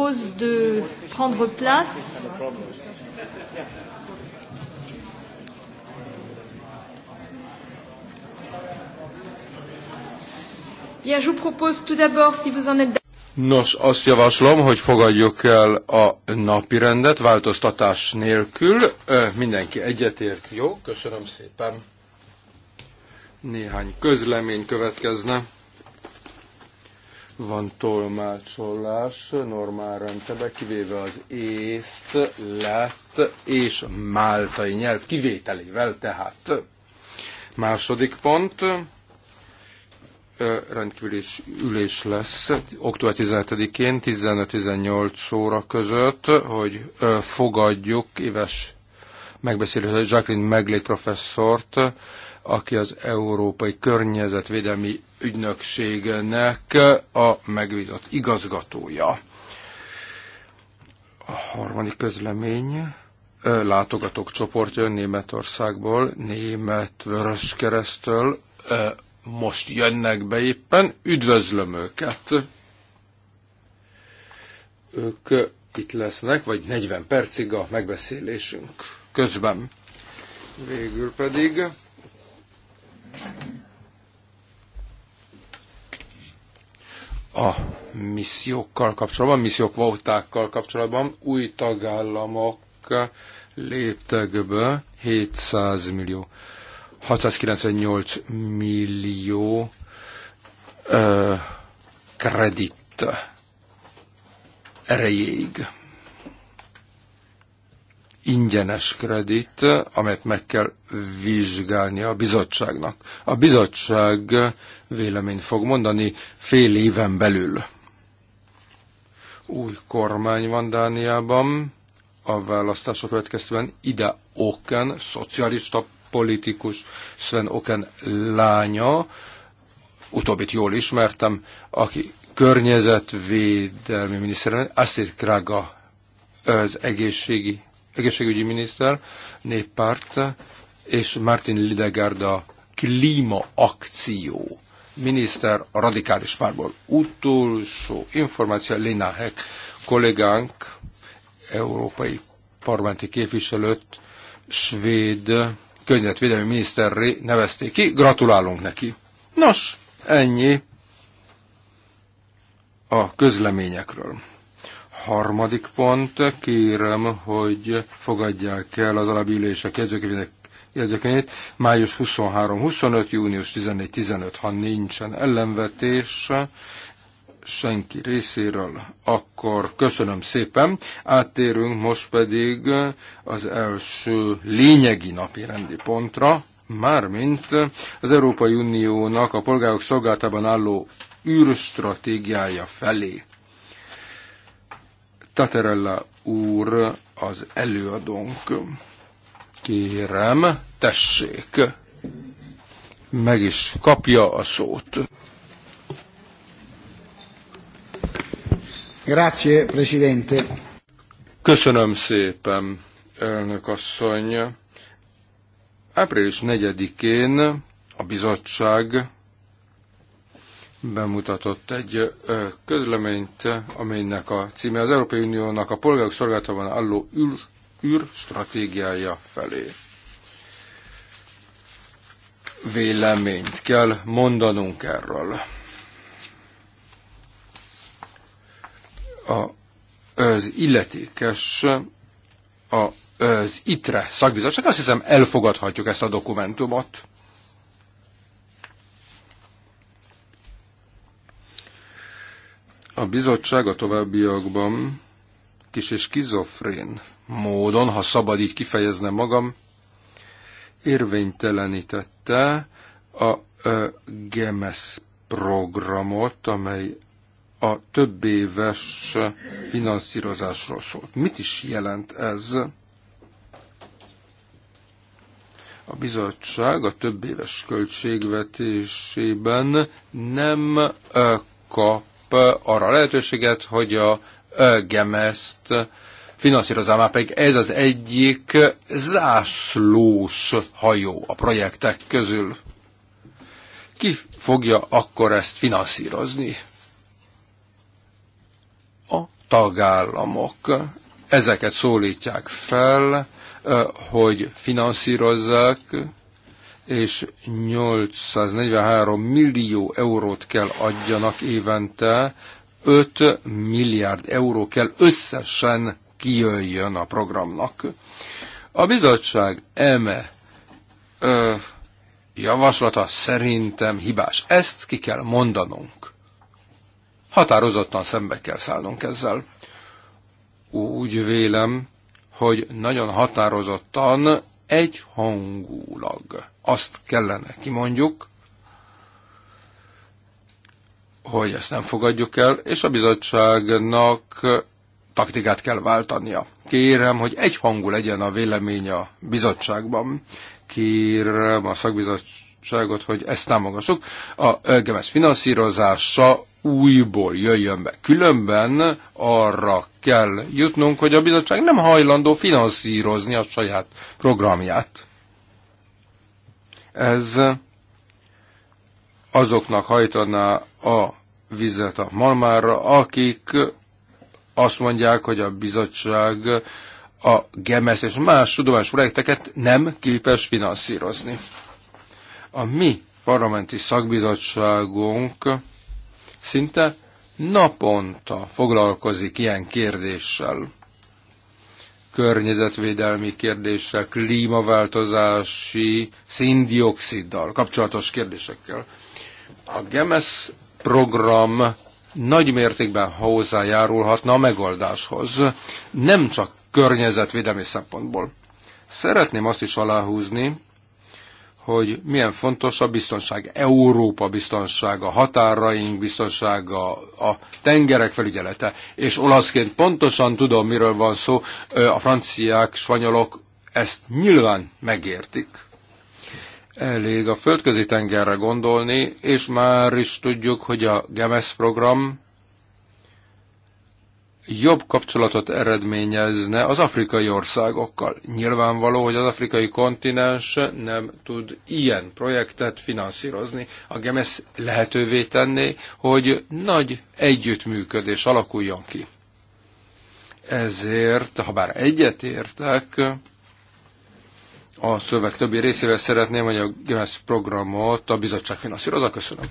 propose de prendre place. Bien, je vous propose tout d'abord, si vous en êtes Nos, azt javaslom, hogy fogadjuk el a napi rendet változtatás nélkül. Mindenki egyetért, jó? Köszönöm szépen. Néhány közlemény következne. Van tolmácsolás, normál rendszerbe, kivéve az észt, lett és máltai nyelv kivételével tehát. Második pont Rendkívül is ülés lesz október 17-én 15-18 óra között, hogy fogadjuk éves megbeszélő Jacqueline Meglé professzort, aki az Európai Környezetvédelmi Ügynökségnek a megbízott igazgatója. A harmadik közlemény látogatók csoportja Németországból, Német Vöröskeresztől most jönnek be éppen, üdvözlöm őket. Ők itt lesznek, vagy 40 percig a megbeszélésünk közben. Végül pedig a missziókkal kapcsolatban, missziók vautákkal kapcsolatban új tagállamok léptek be 700 millió, 698 millió ö, kredit erejéig ingyenes kredit, amelyet meg kell vizsgálnia a bizottságnak. A bizottság véleményt fog mondani fél éven belül. Új kormány van Dániában, a választások következtében ide Oken, szocialista politikus, Sven Oken lánya, utóbbit jól ismertem, aki környezetvédelmi miniszter, Asir Kraga az egészségi egészségügyi miniszter, néppárt, és Martin Lidegard a klímaakció miniszter a radikális párból. Utolsó információ, Lina Heck, kollégánk, európai parlamenti képviselőt, svéd környezetvédelmi miniszterré nevezték ki. Gratulálunk neki. Nos, ennyi a közleményekről. Harmadik pont, kérem, hogy fogadják el az alábülések jegyzőkönyvének jegyzőkönyvét május 23-25, június 14-15, ha nincsen ellenvetés senki részéről, akkor köszönöm szépen. Áttérünk most pedig az első lényegi napi rendi pontra, mármint az Európai Uniónak a polgárok szolgáltában álló űrstratégiája felé. Taterella úr az előadónk. Kérem, tessék, meg is kapja a szót. Grazie, Presidente. Köszönöm szépen, elnök asszony. Április 4-én a bizottság bemutatott egy közleményt, amelynek a címe az Európai Uniónak a polgárok szolgálatában álló űr, űr stratégiája felé. Véleményt kell mondanunk erről. A, az illetékes a, az ITRE szakbizottság, azt hiszem elfogadhatjuk ezt a dokumentumot. A bizottság a továbbiakban kis és kizofrén módon, ha szabad így kifejeznem magam, érvénytelenítette a GEMES programot, amely a több éves finanszírozásról szólt. Mit is jelent ez? A bizottság a több éves költségvetésében nem kap kap eh, arra a lehetőséget, hogy a eh, GEMES-t finanszírozza, már pedig ez az egyik zászlós hajó a projektek közül. Ki fogja akkor ezt finanszírozni? A tagállamok. Ezeket szólítják fel, eh, hogy finanszírozzák és 843 millió eurót kell adjanak évente, 5 milliárd euró kell összesen kijöjjön a programnak. A bizottság eme ö, javaslata szerintem hibás. Ezt ki kell mondanunk. Határozottan szembe kell szállnunk ezzel. Úgy vélem, hogy nagyon határozottan egyhangulag azt kellene kimondjuk, hogy ezt nem fogadjuk el, és a bizottságnak taktikát kell váltania. Kérem, hogy egyhangú legyen a vélemény a bizottságban. Kérem a szakbizottságot, hogy ezt támogassuk. A GEMES finanszírozása újból jöjjön be. Különben arra kell jutnunk, hogy a bizottság nem hajlandó finanszírozni a saját programját. Ez azoknak hajtaná a vizet a malmára, akik azt mondják, hogy a bizottság a GEMESZ és más tudományos projekteket nem képes finanszírozni. A mi parlamenti szakbizottságunk szinte naponta foglalkozik ilyen kérdéssel. Környezetvédelmi kérdéssel, klímaváltozási, széndioksziddal kapcsolatos kérdésekkel. A GEMES program nagy mértékben hozzájárulhatna a megoldáshoz, nem csak környezetvédelmi szempontból. Szeretném azt is aláhúzni, hogy milyen fontos a biztonság, Európa biztonsága, határaink biztonsága, a tengerek felügyelete. És olaszként pontosan tudom, miről van szó, a franciák, spanyolok ezt nyilván megértik. Elég a földközi tengerre gondolni, és már is tudjuk, hogy a GEMES program jobb kapcsolatot eredményezne az afrikai országokkal. Nyilvánvaló, hogy az afrikai kontinens nem tud ilyen projektet finanszírozni. A GEMESZ lehetővé tenné, hogy nagy együttműködés alakuljon ki. Ezért, ha bár egyetértek, a szöveg többi részével szeretném, hogy a GEMESZ programot a bizottság finanszírozza. Köszönöm.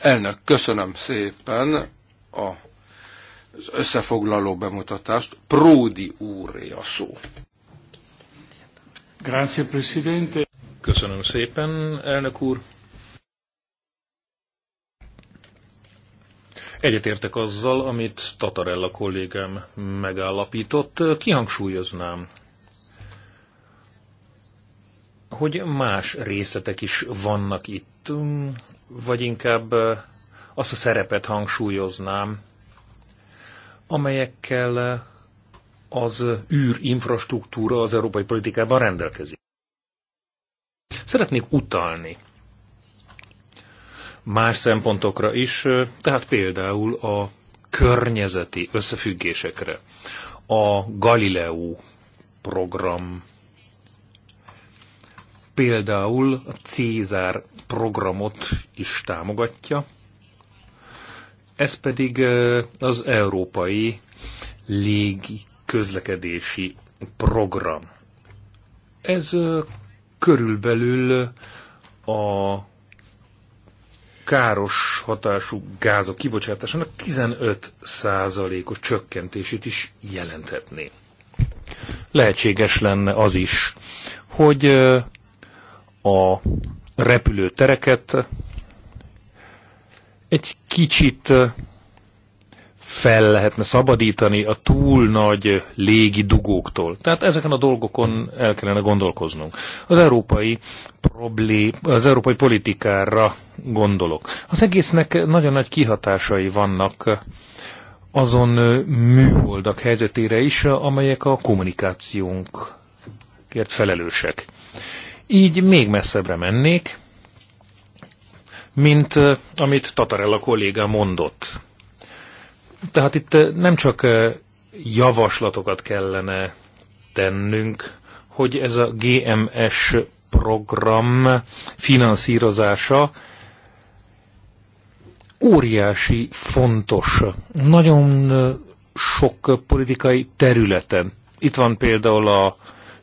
Elnök, köszönöm szépen a az összefoglaló bemutatást. Pródi úré a szó. Grazie, Presidente. Köszönöm szépen, elnök úr. Egyetértek azzal, amit Tatarella kollégám megállapított. Kihangsúlyoznám, hogy más részletek is vannak itt, vagy inkább eh, azt a szerepet hangsúlyoznám, amelyekkel eh, az űrinfrastruktúra az európai politikában rendelkezik. Szeretnék utalni más szempontokra is, eh, tehát például a környezeti összefüggésekre. A Galileo program, például a Cézár programot is támogatja, ez pedig az európai légi közlekedési program. Ez körülbelül a káros hatású gázok kibocsátásának 15%-os csökkentését is jelenthetné. Lehetséges lenne az is, hogy a repülőtereket egy kicsit fel lehetne szabadítani a túl nagy légi dugóktól. Tehát ezeken a dolgokon el kellene gondolkoznunk. Az európai, problém, az európai politikára gondolok. Az egésznek nagyon nagy kihatásai vannak azon műholdak helyzetére is, amelyek a kommunikációnkért felelősek. Így még messzebbre mennék, mint amit Tatarella kolléga mondott. Tehát itt nem csak javaslatokat kellene tennünk, hogy ez a GMS program finanszírozása óriási, fontos, nagyon sok politikai területen. Itt van például a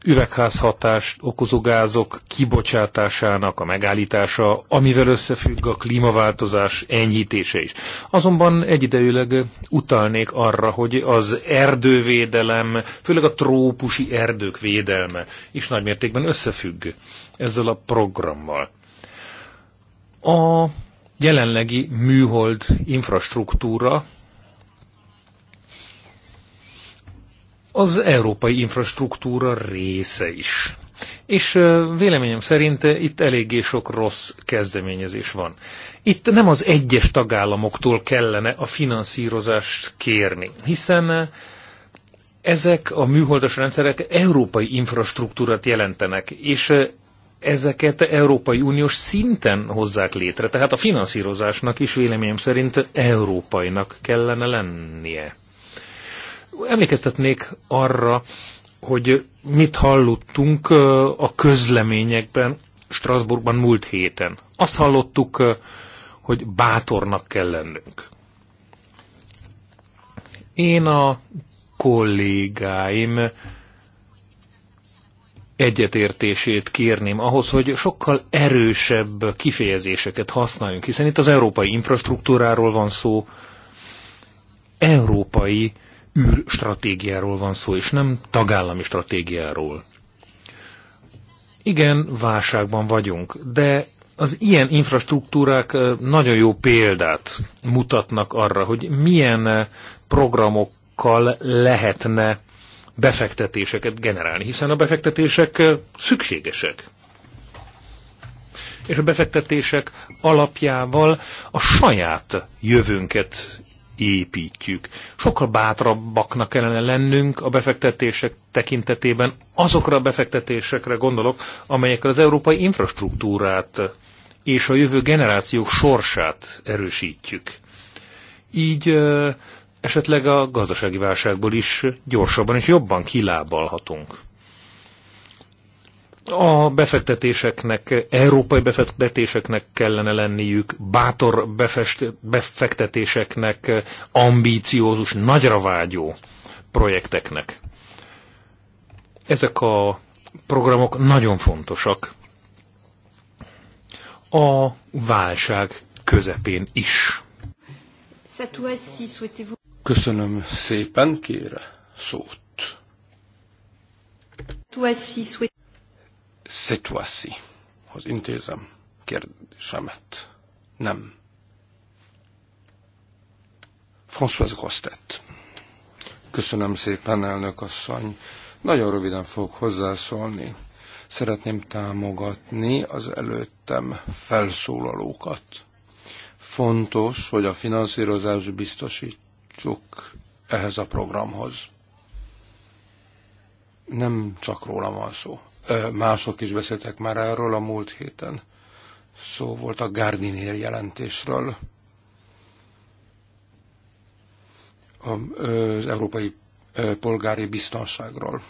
üvegházhatást okozó gázok kibocsátásának a megállítása, amivel összefügg a klímaváltozás enyhítése is. Azonban egyidejűleg utalnék arra, hogy az erdővédelem, főleg a trópusi erdők védelme is nagymértékben összefügg ezzel a programmal. A jelenlegi műhold infrastruktúra az európai infrastruktúra része is. És véleményem szerint itt eléggé sok rossz kezdeményezés van. Itt nem az egyes tagállamoktól kellene a finanszírozást kérni, hiszen ezek a műholdas rendszerek európai infrastruktúrát jelentenek, és ezeket Európai Uniós szinten hozzák létre. Tehát a finanszírozásnak is véleményem szerint európainak kellene lennie. Emlékeztetnék arra, hogy mit hallottunk a közleményekben Strasbourgban múlt héten. Azt hallottuk, hogy bátornak kell lennünk. Én a kollégáim egyetértését kérném ahhoz, hogy sokkal erősebb kifejezéseket használjunk, hiszen itt az európai infrastruktúráról van szó, európai űrstratégiáról van szó, és nem tagállami stratégiáról. Igen, válságban vagyunk, de az ilyen infrastruktúrák nagyon jó példát mutatnak arra, hogy milyen programokkal lehetne befektetéseket generálni, hiszen a befektetések szükségesek. És a befektetések alapjával a saját jövőnket építjük. Sokkal bátrabbaknak kellene lennünk a befektetések tekintetében, azokra a befektetésekre gondolok, amelyekkel az európai infrastruktúrát és a jövő generációk sorsát erősítjük. Így esetleg a gazdasági válságból is gyorsabban és jobban kilábalhatunk a befektetéseknek, európai befektetéseknek kellene lenniük, bátor befest, befektetéseknek, ambíciózus, nagyra vágyó projekteknek. Ezek a programok nagyon fontosak. A válság közepén is. Köszönöm szépen, kére szót az intézem kérdésemet. Nem. François Gostet. Köszönöm szépen, elnök asszony. Nagyon röviden fogok hozzászólni. Szeretném támogatni az előttem felszólalókat. Fontos, hogy a finanszírozás biztosítsuk ehhez a programhoz. Nem csak rólam van szó. Mások is beszéltek már erről a múlt héten. Szó volt a Gardinier jelentésről. Az európai polgári biztonságról.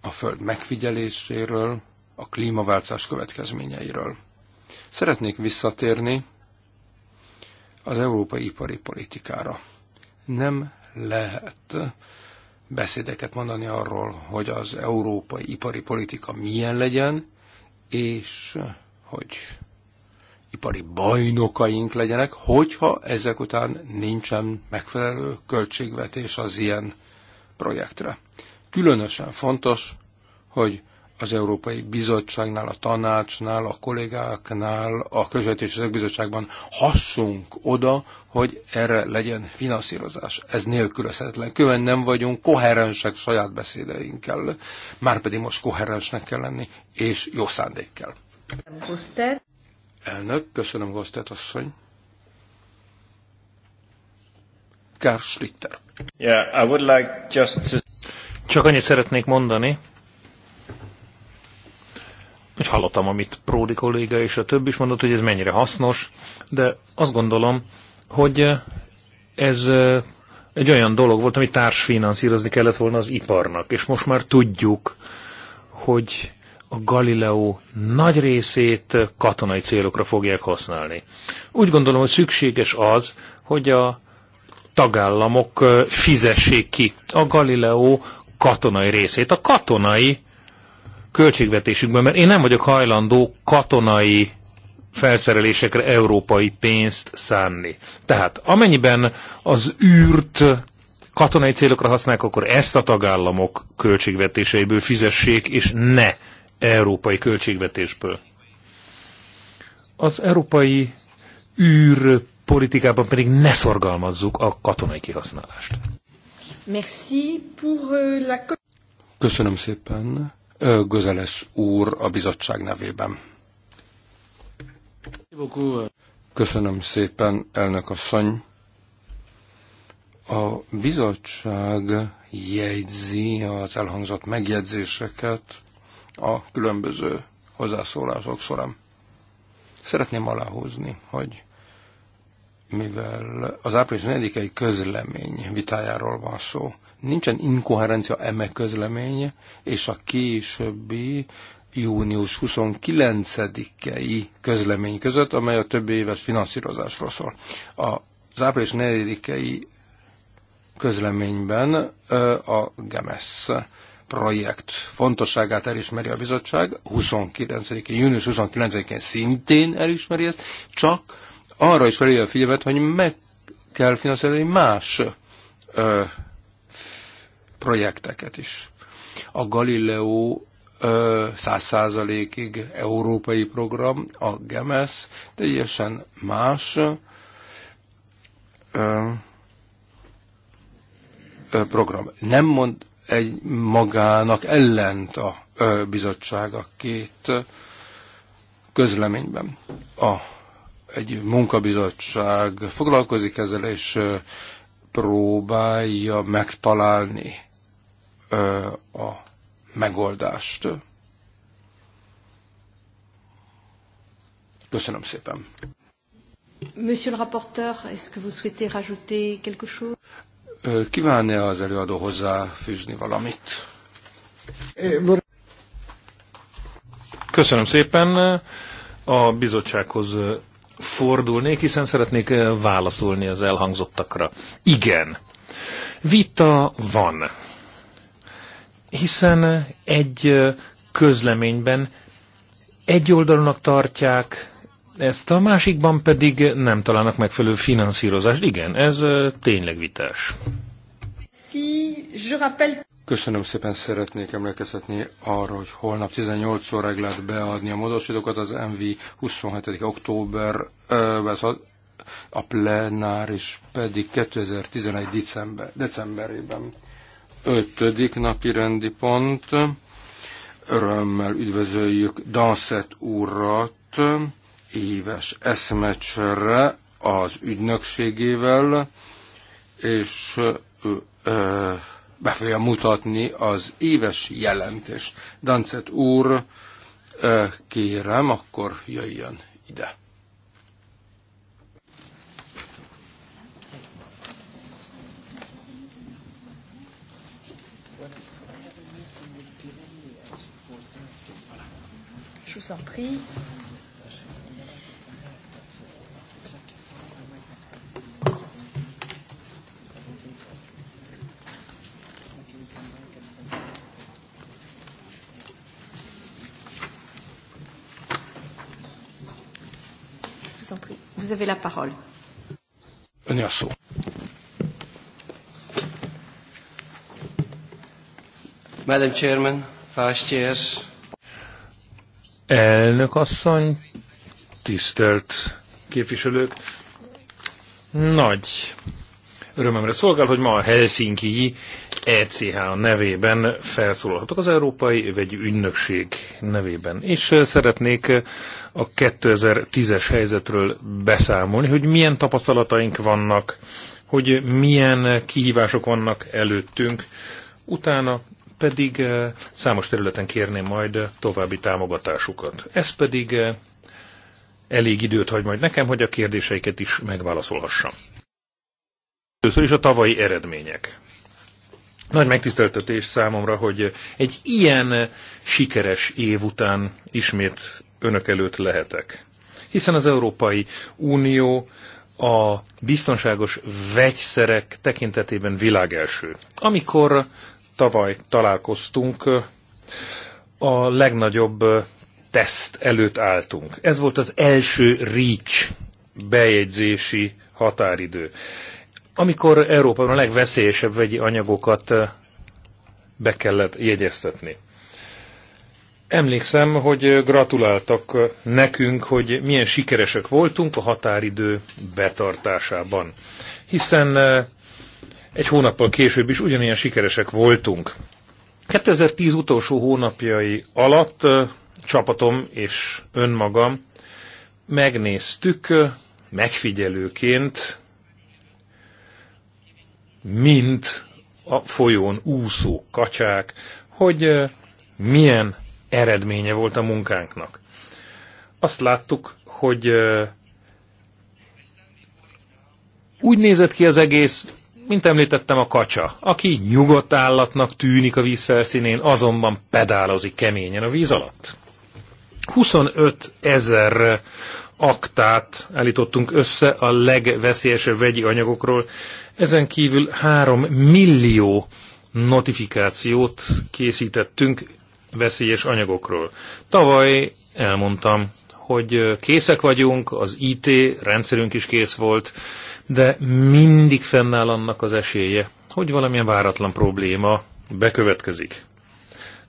A Föld megfigyeléséről, a klímaváltozás következményeiről. Szeretnék visszatérni az európai ipari politikára. Nem lehet beszédeket mondani arról, hogy az európai ipari politika milyen legyen, és hogy ipari bajnokaink legyenek, hogyha ezek után nincsen megfelelő költségvetés az ilyen projektre. Különösen fontos, hogy az Európai Bizottságnál, a tanácsnál, a kollégáknál, a közvetési bizottságban hassunk oda, hogy erre legyen finanszírozás. Ez nélkülözhetetlen. Külön nem vagyunk koherensek saját beszédeinkkel, márpedig most koherensnek kell lenni, és jó szándékkel. Guszter. Elnök, köszönöm Gosztet asszony. Kár Schlitter. Yeah, I would like just to... Csak annyit szeretnék mondani, hogy hallottam, amit Pródi kolléga és a több is mondott, hogy ez mennyire hasznos, de azt gondolom, hogy ez egy olyan dolog volt, amit társfinanszírozni kellett volna az iparnak, és most már tudjuk, hogy a Galileo nagy részét katonai célokra fogják használni. Úgy gondolom, hogy szükséges az, hogy a tagállamok fizessék ki a Galileo katonai részét. A katonai költségvetésünkben, mert én nem vagyok hajlandó katonai felszerelésekre európai pénzt szánni. Tehát amennyiben az űrt katonai célokra használják, akkor ezt a tagállamok költségvetéseiből fizessék, és ne európai költségvetésből. Az európai űrpolitikában pedig ne szorgalmazzuk a katonai kihasználást. Merci pour euh, la... Köszönöm szépen. Gözeles úr a bizottság nevében. Köszönöm szépen, elnök asszony. A bizottság jegyzi az elhangzott megjegyzéseket a különböző hozzászólások során. Szeretném aláhozni, hogy mivel az április 4-i közlemény vitájáról van szó, Nincsen inkoherencia eme közlemény és a későbbi június 29-i közlemény között, amely a több éves finanszírozásról szól. Az április 4-i közleményben a GEMESZ projekt fontosságát elismeri a bizottság, 29 június 29-én szintén elismeri ezt, csak arra is felé a figyelmet, hogy meg kell finanszírozni más ö, projekteket is. A Galileo száz százalékig európai program, a GEMES teljesen más ö, ö, program. Nem mond egy magának ellent a ö, bizottság a két közleményben. A, egy munkabizottság foglalkozik ezzel, és ö, próbálja megtalálni a megoldást. Köszönöm szépen. Monsieur le rapporteur, est-ce que vous souhaitez rajouter quelque chose? Kívánja az előadó hozzáfűzni valamit? Köszönöm szépen. A bizottsághoz fordulnék, hiszen szeretnék válaszolni az elhangzottakra. Igen, vita van hiszen egy közleményben egy oldalnak tartják, ezt a másikban pedig nem találnak megfelelő finanszírozást. Igen, ez tényleg vitás. Köszönöm szépen, szeretnék emlékeztetni arra, hogy holnap 18 óráig lehet beadni a módosítókat az MV 27. október a plenáris pedig 2011. December, decemberében ötödik napi rendi pont. Örömmel üdvözöljük Danszett úrat éves eszmecsere az ügynökségével, és ö, ö, be fogja mutatni az éves jelentést. Dancet úr, kérem, akkor jöjjön ide. vous en prie. Vous avez la parole. Önél szó. Chairman, Vice Chairs, Elnök asszony, tisztelt képviselők, nagy örömömre szolgál, hogy ma a Helsinki ECH nevében felszólalhatok az Európai Vegyi Ügynökség nevében. És szeretnék a 2010-es helyzetről beszámolni, hogy milyen tapasztalataink vannak, hogy milyen kihívások vannak előttünk, utána pedig eh, számos területen kérném majd eh, további támogatásukat. Ez pedig eh, elég időt hagy majd nekem, hogy a kérdéseiket is megválaszolhassam. Először is a tavalyi eredmények. Nagy megtiszteltetés számomra, hogy egy ilyen sikeres év után ismét önök előtt lehetek. Hiszen az Európai Unió a biztonságos vegyszerek tekintetében világelső. Amikor tavaly találkoztunk, a legnagyobb teszt előtt álltunk. Ez volt az első REACH bejegyzési határidő. Amikor Európában a legveszélyesebb vegyi anyagokat be kellett jegyeztetni. Emlékszem, hogy gratuláltak nekünk, hogy milyen sikeresek voltunk a határidő betartásában. Hiszen egy hónappal később is ugyanilyen sikeresek voltunk. 2010 utolsó hónapjai alatt csapatom és önmagam megnéztük megfigyelőként, mint a folyón úszó kacsák, hogy milyen eredménye volt a munkánknak. Azt láttuk, hogy úgy nézett ki az egész, mint említettem, a kacsa, aki nyugodt állatnak tűnik a víz felszínén, azonban pedálozik keményen a víz alatt. 25 ezer aktát állítottunk össze a legveszélyesebb vegyi anyagokról, ezen kívül 3 millió notifikációt készítettünk veszélyes anyagokról. Tavaly elmondtam, hogy készek vagyunk, az IT rendszerünk is kész volt, de mindig fennáll annak az esélye, hogy valamilyen váratlan probléma bekövetkezik.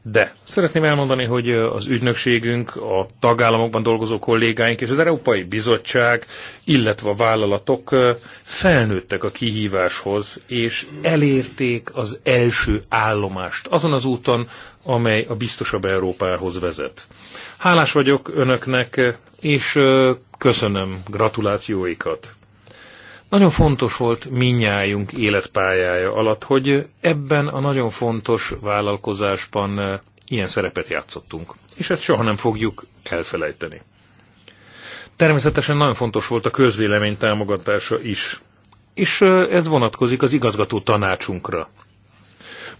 De szeretném elmondani, hogy az ügynökségünk, a tagállamokban dolgozó kollégáink és az Európai Bizottság, illetve a vállalatok felnőttek a kihíváshoz, és elérték az első állomást azon az úton, amely a biztosabb Európához vezet. Hálás vagyok önöknek, és köszönöm gratulációikat. Nagyon fontos volt minnyájunk életpályája alatt, hogy ebben a nagyon fontos vállalkozásban eh, ilyen szerepet játszottunk. És ezt soha nem fogjuk elfelejteni. Természetesen nagyon fontos volt a közvélemény támogatása is. És eh, ez vonatkozik az igazgató tanácsunkra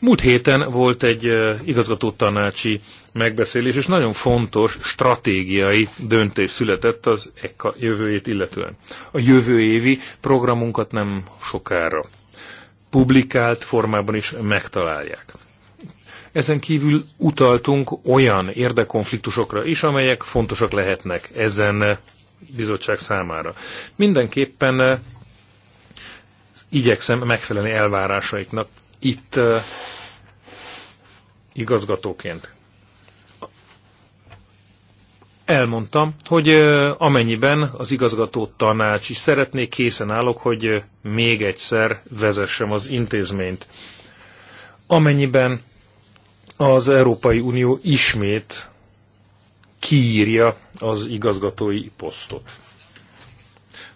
Múlt héten volt egy igazgatótanácsi megbeszélés, és nagyon fontos stratégiai döntés született az EKA jövőjét illetően. A jövő évi programunkat nem sokára publikált formában is megtalálják. Ezen kívül utaltunk olyan érdekonfliktusokra is, amelyek fontosak lehetnek ezen bizottság számára. Mindenképpen igyekszem megfelelni elvárásaiknak itt igazgatóként. Elmondtam, hogy amennyiben az igazgató tanács is szeretné, készen állok, hogy még egyszer vezessem az intézményt. Amennyiben az Európai Unió ismét kiírja az igazgatói posztot.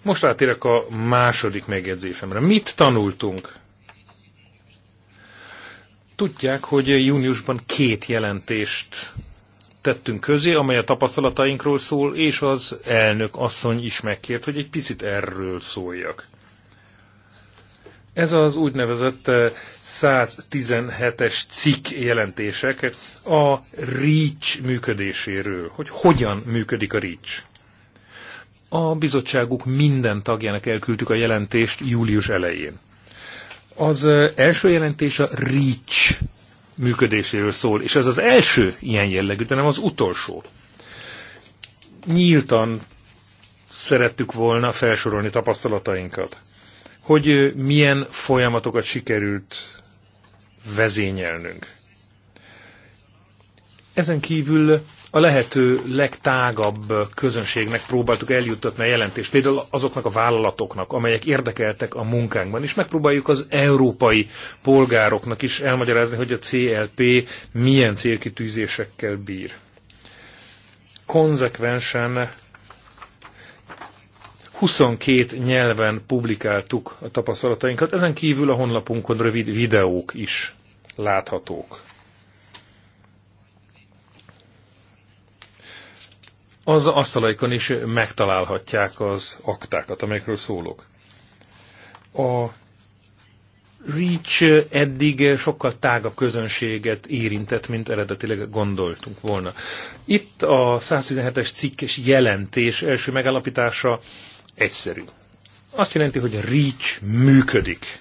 Most átérek a második megjegyzésemre. Mit tanultunk Tudják, hogy júniusban két jelentést tettünk közé, amely a tapasztalatainkról szól, és az elnök asszony is megkért, hogy egy picit erről szóljak. Ez az úgynevezett 117-es eh, cikk jelentések a REACH működéséről, hogy hogyan működik a REACH. A bizottságuk minden tagjának elküldtük a jelentést július elején. Az első jelentés a REACH működéséről szól, és ez az első ilyen jellegű, de nem az utolsó. Nyíltan szerettük volna felsorolni tapasztalatainkat, hogy milyen folyamatokat sikerült vezényelnünk. Ezen kívül a lehető legtágabb közönségnek próbáltuk eljuttatni a jelentést, például azoknak a vállalatoknak, amelyek érdekeltek a munkánkban, és megpróbáljuk az európai polgároknak is elmagyarázni, hogy a CLP milyen célkitűzésekkel bír. Konzekvensen 22 nyelven publikáltuk a tapasztalatainkat, ezen kívül a honlapunkon rövid videók is láthatók. az asztalaikon is megtalálhatják az aktákat, amelyekről szólok. A REACH eddig sokkal tágabb közönséget érintett, mint eredetileg gondoltunk volna. Itt a 117-es cikkes jelentés első megállapítása egyszerű. Azt jelenti, hogy a REACH működik.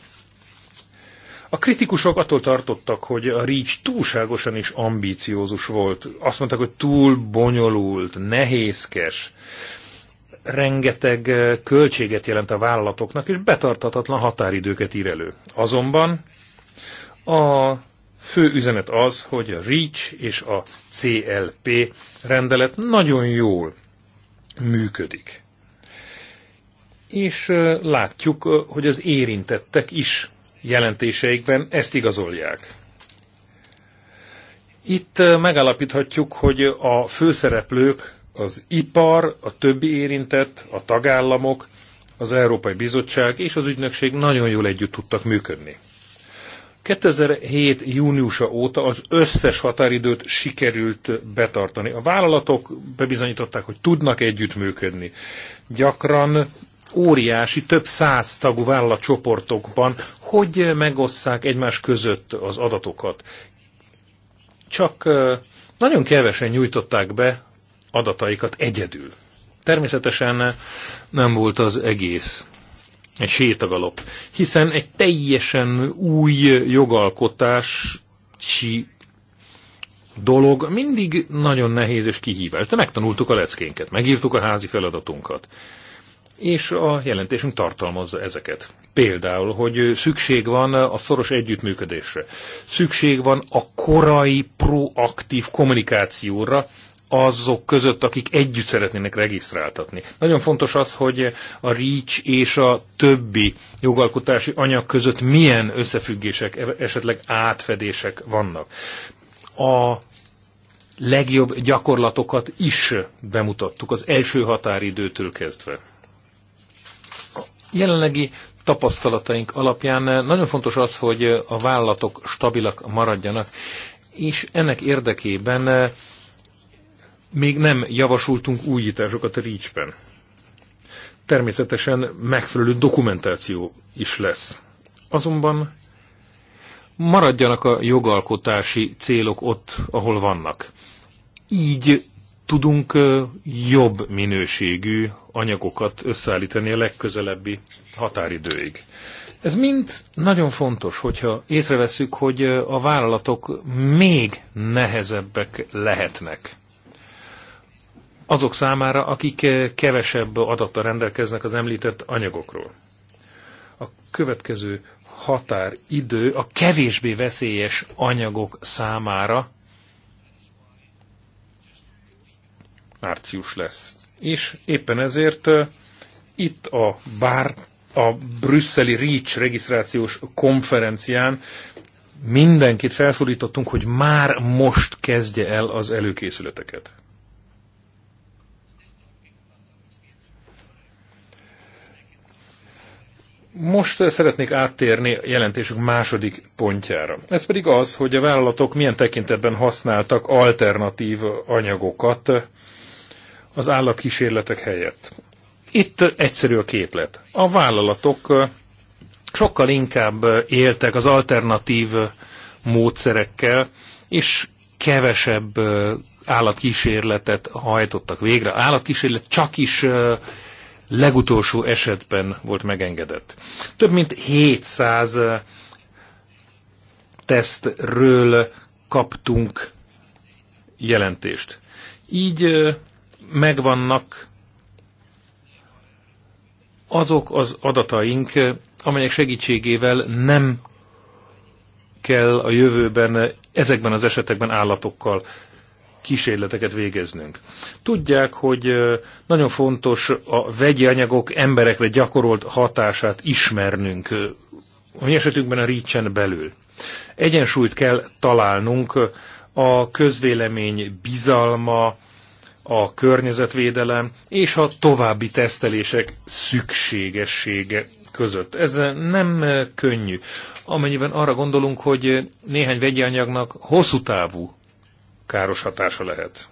A kritikusok attól tartottak, hogy a REACH túlságosan is ambíciózus volt. Azt mondták, hogy túl bonyolult, nehézkes, rengeteg eh, költséget jelent a vállalatoknak, és betartatatlan határidőket ír elő. Azonban a fő üzenet az, hogy a REACH és a CLP rendelet nagyon jól működik. És eh, látjuk, eh, hogy az érintettek is jelentéseikben ezt igazolják. Itt megalapíthatjuk, hogy a főszereplők az ipar, a többi érintett, a tagállamok, az Európai Bizottság és az ügynökség nagyon jól együtt tudtak működni. 2007. júniusa óta az összes határidőt sikerült betartani. A vállalatok bebizonyították, hogy tudnak együttműködni. Gyakran óriási, több száz tagú vállalatcsoportokban, hogy megosszák egymás között az adatokat. Csak nagyon kevesen nyújtották be adataikat egyedül. Természetesen nem volt az egész egy sétagalop, hiszen egy teljesen új jogalkotási dolog mindig nagyon nehéz és kihívás, de megtanultuk a leckénket, megírtuk a házi feladatunkat és a jelentésünk tartalmazza ezeket. Például, hogy szükség van a szoros együttműködésre, szükség van a korai proaktív kommunikációra, azok között, akik együtt szeretnének regisztráltatni. Nagyon fontos az, hogy a REACH és a többi jogalkotási anyag között milyen összefüggések, e-, esetleg átfedések vannak. A legjobb gyakorlatokat is bemutattuk az első határidőtől kezdve jelenlegi tapasztalataink alapján nagyon fontos az, hogy a vállalatok stabilak maradjanak, és ennek érdekében eh, még nem javasoltunk újításokat a REACH-ben. Természetesen megfelelő dokumentáció is lesz. Azonban maradjanak a jogalkotási célok ott, ahol vannak. Így tudunk jobb minőségű anyagokat összeállítani a legközelebbi határidőig. Ez mind nagyon fontos, hogyha észreveszünk, hogy a vállalatok még nehezebbek lehetnek. Azok számára, akik kevesebb adattal rendelkeznek az említett anyagokról. A következő határidő a kevésbé veszélyes anyagok számára március lesz. És éppen ezért itt a bár, a brüsszeli REACH regisztrációs konferencián mindenkit felszólítottunk, hogy már most kezdje el az előkészületeket. Most szeretnék áttérni jelentésük második pontjára. Ez pedig az, hogy a vállalatok milyen tekintetben használtak alternatív anyagokat az állatkísérletek helyett. Itt egyszerű a képlet. A vállalatok sokkal inkább éltek az alternatív módszerekkel, és kevesebb állatkísérletet hajtottak végre. Állatkísérlet csak is legutolsó esetben volt megengedett. Több mint 700 tesztről kaptunk jelentést. Így megvannak azok az adataink, amelyek segítségével nem kell a jövőben ezekben az esetekben állatokkal kísérleteket végeznünk. Tudják, hogy nagyon fontos a vegyi anyagok emberekre gyakorolt hatását ismernünk, a mi esetünkben a rícsen belül. Egyensúlyt kell találnunk a közvélemény bizalma, a környezetvédelem és a további tesztelések szükségessége között. Ez nem könnyű. Amennyiben arra gondolunk, hogy néhány vegyi anyagnak hosszú távú káros hatása lehet.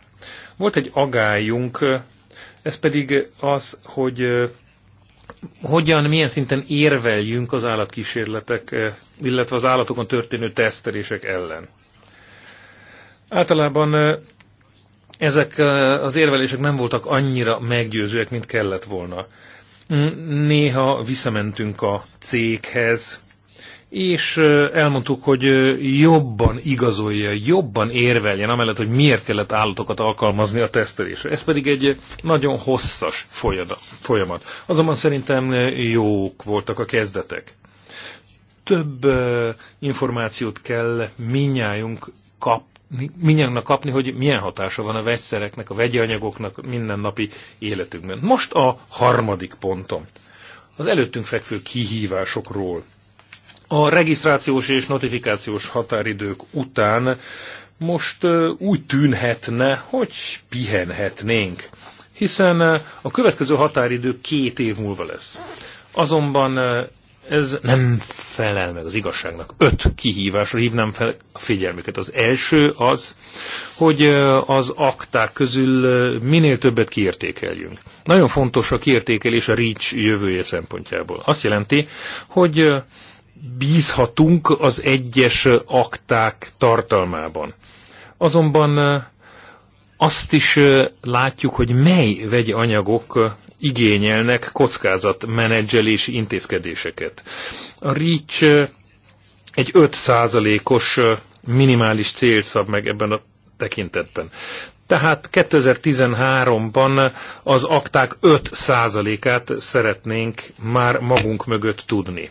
Volt egy agályunk, ez pedig az, hogy eh, hogyan, milyen szinten érveljünk az állatkísérletek, eh, illetve az állatokon történő tesztelések ellen. Általában eh, ezek az érvelések nem voltak annyira meggyőzőek, mint kellett volna. Hm, néha visszamentünk a céghez, és elmondtuk, hogy jobban igazolja, jobban érveljen, amellett, hogy miért kellett állatokat alkalmazni a tesztelésre. Ez pedig egy nagyon hosszas folyamat. Azonban szerintem jók voltak a kezdetek. Több információt kell minnyájunk kap minnyánknak kapni, hogy milyen hatása van a vegyszereknek, a vegyi anyagoknak mindennapi életünkben. Most a harmadik pontom. Az előttünk fekvő kihívásokról. A regisztrációs és notifikációs határidők után most úgy tűnhetne, hogy pihenhetnénk, hiszen a következő határidő két év múlva lesz. Azonban ez nem felel meg az igazságnak. Öt kihívásra hívnám fel a figyelmüket. Az első az, hogy az akták közül minél többet kiértékeljünk. Nagyon fontos a kiértékelés a REACH jövője szempontjából. Azt jelenti, hogy bízhatunk az egyes akták tartalmában. Azonban azt is látjuk, hogy mely vegyi anyagok igényelnek kockázatmenedzselési intézkedéseket. A REACH egy 5%-os minimális cél szab meg ebben a tekintetben. Tehát 2013-ban az akták 5%-át szeretnénk már magunk mögött tudni.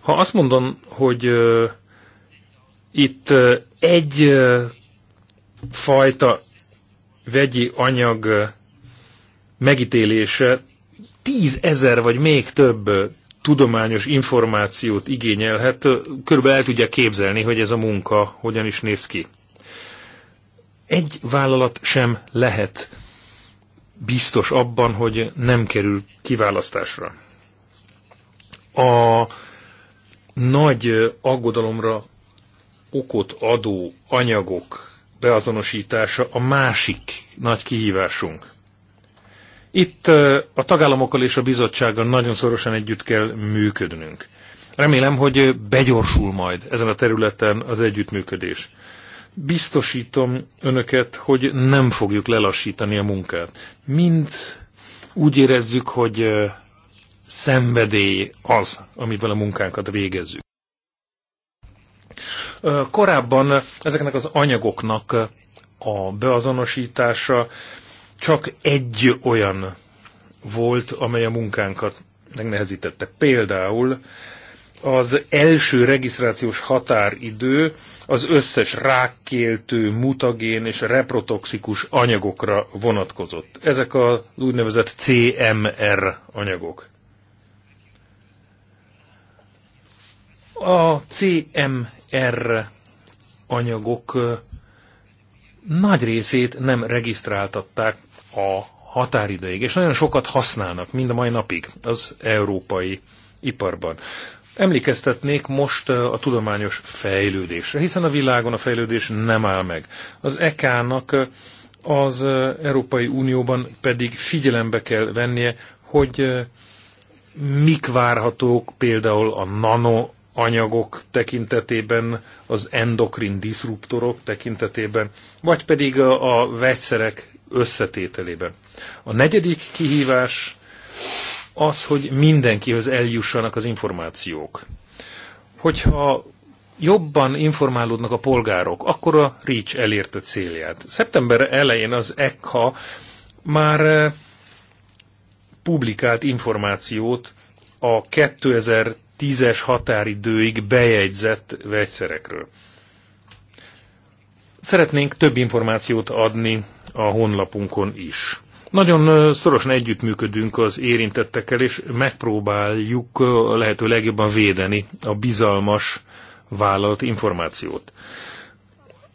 Ha azt mondom, hogy uh, itt uh, egy uh, fajta vegyi anyag megítélése tízezer vagy még több tudományos információt igényelhet, körülbelül el tudja képzelni, hogy ez a munka hogyan is néz ki. Egy vállalat sem lehet biztos abban, hogy nem kerül kiválasztásra. A nagy aggodalomra okot adó anyagok beazonosítása a másik nagy kihívásunk. Itt a tagállamokkal és a bizottsággal nagyon szorosan együtt kell működnünk. Remélem, hogy begyorsul majd ezen a területen az együttműködés. Biztosítom önöket, hogy nem fogjuk lelassítani a munkát. Mind úgy érezzük, hogy szenvedély az, amivel a munkánkat végezzük. Korábban ezeknek az anyagoknak a beazonosítása csak egy olyan volt, amely a munkánkat megnehezítette. Például az első regisztrációs határidő az összes rákkéltő, mutagén és reprotoxikus anyagokra vonatkozott. Ezek az úgynevezett CMR anyagok. A CMR anyagok nagy részét nem regisztráltatták a határidőig, és nagyon sokat használnak, mind a mai napig az európai iparban. Emlékeztetnék most a tudományos fejlődésre, hiszen a világon a fejlődés nem áll meg. Az EK-nak az Európai Unióban pedig figyelembe kell vennie, hogy mik várhatók például a nanoanyagok tekintetében, az endokrin diszruptorok tekintetében, vagy pedig a vegyszerek összetételében. A negyedik kihívás az, hogy mindenkihez eljussanak az információk. Hogyha jobban informálódnak a polgárok, akkor a REACH elérte célját. Szeptember elején az ECHA már eh, publikált információt a 2010-es határidőig bejegyzett vegyszerekről. Szeretnénk több információt adni a honlapunkon is. Nagyon szorosan együttműködünk az érintettekkel, és megpróbáljuk a lehető legjobban védeni a bizalmas vállalt információt.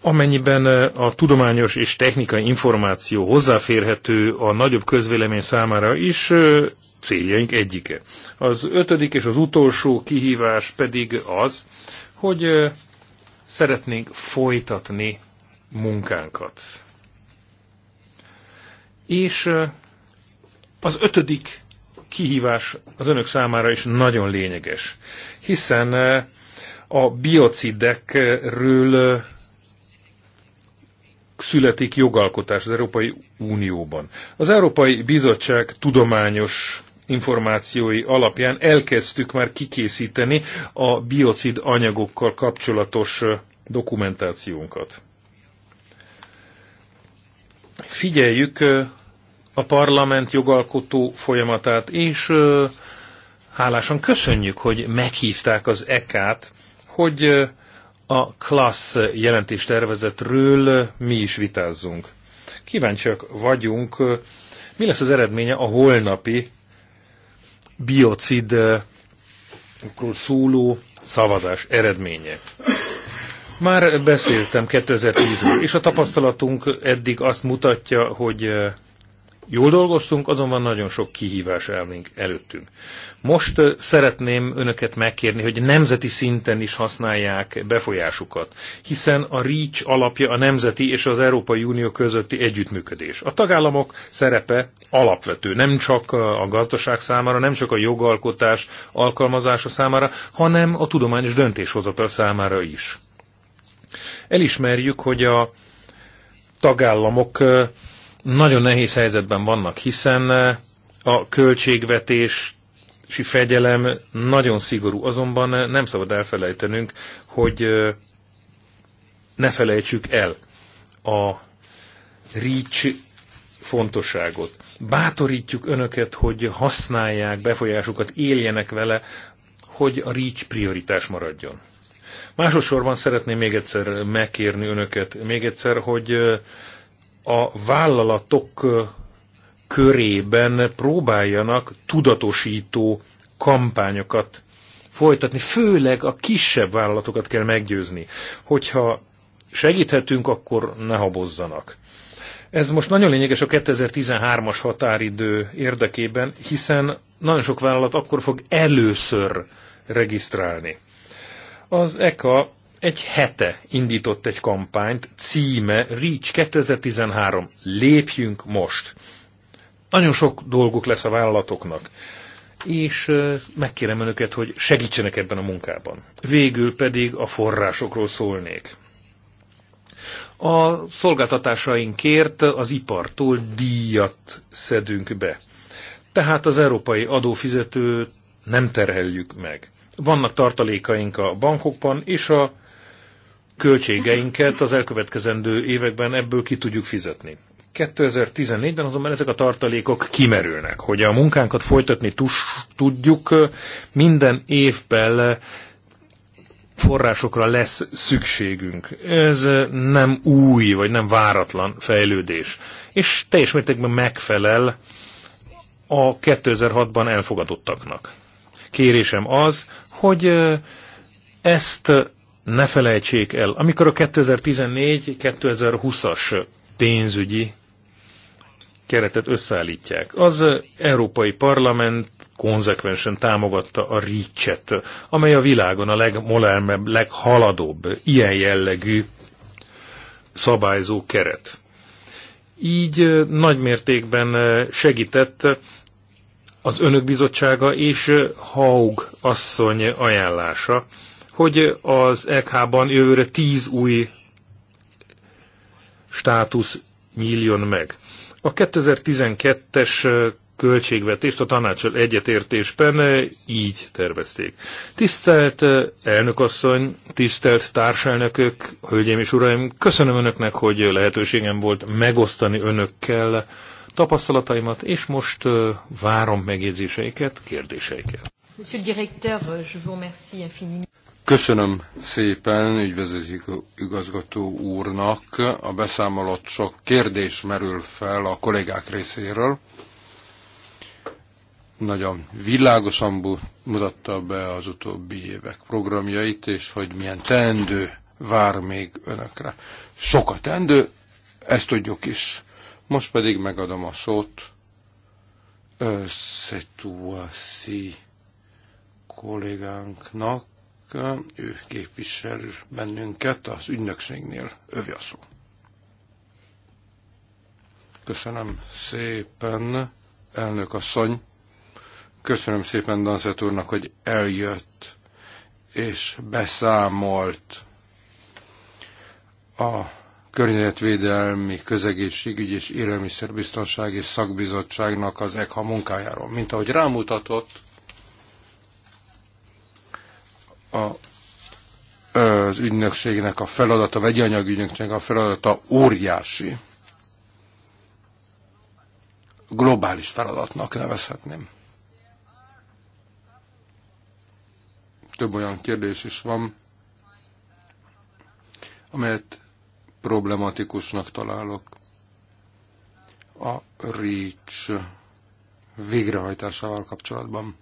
Amennyiben a tudományos és technikai információ hozzáférhető a nagyobb közvélemény számára is, céljaink egyike. Az ötödik és az utolsó kihívás pedig az, hogy szeretnénk folytatni munkánkat. És az ötödik kihívás az önök számára is nagyon lényeges, hiszen a biocidekről születik jogalkotás az Európai Unióban. Az Európai Bizottság tudományos információi alapján elkezdtük már kikészíteni a biocid anyagokkal kapcsolatos dokumentációnkat. Figyeljük a parlament jogalkotó folyamatát, és hálásan köszönjük, hogy meghívták az EK-t, hogy a klassz jelentéstervezetről mi is vitázzunk. Kíváncsiak vagyunk, mi lesz az eredménye a holnapi biocid szóló szavazás eredménye. Már beszéltem 2010-ről, és a tapasztalatunk eddig azt mutatja, hogy Jól dolgoztunk, azonban nagyon sok kihívás elmink előttünk. Most szeretném önöket megkérni, hogy nemzeti szinten is használják befolyásukat, hiszen a REACH alapja a nemzeti és az Európai Unió közötti együttműködés. A tagállamok szerepe alapvető, nem csak a gazdaság számára, nem csak a jogalkotás alkalmazása számára, hanem a tudományos döntéshozatal számára is. Elismerjük, hogy a tagállamok nagyon nehéz helyzetben vannak, hiszen eh, a költségvetés fegyelem nagyon szigorú, azonban eh, nem szabad elfelejtenünk, hogy eh, ne felejtsük el a REACH fontosságot. Bátorítjuk önöket, hogy használják befolyásukat, éljenek vele, hogy a REACH prioritás maradjon. Másosorban szeretném még egyszer megkérni önöket, még egyszer, hogy a vállalatok körében próbáljanak tudatosító kampányokat folytatni, főleg a kisebb vállalatokat kell meggyőzni, hogyha segíthetünk, akkor ne habozzanak. Ez most nagyon lényeges a 2013-as határidő érdekében, hiszen nagyon sok vállalat akkor fog először regisztrálni. Az EKA egy hete indított egy kampányt, címe REACH 2013, lépjünk most. Nagyon sok dolguk lesz a vállalatoknak, és megkérem önöket, hogy segítsenek ebben a munkában. Végül pedig a forrásokról szólnék. A szolgáltatásainkért az ipartól díjat szedünk be. Tehát az európai adófizetőt nem terheljük meg vannak tartalékaink a bankokban, és a költségeinket az elkövetkezendő években ebből ki tudjuk fizetni. 2014-ben azonban ezek a tartalékok kimerülnek, hogy a munkánkat folytatni tus, tudjuk, minden évben forrásokra lesz szükségünk. Ez nem új, vagy nem váratlan fejlődés. És teljes mértékben megfelel a 2006-ban elfogadottaknak. Kérésem az, hogy ezt ne felejtsék el, amikor a 2014-2020-as pénzügyi keretet összeállítják. Az Európai Parlament konzekvensen támogatta a REACH-et, amely a világon a legmolermebb, leghaladóbb ilyen jellegű szabályzó keret. Így nagy mértékben segített az önök bizottsága és Haug asszony ajánlása, hogy az EKH-ban jövőre tíz új státusz nyíljon meg. A 2012-es költségvetést a tanácsal egyetértésben így tervezték. Tisztelt eh, elnökasszony, tisztelt társelnökök, hölgyeim és uraim, köszönöm önöknek, hogy lehetőségem volt megosztani önökkel tapasztalataimat, és most eh, várom megjegyzéseiket, kérdéseiket. Monsieur le directeur, je vous remercie infiniment. Köszönöm szépen ügyvezető igazgató úrnak. A beszámolott sok kérdés merül fel a kollégák részéről. Nagyon világosan mutatta be az utóbbi évek programjait, és hogy milyen teendő vár még önökre. Sok a teendő, ezt tudjuk is. Most pedig megadom a szót Szetuasi kollégánknak, ő képvisel bennünket az ügynökségnél, övi a szó. Köszönöm szépen, elnök asszony. Köszönöm szépen Danszett úrnak, hogy eljött és beszámolt a környezetvédelmi, közegészségügy és élelmiszerbiztonsági szakbizottságnak az EGHA munkájáról. Mint ahogy rámutatott, a, az ügynökségnek a feladata, vegyi anyagügynökségnek a feladata óriási. Globális feladatnak nevezhetném. Több olyan kérdés is van, amelyet problematikusnak találok. A REACH végrehajtásával kapcsolatban.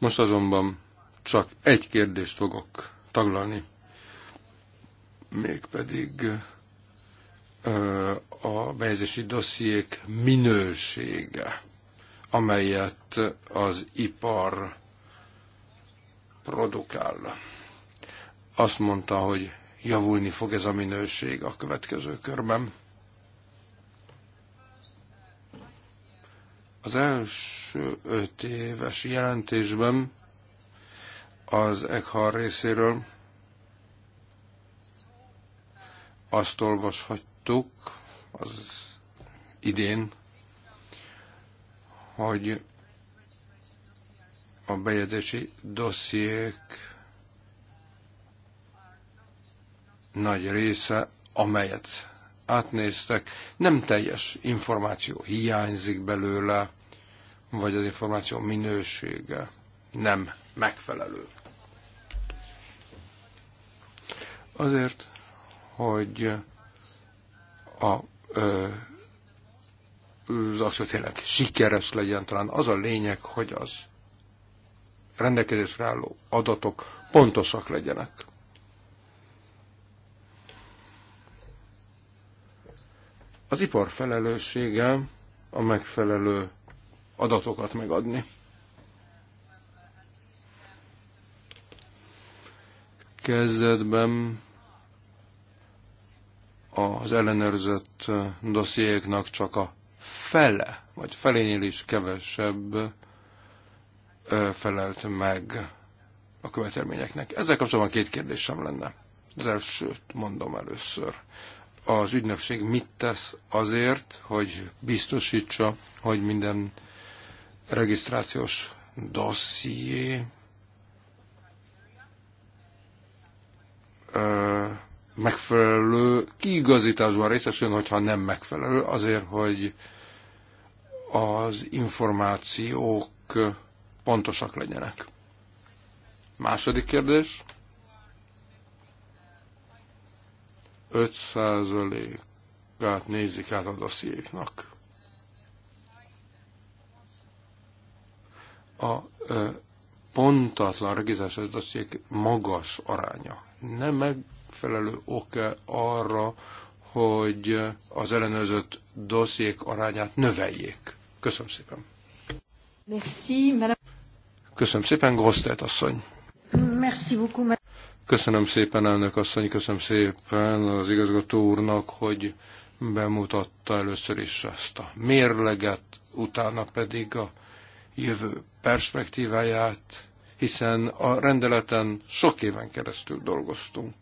Most azonban csak egy kérdést fogok taglalni, mégpedig a bejegyzési dossziék minősége, amelyet az ipar produkál. Azt mondta, hogy javulni fog ez a minőség a következő körben. Az első öt éves jelentésben az EGHAR részéről azt olvashattuk az idén, hogy a bejegyzési dossziék nagy része, amelyet átnéztek, nem teljes információ hiányzik belőle, vagy az információ minősége nem megfelelő. Azért, hogy a, ö, az akció tényleg sikeres legyen, talán az a lényeg, hogy az rendelkezésre álló adatok pontosak legyenek. Az ipar felelőssége a megfelelő adatokat megadni. Kezdetben az ellenőrzött dossziéknak csak a fele, vagy felénél is kevesebb felelt meg a követelményeknek. Ezzel kapcsolatban két kérdésem lenne. Az elsőt mondom először. Az ügynökség mit tesz azért, hogy biztosítsa, hogy minden regisztrációs dosszié megfelelő kiigazításban részesüljön, hogyha nem megfelelő, azért, hogy az információk pontosak legyenek. Második kérdés. 5%-át nézik át a dossziéknak. a pontatlan regisztrációs dossziék magas aránya. Nem megfelelő oka arra, hogy az ellenőrzött dossziék arányát növeljék. Köszönöm szépen. Merci, Köszönöm szépen, Grosztelt asszony. Merci beaucoup, Köszönöm szépen, elnök asszony, köszönöm szépen az igazgató úrnak, hogy bemutatta először is ezt a mérleget, utána pedig a jövő perspektíváját, hiszen a rendeleten sok éven keresztül dolgoztunk.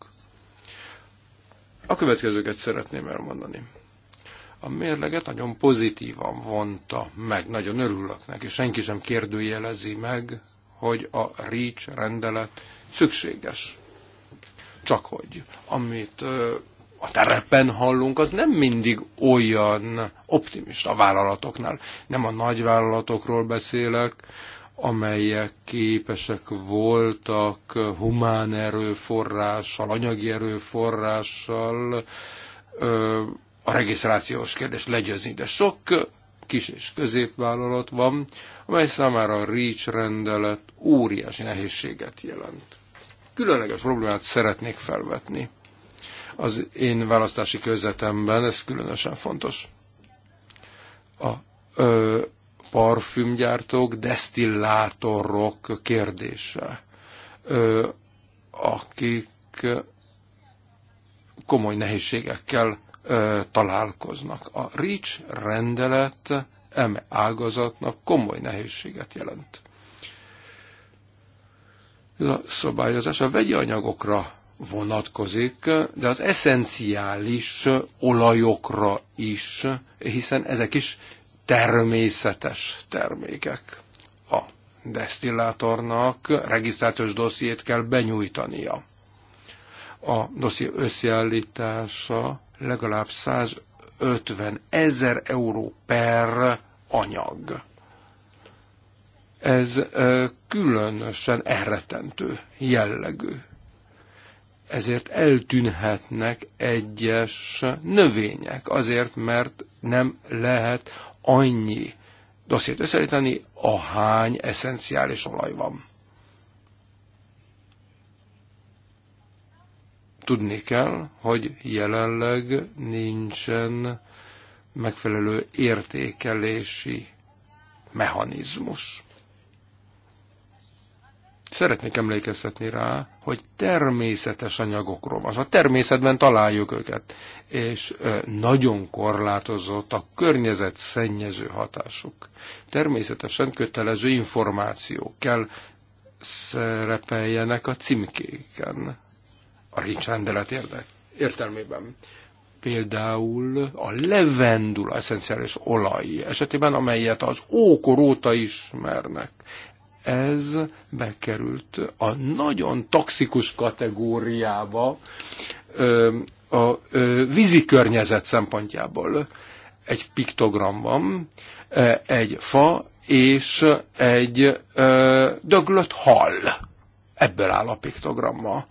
A következőket szeretném elmondani. A mérleget nagyon pozitívan vonta meg, nagyon örülök neki. Senki sem kérdőjelezi meg, hogy a REACH rendelet szükséges. Csak hogy, amit a terepen hallunk, az nem mindig olyan optimista a vállalatoknál. Nem a nagy vállalatokról beszélek, amelyek képesek voltak humán erőforrással, anyagi erőforrással a regisztrációs kérdés legyőzni. De sok kis és középvállalat van, amely számára a REACH rendelet óriási nehézséget jelent. Különleges problémát szeretnék felvetni. Az én választási körzetemben ez különösen fontos. A ö, parfümgyártók, desztillátorok kérdése, ö, akik komoly nehézségekkel ö, találkoznak. A REACH rendelet eme ágazatnak komoly nehézséget jelent. Ez a szabályozás a vegyi anyagokra vonatkozik, de az eszenciális olajokra is, hiszen ezek is természetes termékek. A desztillátornak regisztrációs dossziét kell benyújtania. A dosszié összeállítása legalább 150 ezer euró per anyag. Ez különösen elretentő jellegű ezért eltűnhetnek egyes növények, azért, mert nem lehet annyi dossziét összeállítani, ahány eszenciális olaj van. Tudni kell, hogy jelenleg nincsen megfelelő értékelési mechanizmus. Szeretnék emlékeztetni rá, hogy természetes anyagokról van, szóval természetben találjuk őket, és nagyon korlátozott a környezet szennyező hatásuk. Természetesen kötelező információ kell szerepeljenek a címkéken, a rincs érdek, értelmében például a levendula eszenciális olaj esetében, amelyet az ókor óta ismernek ez bekerült a nagyon toxikus kategóriába a vízi környezet szempontjából. Egy piktogram van, egy fa és egy döglött hal. Ebből áll a piktogramma.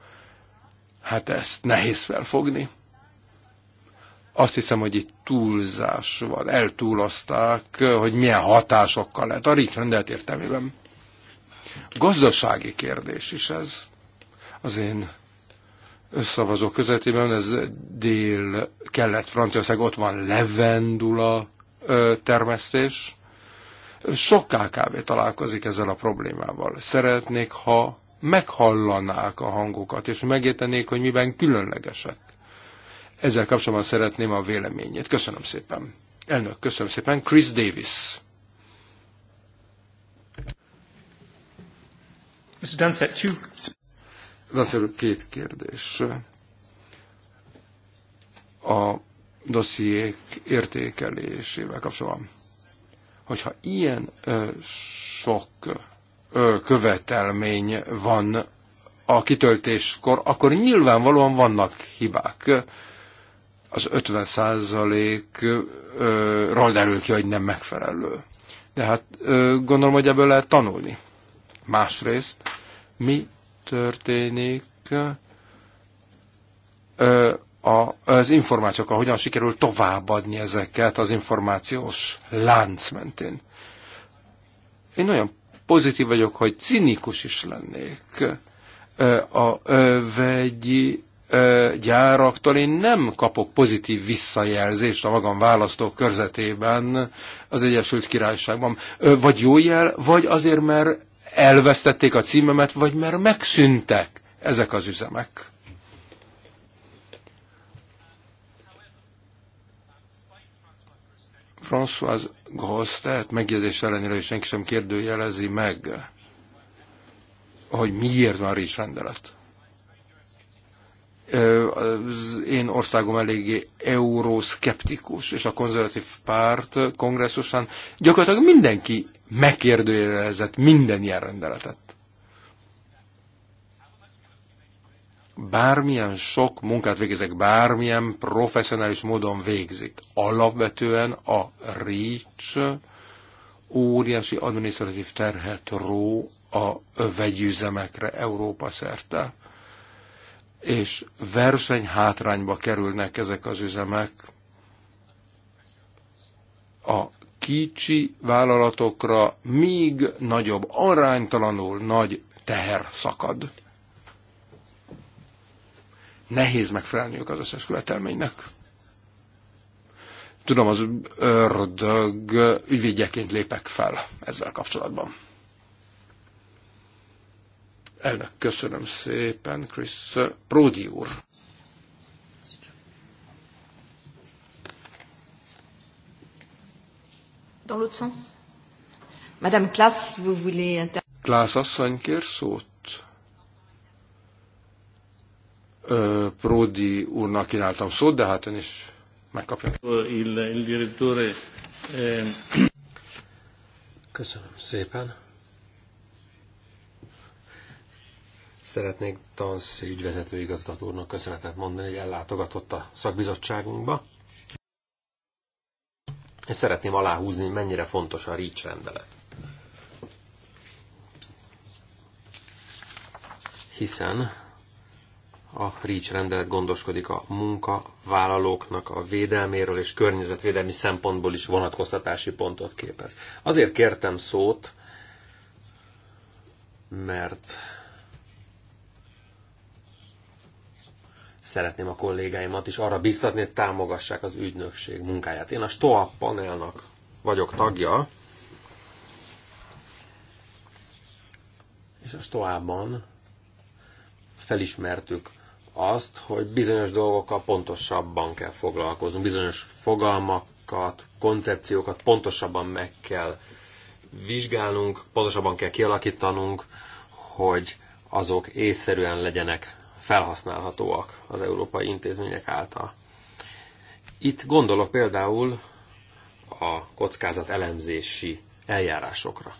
Hát ezt nehéz felfogni. Azt hiszem, hogy itt túlzás van, eltúlozták, hogy milyen hatásokkal lehet. A RIK rendelt értelmében Gazdasági kérdés is ez. Az én összavazó közvetében, ez dél-kelet Franciaország, ott van levendula termesztés. Sok KKV találkozik ezzel a problémával. Szeretnék, ha meghallanák a hangokat, és megértenék, hogy miben különlegesek. Ezzel kapcsolatban szeretném a véleményét. Köszönöm szépen. Elnök, köszönöm szépen. Chris Davis. Mr. two... két kérdés. A dossziék értékelésével kapcsolatban. Hogyha ilyen ö, sok ö, követelmény van a kitöltéskor, akkor nyilvánvalóan vannak hibák. Az 50 százalékról derül ki, hogy nem megfelelő. De hát ö, gondolom, hogy ebből lehet tanulni. Másrészt, mi történik a, az információkkal, hogyan sikerül továbbadni ezeket az információs lánc mentén. Én nagyon pozitív vagyok, hogy cinikus is lennék. A vegyi gyáraktól én nem kapok pozitív visszajelzést a magam választó körzetében az Egyesült Királyságban. Vagy jó jel, vagy azért, mert elvesztették a címemet, vagy mert megszűntek ezek az üzemek. François Gostet tehát megjegyzés ellenére hogy senki sem kérdőjelezi meg, hogy miért van Rics rendelet. Az én országom eléggé euroszkeptikus, és a konzervatív párt kongresszusán gyakorlatilag mindenki megkérdőjelezett minden ilyen rendeletet. Bármilyen sok munkát végezek, bármilyen professzionális módon végzik. Alapvetően a REACH óriási administratív terhet ró a vegyüzemekre Európa szerte, és versenyhátrányba kerülnek ezek az üzemek a kicsi vállalatokra még nagyobb, aránytalanul nagy teher szakad. Nehéz megfelelniük az összes követelménynek. Tudom, az ördög ügyvédjeként lépek fel ezzel kapcsolatban. Elnök, köszönöm szépen, Chris Pródi úr. Dans l'autre sens Madame Klaas, si vous voulez intervenir. Klaas asszony kér szót? Ö, Pródi úrnak kínáltam szót, de hát ön is megkapja. Ehm, Köszönöm szépen. Szeretnék tanszi ügyvezető igazgatónak köszönetet mondani, hogy ellátogatott a szakbizottságunkba és szeretném aláhúzni, mennyire fontos a REACH rendelet. Hiszen a REACH rendelet gondoskodik a munkavállalóknak a védelméről és környezetvédelmi szempontból is vonatkoztatási pontot képez. Azért kértem szót, mert szeretném a kollégáimat is arra biztatni, hogy támogassák az ügynökség munkáját. Én a STOA panelnak vagyok tagja, és a STOA-ban felismertük azt, hogy bizonyos dolgokkal pontosabban kell foglalkoznunk, bizonyos fogalmakat, koncepciókat pontosabban meg kell vizsgálnunk, pontosabban kell kialakítanunk, hogy azok észszerűen legyenek felhasználhatóak az európai intézmények által. Itt gondolok például a kockázat elemzési eljárásokra.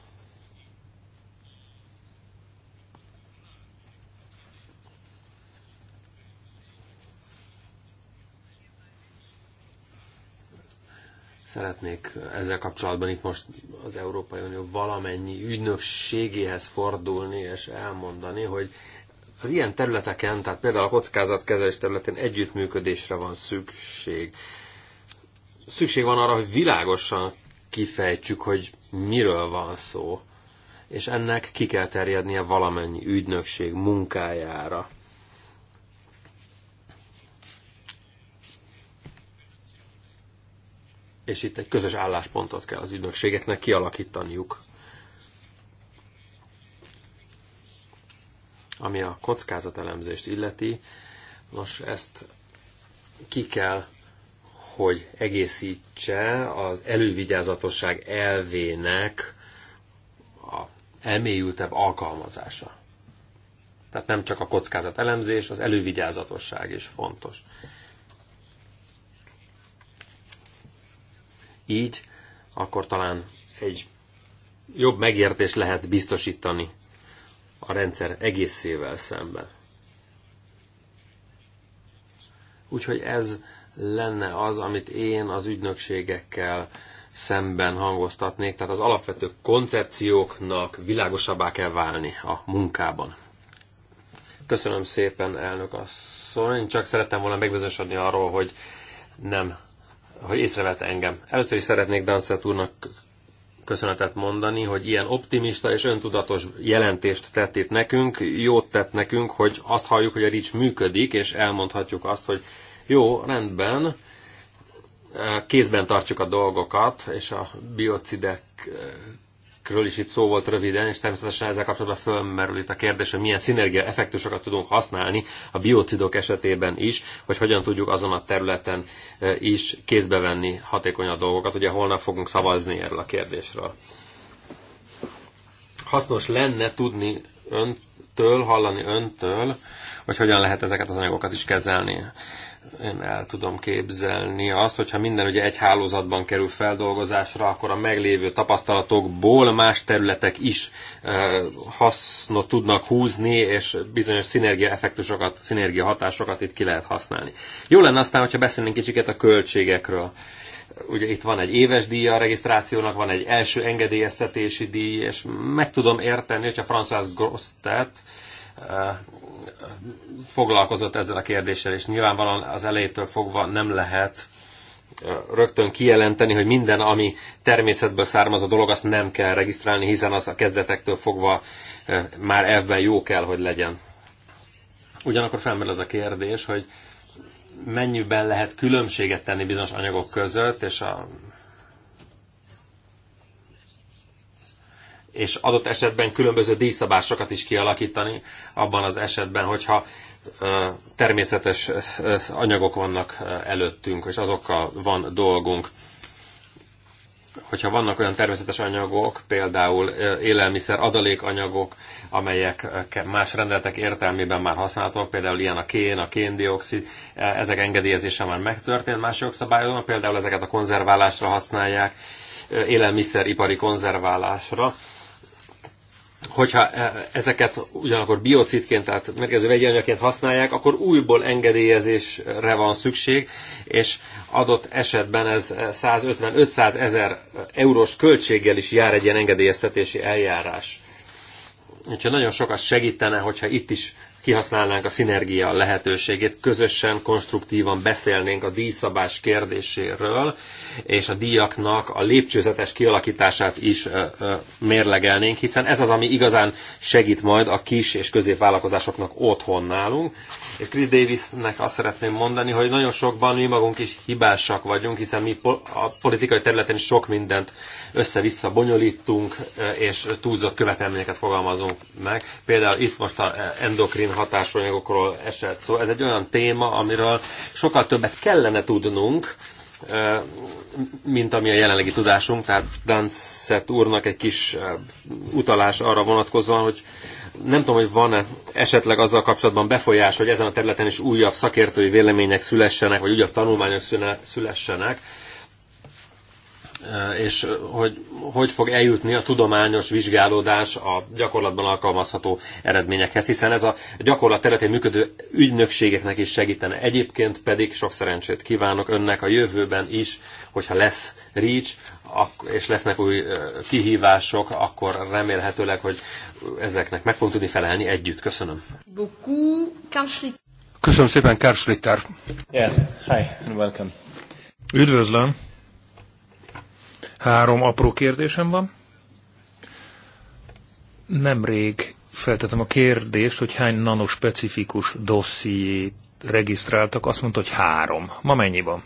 szeretnék ezzel kapcsolatban itt most az Európai Unió valamennyi ügynökségéhez fordulni és elmondani, hogy az ilyen területeken, tehát például a kockázatkezelés területén együttműködésre van szükség. Szükség van arra, hogy világosan kifejtsük, hogy miről van szó, és ennek ki kell terjednie valamennyi ügynökség munkájára. És itt egy közös álláspontot kell az ügynökségeknek kialakítaniuk. Ami a kockázatelemzést illeti, nos ezt ki kell, hogy egészítse az elővigyázatosság elvének a elmélyültebb alkalmazása. Tehát nem csak a kockázat elemzés, az elővigyázatosság is fontos. Így akkor talán egy jobb megértést lehet biztosítani a rendszer egészével szemben. Úgyhogy ez lenne az, amit én az ügynökségekkel szemben hangoztatnék, tehát az alapvető koncepcióknak világosabbá kell válni a munkában. Köszönöm szépen, elnök asszony, csak szerettem volna megbizonyosodni arról, hogy nem, hogy észrevette engem. Először is szeretnék Danszert úrnak köszönetet mondani, hogy ilyen optimista és öntudatos jelentést tett itt nekünk. Jót tett nekünk, hogy azt halljuk, hogy a RICS működik, és elmondhatjuk azt, hogy jó, rendben, kézben tartjuk a dolgokat, és a biocidek Kről is itt szó volt röviden, és természetesen ezzel kapcsolatban fölmerül itt a kérdés, hogy milyen szinergia effektusokat tudunk használni a biocidok esetében is, hogy hogyan tudjuk azon a területen e, is kézbe venni hatékony a dolgokat. Ugye holnap fogunk szavazni erről a kérdésről. Hasznos lenne tudni öntől, hallani öntől, hogy hogyan lehet ezeket az anyagokat is kezelni én el tudom képzelni azt, hogyha minden ugye egy hálózatban kerül feldolgozásra, akkor a meglévő tapasztalatokból más területek is eh, hasznot tudnak húzni, és bizonyos szinergia effektusokat, szinergia hatásokat itt ki lehet használni. Jó lenne aztán, hogyha beszélnénk kicsiket a költségekről. Ugye itt van egy éves díja a regisztrációnak, van egy első engedélyeztetési díj, és meg tudom érteni, hogyha François Grostet eh, foglalkozott ezzel a kérdéssel, és nyilvánvalóan az elejétől fogva nem lehet rögtön kijelenteni, hogy minden, ami természetből származó dolog, azt nem kell regisztrálni, hiszen az a kezdetektől fogva már elvben jó kell, hogy legyen. Ugyanakkor felmerül az a kérdés, hogy mennyiben lehet különbséget tenni bizonyos anyagok között, és a és adott esetben különböző díjszabásokat is kialakítani, abban az esetben, hogyha természetes anyagok vannak előttünk, és azokkal van dolgunk. Hogyha vannak olyan természetes anyagok, például élelmiszer adalékanyagok, amelyek más rendeletek értelmében már használhatók, például ilyen a kén, a kéndioxid, ezek engedélyezése már megtörtént más jogszabályozónak, például ezeket a konzerválásra használják, élelmiszeripari konzerválásra, hogyha e, ezeket ugyanakkor biocidként, tehát mérgező vegyi anyagként használják, akkor újból engedélyezésre van szükség, és adott esetben ez 150-500 ezer eurós költséggel is jár egy ilyen engedélyeztetési eljárás. Úgyhogy nagyon sokat segítene, hogyha itt is kihasználnánk a szinergia lehetőségét, közösen, konstruktívan beszélnénk a díjszabás kérdéséről, és a díjaknak a lépcsőzetes kialakítását is mérlegelnénk, hiszen ez az, ami igazán segít majd a kis és középvállalkozásoknak otthon nálunk. És Chris Davisnek azt szeretném mondani, hogy nagyon sokban mi magunk is hibásak vagyunk, hiszen mi a politikai területen sok mindent össze-vissza bonyolítunk, és túlzott követelményeket fogalmazunk meg. Például itt most a endokrin hatásanyagokról esett szó. ez egy olyan téma, amiről sokkal többet kellene tudnunk, mint ami a jelenlegi tudásunk, tehát Dancet úrnak egy kis utalás arra vonatkozóan, hogy nem tudom, hogy van-e esetleg azzal kapcsolatban befolyás, hogy ezen a területen is újabb szakértői vélemények szülessenek, vagy újabb tanulmányok szülessenek, Eh, és eh, hogy hogy fog eljutni a tudományos vizsgálódás a gyakorlatban alkalmazható eredményekhez, hiszen ez a gyakorlat területén működő ügynökségeknek is segítene. Egyébként pedig sok szerencsét kívánok önnek a jövőben is, hogyha lesz REACH, és lesznek új eh, kihívások, akkor remélhetőleg, hogy ezeknek meg fogunk tudni felelni együtt. Köszönöm. Köszönöm szépen, Kár Schlitter. Yeah, hi, and welcome. Üdvözlöm. Három apró kérdésem van. Nemrég feltettem a kérdést, hogy hány nanospecifikus dossziét regisztráltak, azt mondta, hogy három. Ma mennyi van?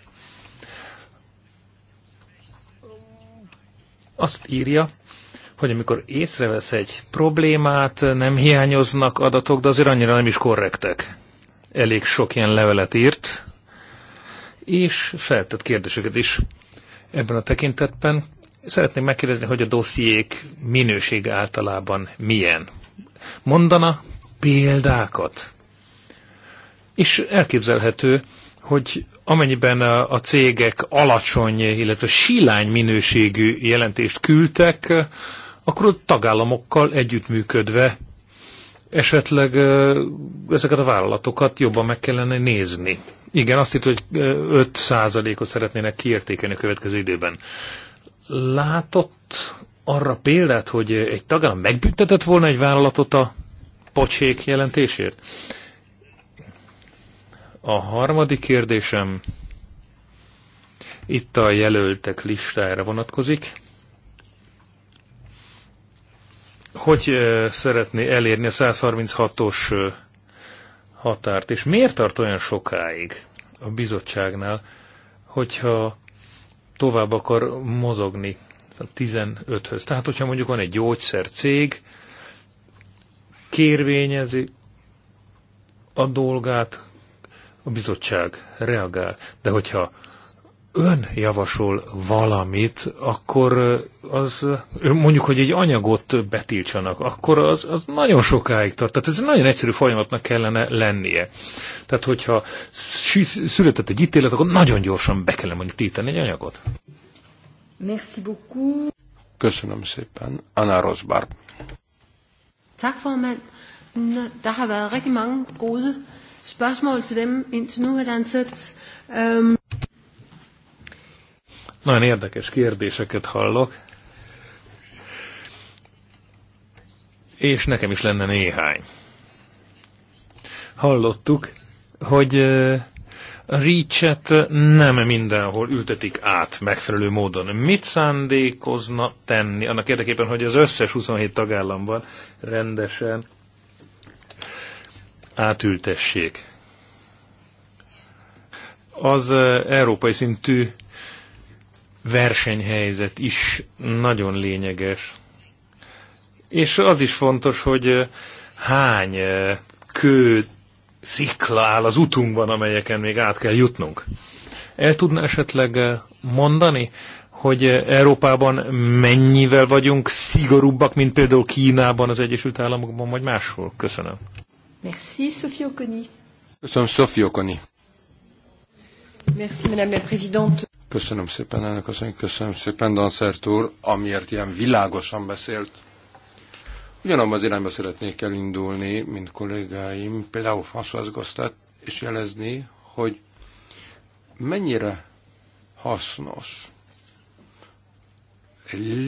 Azt írja, hogy amikor észrevesz egy problémát, nem hiányoznak adatok, de azért annyira nem is korrektek. Elég sok ilyen levelet írt, és feltett kérdéseket is ebben a tekintetben. Szeretném megkérdezni, hogy a dossziék minőség általában milyen. Mondana példákat? És elképzelhető, hogy amennyiben a cégek alacsony, illetve silány minőségű jelentést küldtek, akkor a tagállamokkal együttműködve esetleg ezeket a vállalatokat jobban meg kellene nézni. Igen, azt itt, hogy 5%-ot szeretnének kiértékelni a következő időben. Látott arra példát, hogy egy tagállam megbüntetett volna egy vállalatot a pocsék jelentésért? A harmadik kérdésem itt a jelöltek listájára vonatkozik. hogy szeretné elérni a 136-os határt, és miért tart olyan sokáig a bizottságnál, hogyha tovább akar mozogni a 15-höz. Tehát, hogyha mondjuk van egy cég, kérvényezi a dolgát, a bizottság reagál. De hogyha ön javasol valamit, akkor az, mondjuk, hogy egy anyagot betiltsanak, akkor az, az nagyon sokáig tart. Tehát ez egy nagyon egyszerű folyamatnak kellene lennie. Tehát, hogyha született egy ítélet, akkor nagyon gyorsan be kellene mondjuk tiltani egy anyagot. Merci beaucoup. Köszönöm szépen. Anna Rosbar. Tak, formand. Der har været rigtig mange gode spørgsmål til dem indtil nu, har jeg Um... Nagyon érdekes kérdéseket hallok. És nekem is lenne néhány. Hallottuk, hogy a reach nem mindenhol ültetik át megfelelő módon. Mit szándékozna tenni annak érdekében, hogy az összes 27 tagállamban rendesen átültessék? Az európai szintű versenyhelyzet is nagyon lényeges. És az is fontos, hogy hány kő szikla áll az utunkban, amelyeken még át kell jutnunk. El tudna esetleg mondani, hogy Európában mennyivel vagyunk szigorúbbak, mint például Kínában, az Egyesült Államokban, vagy máshol? Köszönöm. Merci, Sofia Okoni. Köszönöm, Sofia Okoni. Merci, Madame la Présidente. Köszönöm szépen, elnök asszony, köszönöm szépen, Danszert úr, amiért ilyen világosan beszélt. Ugyanabban az irányba szeretnék elindulni, mint kollégáim, például François Gostet, és jelezni, hogy mennyire hasznos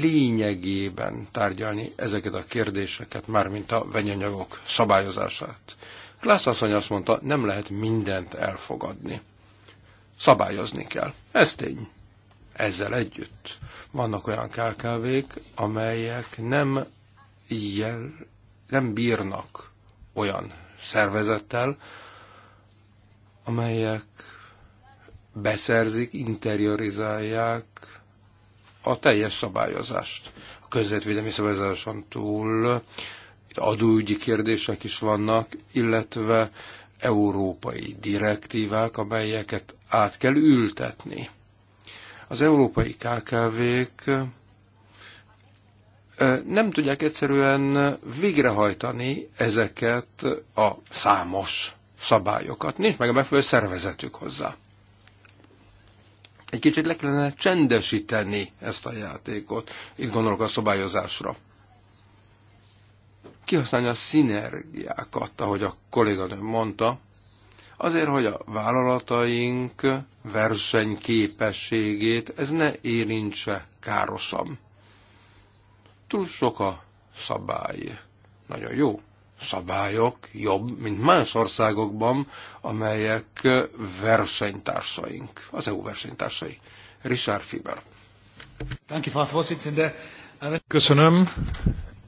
lényegében tárgyalni ezeket a kérdéseket, mármint a vegyanyagok szabályozását. Klász asszony azt mondta, nem lehet mindent elfogadni szabályozni kell. Ez tény. Ezzel együtt vannak olyan kkv amelyek nem, jel, nem bírnak olyan szervezettel, amelyek beszerzik, interiorizálják a teljes szabályozást. A közvetvédelmi szabályozáson túl adóügyi kérdések is vannak, illetve európai direktívák, amelyeket át kell ültetni. Az európai KKV-k nem tudják egyszerűen végrehajtani ezeket a számos szabályokat. Nincs meg a megfelelő szervezetük hozzá. Egy kicsit le kellene csendesíteni ezt a játékot. Itt gondolok a szabályozásra. Kihasználni a szinergiákat, ahogy a kolléganőm mondta, azért, hogy a vállalataink versenyképességét ez ne érintse károsan. Túl sok a szabály. Nagyon jó szabályok, jobb, mint más országokban, amelyek versenytársaink, az EU versenytársai. Richard Fiber. Köszönöm.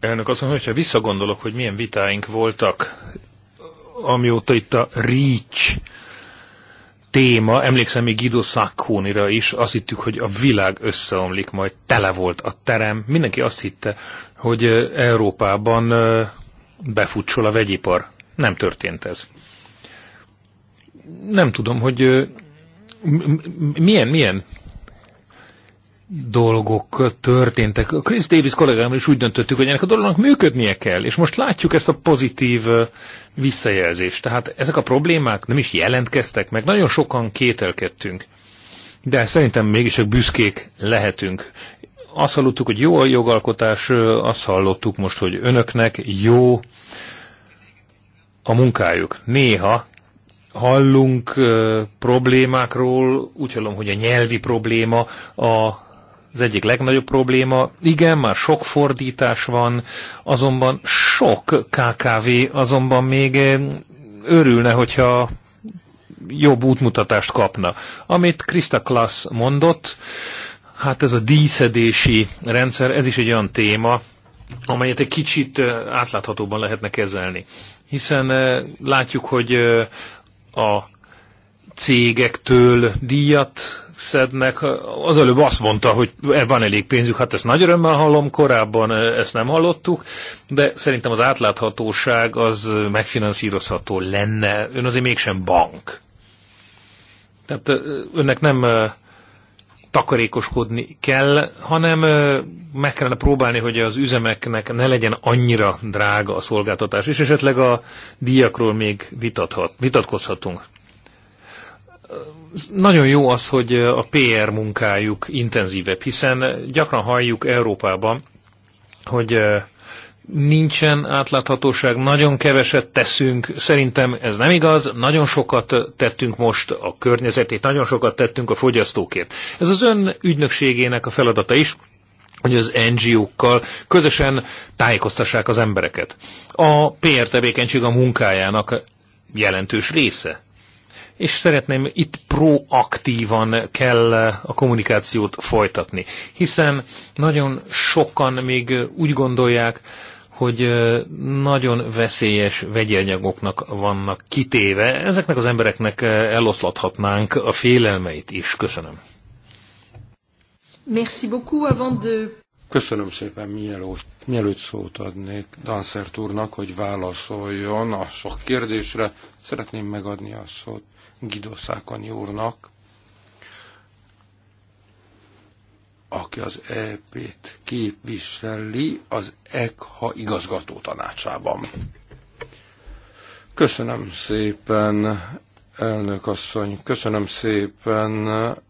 Elnök azt mondja, hogyha visszagondolok, hogy milyen vitáink voltak amióta itt a REACH téma, emlékszem még Guido sacconi is, azt hittük, hogy a világ összeomlik, majd tele volt a terem. Mindenki azt hitte, hogy Európában befutsol a vegyipar. Nem történt ez. Nem tudom, hogy milyen, milyen dolgok történtek. A Chris Davis kollégámmal is úgy döntöttük, hogy ennek a dolognak működnie kell, és most látjuk ezt a pozitív visszajelzést. Tehát ezek a problémák nem is jelentkeztek meg, nagyon sokan kételkedtünk. De szerintem mégis csak büszkék lehetünk. Azt hallottuk, hogy jó a jogalkotás, azt hallottuk most, hogy önöknek jó a munkájuk. Néha hallunk uh, problémákról, úgy hallom, hogy a nyelvi probléma, a az egyik legnagyobb probléma. Igen, már sok fordítás van, azonban sok KKV azonban még eh, örülne, hogyha jobb útmutatást kapna. Amit Krista Klass mondott, hát ez a díszedési rendszer, ez is egy olyan téma, amelyet egy kicsit eh, átláthatóban lehetne kezelni. Hiszen eh, látjuk, hogy a cégektől díjat szednek, az előbb azt mondta, hogy e, van elég pénzük, hát ezt nagy örömmel hallom, korábban e, ezt nem hallottuk, de szerintem az átláthatóság az megfinanszírozható lenne, ön azért mégsem bank. Tehát e, önnek nem takarékoskodni kell, hanem meg kellene próbálni, hogy az üzemeknek ne legyen annyira drága a szolgáltatás, és esetleg a díjakról még vitathat, vitatkozhatunk nagyon jó az, hogy a PR munkájuk intenzívebb, hiszen gyakran halljuk Európában, hogy nincsen átláthatóság, nagyon keveset teszünk, szerintem ez nem igaz, nagyon sokat tettünk most a környezetét, nagyon sokat tettünk a fogyasztókért. Ez az ön ügynökségének a feladata is, hogy az NGO-kkal közösen tájékoztassák az embereket. A PR tevékenység a munkájának jelentős része és szeretném itt proaktívan kell eh, a kommunikációt folytatni, hiszen nagyon sokan még eh, úgy gondolják, hogy eh, nagyon veszélyes vegyi anyagoknak vannak kitéve. Ezeknek az embereknek eloszlathatnánk a félelmeit is. Köszönöm. Merci beaucoup avant de... Köszönöm szépen, mielőtt, mielőtt szót adnék Danszert úrnak, hogy válaszoljon a sok kérdésre. Szeretném megadni a szót Guido Szákony úrnak, aki az EP-t képviseli az ekha igazgató tanácsában. Köszönöm szépen, elnök asszony, köszönöm szépen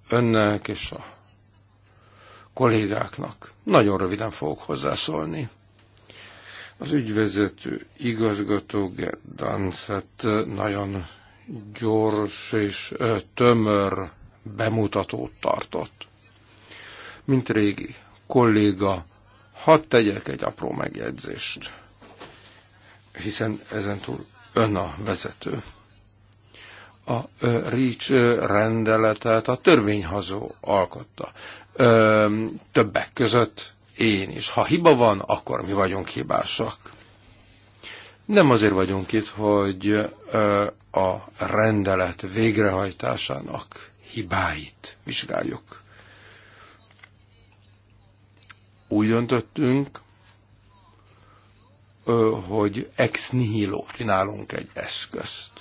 önnek és a kollégáknak. Nagyon röviden fogok hozzászólni. Az ügyvezető igazgató Gerdancet nagyon gyors és tömör bemutatót tartott. Mint régi kolléga, hadd tegyek egy apró megjegyzést, hiszen ezentúl ön a vezető. A REACH rendeletet a törvényhazó alkotta. Ö, többek között én is. Ha hiba van, akkor mi vagyunk hibásak. Nem azért vagyunk itt, hogy a rendelet végrehajtásának hibáit vizsgáljuk. Úgy döntöttünk, hogy ex nihilo csinálunk egy eszközt.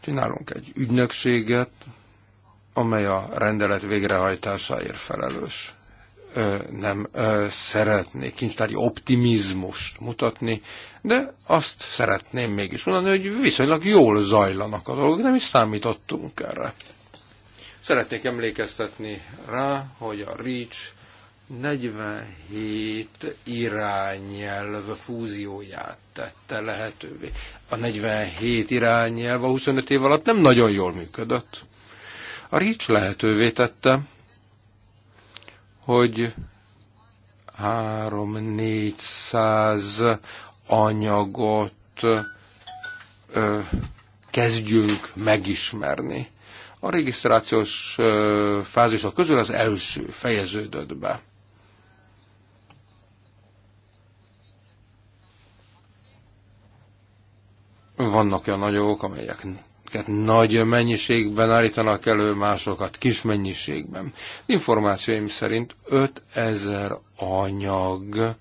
Csinálunk egy ügynökséget, amely a rendelet végrehajtásáért felelős nem szeretné kincstári optimizmust mutatni, de azt szeretném mégis mondani, hogy viszonylag jól zajlanak a dolgok, nem is számítottunk erre. Szeretnék emlékeztetni rá, hogy a REACH 47 irányelv fúzióját tette lehetővé. A 47 irányelv a 25 év alatt nem nagyon jól működött. A REACH lehetővé tette, hogy három-négy száz anyagot ö, kezdjünk megismerni. A regisztrációs ö, fázisok közül az első fejeződött be. Vannak olyan nagyok, amelyek Egyikeket nagy mennyiségben állítanak elő, másokat kis mennyiségben. Információim szerint 5000 anyagról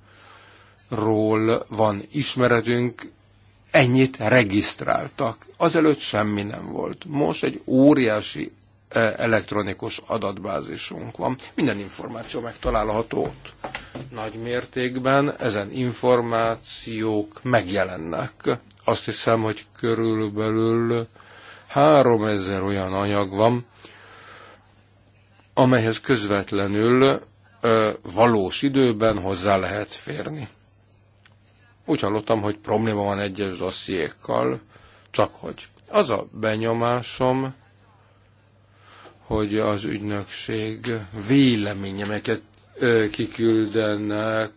van ismeretünk, ennyit regisztráltak. Azelőtt semmi nem volt. Most egy óriási eh, elektronikus adatbázisunk van. Minden információ megtalálható ott. Nagy mértékben ezen információk megjelennek. Azt hiszem, hogy körülbelül 3000 olyan anyag van, amelyhez közvetlenül ö, valós időben hozzá lehet férni. Úgy hallottam, hogy probléma van egyes dossziékkal, csak hogy. Az a benyomásom, hogy az ügynökség véleményemeket kiküldenek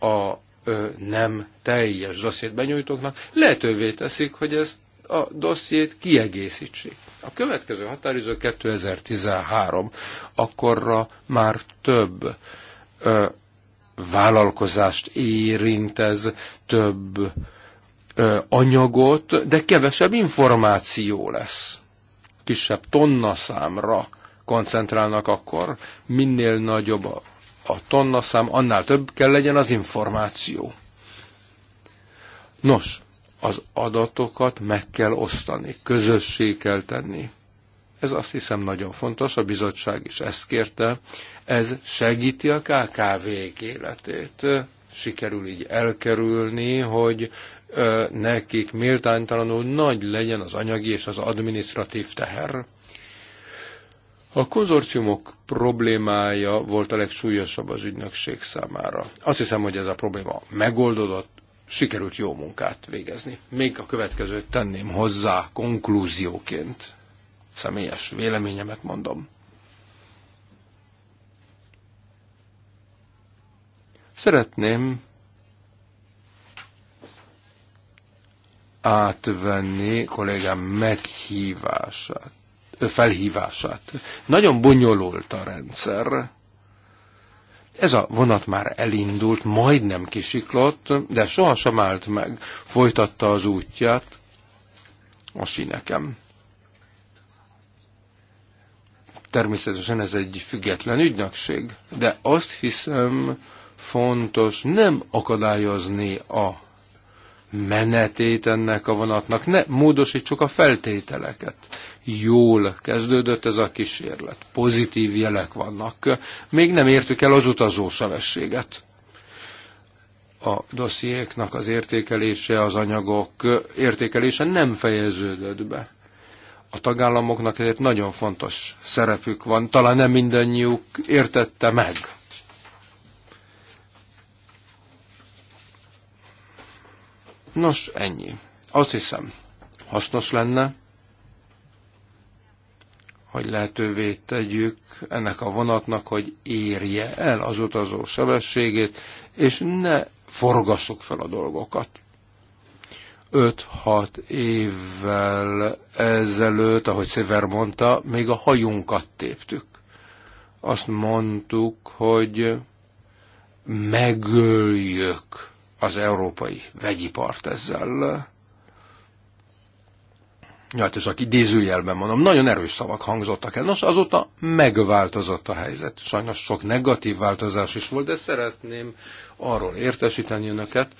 a ö, nem teljes dossziét benyújtóknak, lehetővé teszik, hogy ezt a dossziét kiegészítsék. A következő határidő 2013, akkorra már több ö, vállalkozást érint ez, több ö, anyagot, de kevesebb információ lesz. Kisebb tonna számra koncentrálnak akkor, minél nagyobb a, a tonna szám, annál több kell legyen az információ. Nos, az adatokat meg kell osztani, közössé kell tenni. Ez azt hiszem nagyon fontos, a bizottság is ezt kérte. Ez segíti a kkv életét. Sikerül így elkerülni, hogy ö, nekik méltánytalanul nagy legyen az anyagi és az administratív teher. A konzorciumok problémája volt a legsúlyosabb az ügynökség számára. Azt hiszem, hogy ez a probléma megoldódott, sikerült jó munkát végezni. Még a következőt tenném hozzá konklúzióként. Személyes véleményemet mondom. Szeretném átvenni kollégám meghívását, felhívását. Nagyon bonyolult a rendszer ez a vonat már elindult, majdnem kisiklott, de sohasem állt meg. Folytatta az útját a sinekem. Természetesen ez egy független ügynökség, de azt hiszem fontos nem akadályozni a menetét ennek a vonatnak, ne módosítsuk a feltételeket. Jól kezdődött ez a kísérlet, pozitív jelek vannak, még nem értük el az utazó sebességet. A dossziéknak az értékelése, az anyagok értékelése nem fejeződött be. A tagállamoknak ezért nagyon fontos szerepük van, talán nem mindannyiuk értette meg Nos, ennyi. Azt hiszem, hasznos lenne, hogy lehetővé tegyük ennek a vonatnak, hogy érje el az utazó sebességét, és ne forgassuk fel a dolgokat. 5-6 évvel ezelőtt, ahogy Sziver mondta, még a hajunkat téptük. Azt mondtuk, hogy megöljük az európai vegyipart ezzel. Ja, hát csak idézőjelben mondom, nagyon erős szavak hangzottak el. Nos, azóta megváltozott a helyzet. Sajnos sok negatív változás is volt, de szeretném arról értesíteni önöket,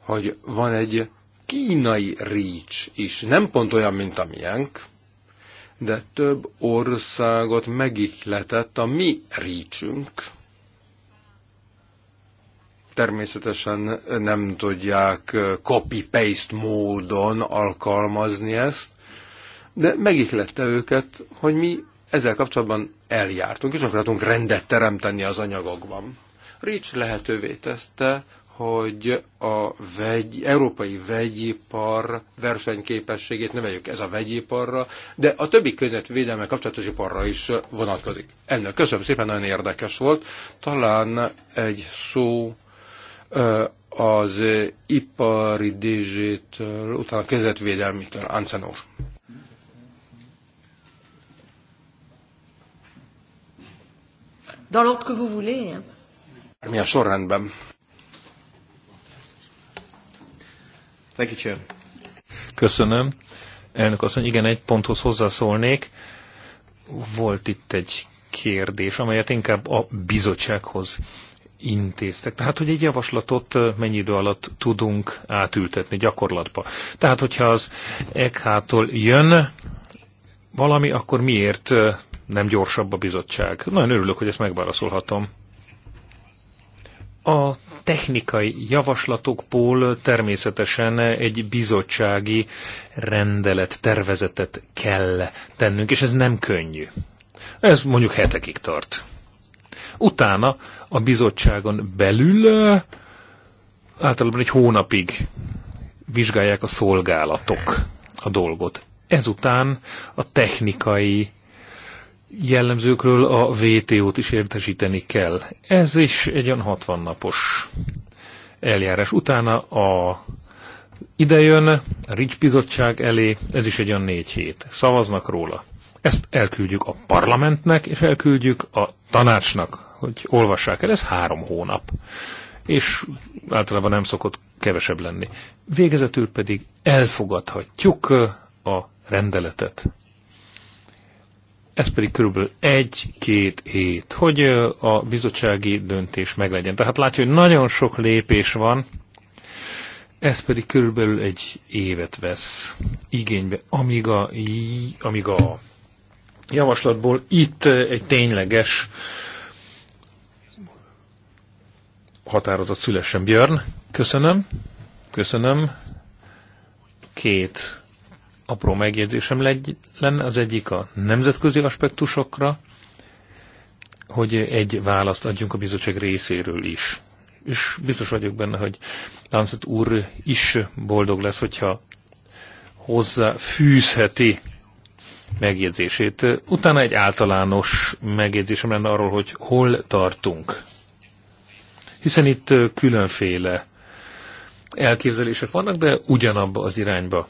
hogy van egy kínai rics is. Nem pont olyan, mint a miénk, de több országot megihletett a mi rícsünk. Természetesen nem tudják copy-paste módon alkalmazni ezt, de megihlette őket, hogy mi ezzel kapcsolatban eljártunk, és akartunk rendet teremteni az anyagokban. Rich lehetővé tette, hogy a vegy, európai vegyipar versenyképességét neveljük ez a vegyiparra, de a többi környezetvédelme kapcsolatos iparra is vonatkozik. Ennél köszönöm szépen, nagyon érdekes volt. Talán egy szó az ipari DZ-től, utána a környezetvédelmitől, Ancenor. Dans l'ordre que vous voulez. Mi a sorrendben? Thank you, Chair. Köszönöm. Elnök asszony, igen, egy ponthoz hozzászólnék. Volt itt egy kérdés, amelyet inkább a bizottsághoz intéztek. Tehát, hogy egy javaslatot mennyi idő alatt tudunk átültetni gyakorlatba. Tehát, hogyha az EKH-tól jön valami, akkor miért nem gyorsabb a bizottság? Nagyon örülök, hogy ezt megválaszolhatom. A technikai javaslatokból természetesen egy bizottsági rendelet tervezetet kell tennünk, és ez nem könnyű. Ez mondjuk hetekig tart. Utána a bizottságon belül általában egy hónapig vizsgálják a szolgálatok a dolgot. Ezután a technikai jellemzőkről a VTO-t is értesíteni kell. Ez is egy olyan 60 napos eljárás. Utána a idejön a Rics bizottság elé, ez is egy olyan négy hét. Szavaznak róla. Ezt elküldjük a parlamentnek, és elküldjük a tanácsnak, hogy olvassák el. Ez három hónap. És általában nem szokott kevesebb lenni. Végezetül pedig elfogadhatjuk a rendeletet ez pedig körülbelül egy-két hét, hogy a bizottsági döntés meglegyen. Tehát látja, hogy nagyon sok lépés van, ez pedig körülbelül egy évet vesz igénybe, amíg a, amíg a javaslatból itt egy tényleges határozat szülessen. Björn, köszönöm, köszönöm. Két apró megjegyzésem lenne, az egyik a nemzetközi aspektusokra, hogy egy választ adjunk a bizottság részéről is. És biztos vagyok benne, hogy Tanszett úr is boldog lesz, hogyha hozzá fűzheti megjegyzését. Utána egy általános megjegyzésem lenne arról, hogy hol tartunk. Hiszen itt különféle elképzelések vannak, de ugyanabba az irányba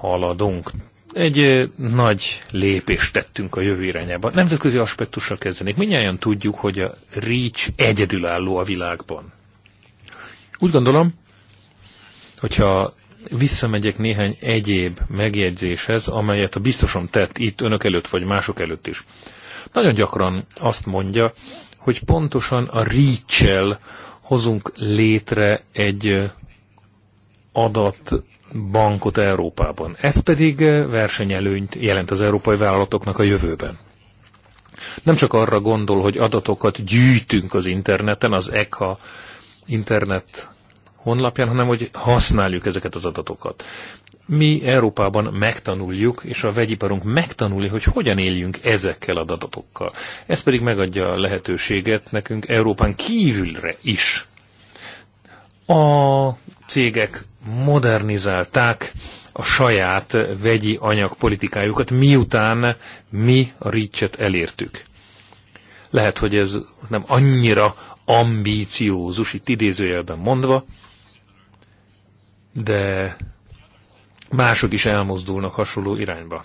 haladunk. Egy nagy lépést tettünk a jövő irányába. Nemzetközi aspektussal kezdenék. Mindjárt tudjuk, hogy a REACH egyedülálló a világban. Úgy gondolom, hogyha visszamegyek néhány egyéb megjegyzéshez, amelyet a biztosom tett itt önök előtt, vagy mások előtt is. Nagyon gyakran azt mondja, hogy pontosan a reach el hozunk létre egy adat bankot Európában. Ez pedig eh, versenyelőnyt jelent az európai vállalatoknak a jövőben. Nem csak arra gondol, hogy adatokat gyűjtünk az interneten, az ECHA internet honlapján, hanem hogy használjuk ezeket az adatokat. Mi Európában megtanuljuk, és a vegyiparunk megtanulja, hogy hogyan éljünk ezekkel az adatokkal. Ez pedig megadja a lehetőséget nekünk Európán kívülre is. A cégek modernizálták a saját vegyi anyagpolitikájukat, miután mi a Ricset elértük. Lehet, hogy ez nem annyira ambíciózus, itt idézőjelben mondva, de mások is elmozdulnak hasonló irányba.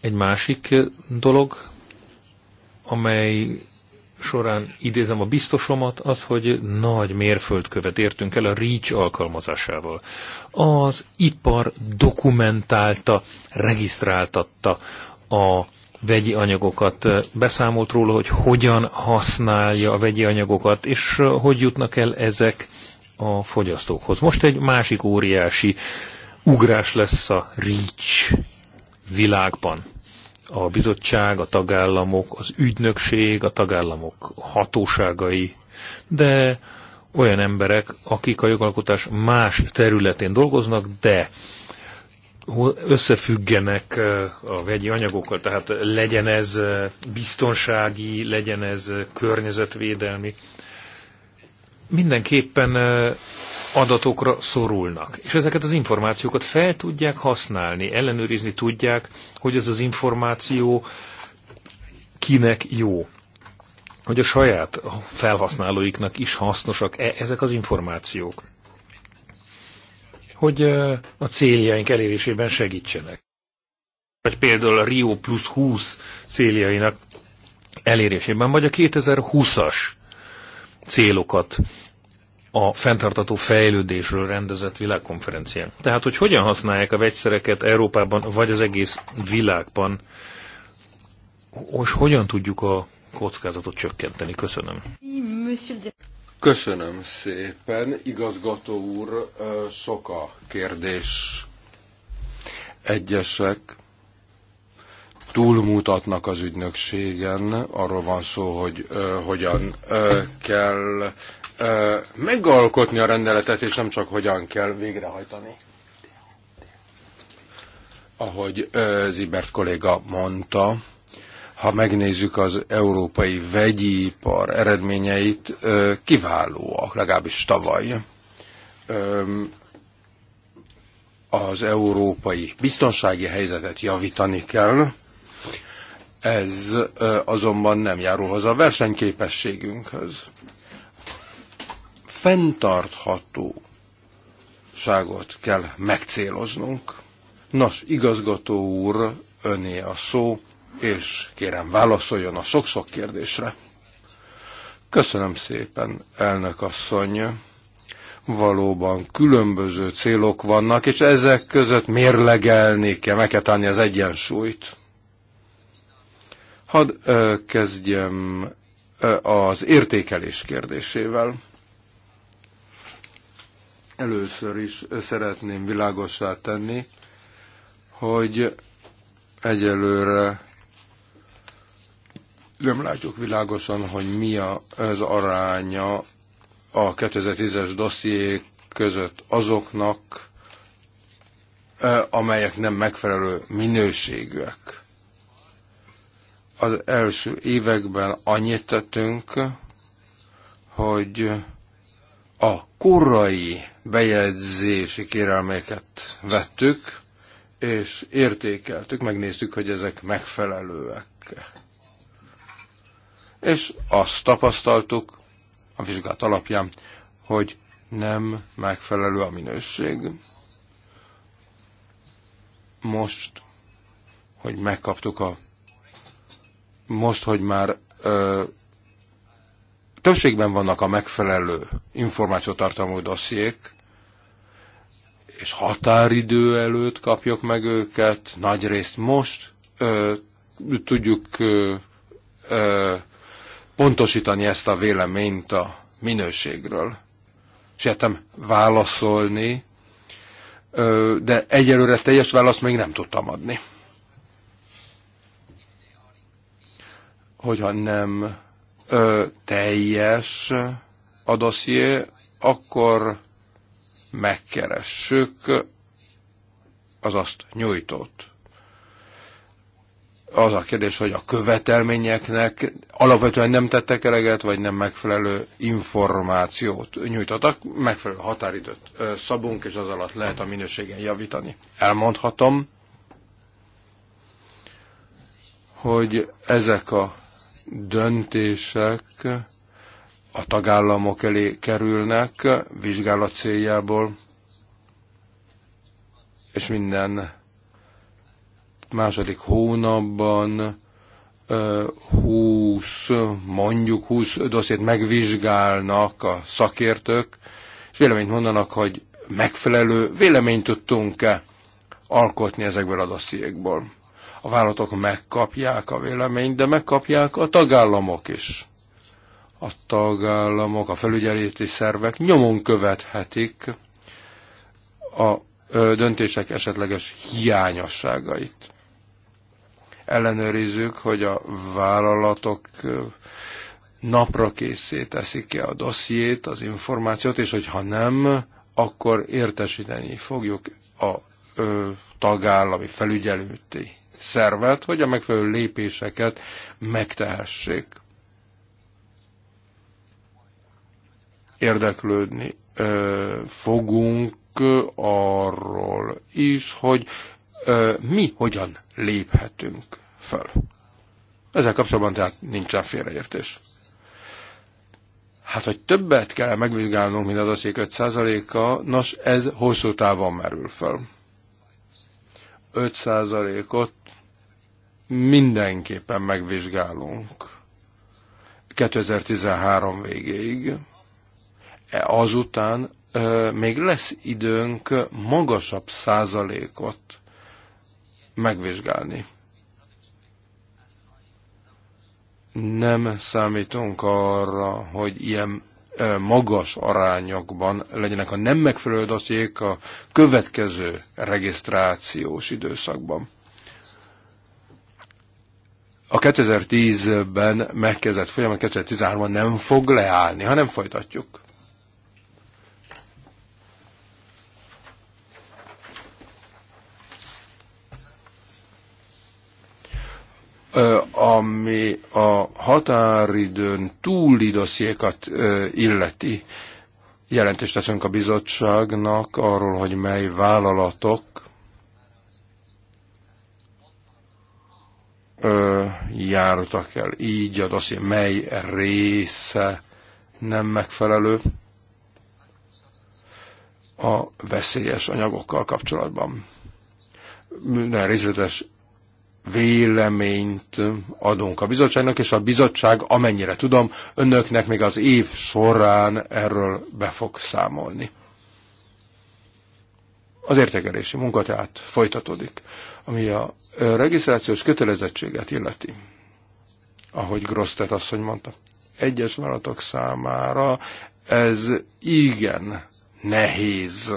Egy másik dolog, amely során idézem a biztosomat, az, hogy nagy mérföldkövet értünk el a REACH alkalmazásával. Az ipar dokumentálta, regisztráltatta a vegyi anyagokat, beszámolt róla, hogy hogyan használja a vegyi anyagokat, és hogy jutnak el ezek a fogyasztókhoz. Most egy másik óriási ugrás lesz a REACH világban a bizottság, a tagállamok, az ügynökség, a tagállamok hatóságai, de olyan emberek, akik a jogalkotás más területén dolgoznak, de összefüggenek a vegyi anyagokkal, tehát legyen ez biztonsági, legyen ez környezetvédelmi. Mindenképpen adatokra szorulnak, és ezeket az információkat fel tudják használni, ellenőrizni tudják, hogy ez az információ kinek jó, hogy a saját felhasználóiknak is hasznosak-e ezek az információk, hogy a céljaink elérésében segítsenek. Vagy például a Rio Plus 20 céljainak elérésében, vagy a 2020-as célokat a fenntartató fejlődésről rendezett világkonferencián. Tehát, hogy hogyan használják a vegyszereket Európában, vagy az egész világban, és hogyan tudjuk a kockázatot csökkenteni. Köszönöm. Köszönöm szépen, igazgató úr, sok a kérdés. Egyesek túlmutatnak az ügynökségen, arról van szó, hogy ö, hogyan ö, kell megalkotni a rendeletet, és nem csak hogyan kell végrehajtani. Ahogy Zibert kolléga mondta, ha megnézzük az európai vegyipar eredményeit, kiválóak, legalábbis tavaly. Az európai biztonsági helyzetet javítani kell, ez azonban nem járul hozzá a versenyképességünkhöz fenntarthatóságot kell megcéloznunk. Nos, igazgató úr, öné a szó, és kérem válaszoljon a sok-sok kérdésre. Köszönöm szépen, elnök asszony. Valóban különböző célok vannak, és ezek között mérlegelni kell, meg kell az egyensúlyt. Hadd kezdjem az értékelés kérdésével. Először is szeretném világosá tenni, hogy egyelőre nem látjuk világosan, hogy mi az aránya a 2010-es dossziék között azoknak, e, amelyek nem megfelelő minőségűek. Az első években annyit tettünk, hogy a korai bejegyzési kérelmeket vettük, és értékeltük, megnéztük, hogy ezek megfelelőek. És azt tapasztaltuk a vizsgát alapján, hogy nem megfelelő a minőség. Most, hogy megkaptuk a most, hogy már ö, többségben vannak a megfelelő információtartalmú dossziék, és határidő előtt kapjuk meg őket, nagy részt most ö, tudjuk ö, ö, pontosítani ezt a véleményt a minőségről. És válaszolni, ö, de egyelőre teljes választ még nem tudtam adni. Hogyha nem ö, teljes a dosszié, akkor megkeressük az azt nyújtott. Az a kérdés, hogy a követelményeknek alapvetően nem tettek eleget, vagy nem megfelelő információt nyújtottak, megfelelő határidőt szabunk, és az alatt lehet a minőségen javítani. Elmondhatom, hogy ezek a döntések a tagállamok elé kerülnek vizsgálat céljából, és minden második hónapban 20, mondjuk 20 dossziét megvizsgálnak a szakértők, és véleményt mondanak, hogy megfelelő véleményt tudtunk-e alkotni ezekből a dossziékból. A vállalatok megkapják a véleményt, de megkapják a tagállamok is. A tagállamok, a felügyeleti szervek nyomon követhetik a döntések esetleges hiányosságait. Ellenőrizzük, hogy a vállalatok napra készé teszik-e a dossziét, az információt, és hogyha nem, akkor értesíteni fogjuk a ö, tagállami felügyelőti szervet, hogy a megfelelő lépéseket megtehessék. Érdeklődni fogunk arról is, hogy mi hogyan léphetünk fel. Ezzel kapcsolatban tehát nincsen félreértés. Hát, hogy többet kell megvizsgálnunk, mint az aszék 5%-a, nos, ez hosszú távon merül fel. 5%-ot mindenképpen megvizsgálunk 2013 végéig. E azután még lesz időnk magasabb százalékot megvizsgálni. Nem számítunk arra, hogy ilyen magas arányokban legyenek a nem megfelelő dossziék a következő regisztrációs időszakban a 2010-ben megkezdett folyamat 2013-ban nem fog leállni, hanem folytatjuk. ami a határidőn túli dossziékat illeti. Jelentést teszünk a bizottságnak arról, hogy mely vállalatok ö, jártak el. Így a dosszié mely része nem megfelelő a veszélyes anyagokkal kapcsolatban. Minden részletes véleményt adunk a bizottságnak, és a bizottság, amennyire tudom, önöknek még az év során erről be fog számolni. Az értékelési munka tehát folytatódik. Ami a regisztrációs kötelezettséget illeti, ahogy Grosztet asszony mondta, egyes vállalatok számára ez igen nehéz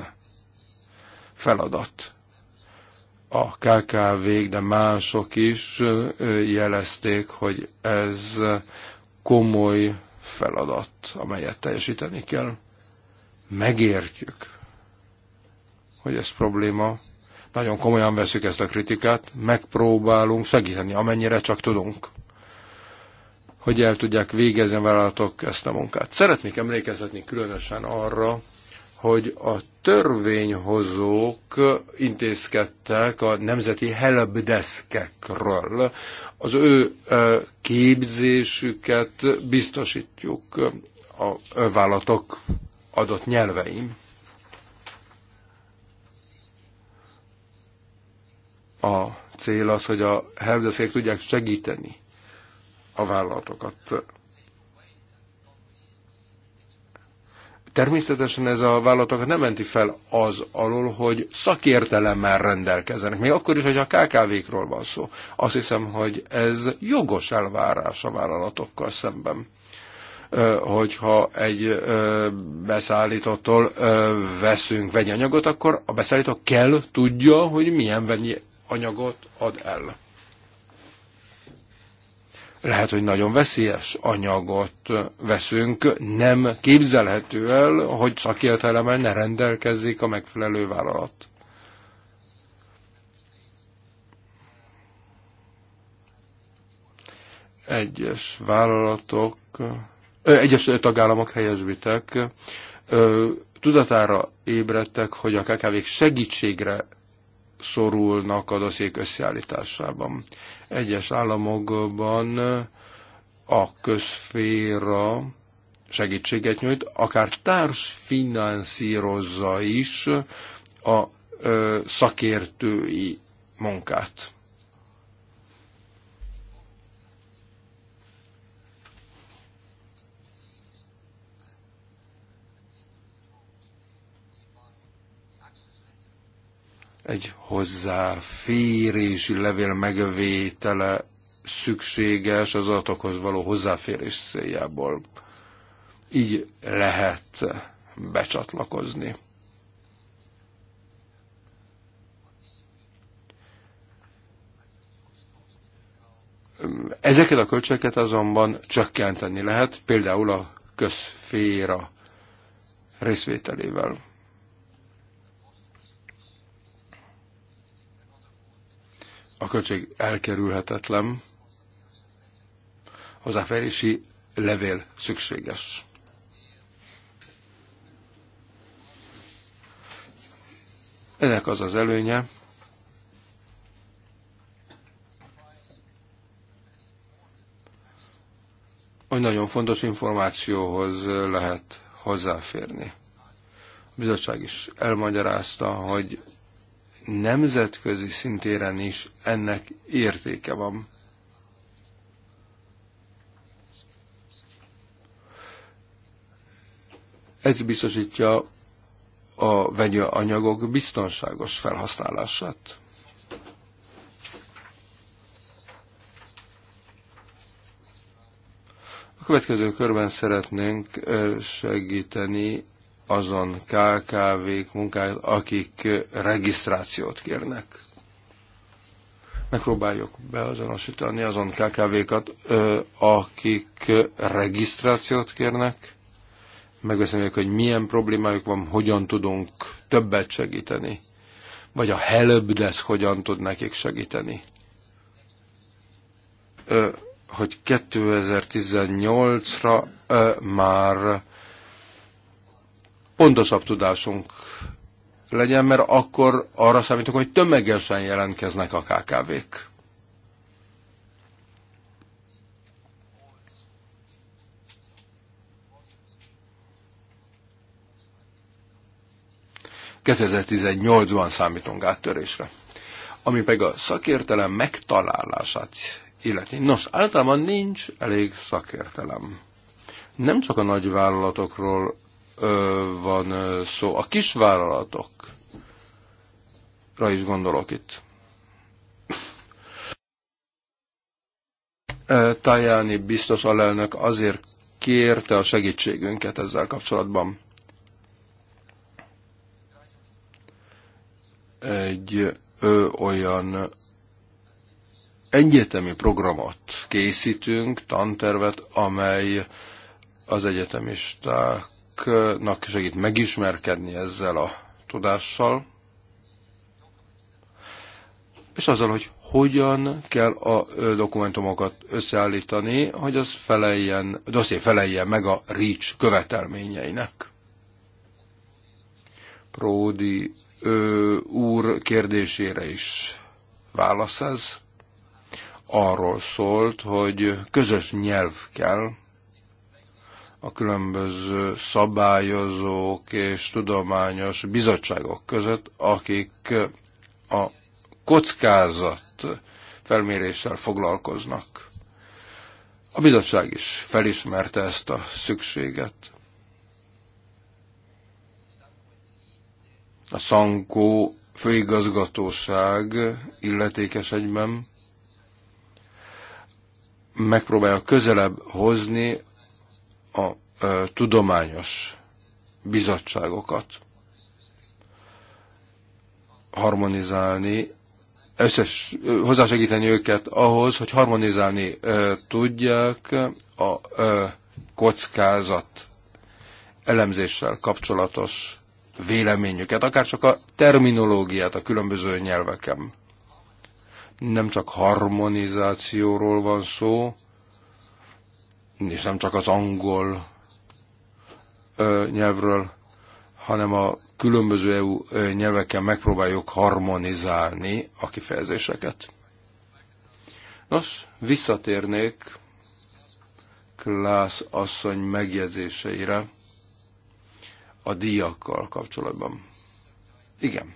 feladat. A kkv de mások is jelezték, hogy ez komoly feladat, amelyet teljesíteni kell. Megértjük, hogy ez probléma, nagyon komolyan veszük ezt a kritikát, megpróbálunk segíteni, amennyire csak tudunk, hogy el tudják végezni a vállalatok ezt a munkát. Szeretnék emlékeztetni különösen arra, hogy a törvényhozók intézkedtek a nemzeti helpdeskekről. Az ő képzésüket biztosítjuk a vállalatok adott nyelveim. A cél az, hogy a helpdeskek tudják segíteni a vállalatokat. Természetesen ez a vállalatokat nem menti fel az alól, hogy szakértelemmel rendelkezzenek. Még akkor is, hogy a KKV-król van szó. Azt hiszem, hogy ez jogos elvárás a vállalatokkal szemben hogyha egy beszállítottól veszünk vegyanyagot, akkor a beszállító kell tudja, hogy milyen anyagot ad el. Lehet, hogy nagyon veszélyes anyagot veszünk, nem képzelhető el, hogy szakértelemmel ne rendelkezik a megfelelő vállalat. Egyes vállalatok, egyes tagállamok helyesbitek, tudatára ébredtek, hogy a kkv segítségre szorulnak a dosszék összeállításában. Egyes államokban a közféra segítséget nyújt, akár társfinanszírozza is a szakértői munkát. egy hozzáférési levél megvétele szükséges az adatokhoz való hozzáférés céljából. Így lehet becsatlakozni. Ezeket a költségeket azonban csökkenteni lehet, például a közféra részvételével. A költség elkerülhetetlen, Az hozzáférési levél szükséges. Ennek az az előnye, hogy nagyon fontos információhoz lehet hozzáférni. A bizottság is elmagyarázta, hogy nemzetközi szintéren is ennek értéke van. Ez biztosítja a vegyi anyagok biztonságos felhasználását. A következő körben szeretnénk segíteni azon KKV-k munkáját, akik regisztrációt kérnek. Megpróbáljuk beazonosítani azon KKV-kat, akik regisztrációt kérnek. Megbeszéljük, hogy milyen problémájuk van, hogyan tudunk többet segíteni. Vagy a helpdesk hogyan tud nekik segíteni. Hogy 2018-ra már pontosabb tudásunk legyen, mert akkor arra számítok, hogy tömegesen jelentkeznek a KKV-k. ...2018-ban számítunk áttörésre. Ami pedig a szakértelem megtalálását illeti. Nos, általában nincs elég szakértelem. Nem csak a nagyvállalatokról van szó. A kisvállalatokra is gondolok itt. Tajáni biztos alelnök azért kérte a segítségünket ezzel kapcsolatban. Egy ö, olyan egyetemi programot készítünk, tantervet, amely az egyetemisták kollégáknak segít megismerkedni ezzel a tudással, és azzal, hogy hogyan kell a dokumentumokat összeállítani, hogy az feleljen, a dosszé feleljen meg a REACH követelményeinek. Pródi ö, úr kérdésére is válasz ez. Arról szólt, hogy közös nyelv kell a különböző szabályozók és tudományos bizottságok között, akik a kockázat felméréssel foglalkoznak. A bizottság is felismerte ezt a szükséget. A Szankó főigazgatóság illetékes egyben megpróbálja közelebb hozni a tudományos bizottságokat harmonizálni, összes, hozzásegíteni őket ahhoz, hogy harmonizálni e, tudják a e, kockázat elemzéssel kapcsolatos véleményüket, akár csak a terminológiát a különböző nyelveken. Nem csak harmonizációról van szó, és nem csak az angol nyelvről, hanem a különböző EU nyelveken megpróbáljuk harmonizálni a kifejezéseket. Nos, visszatérnék Klász asszony megjegyzéseire a díjakkal kapcsolatban. Igen,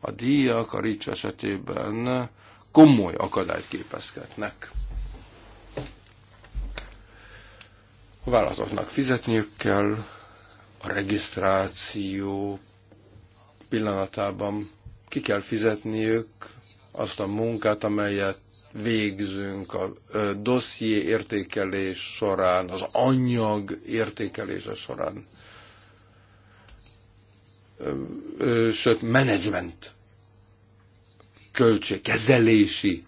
a díjak a Rics esetében komoly akadályt képezhetnek. A vállalatoknak fizetniük kell a regisztráció pillanatában ki kell fizetniük azt a munkát, amelyet végzünk a dosszié értékelés során, az anyag értékelése során, sőt, menedzsment költség, kezelési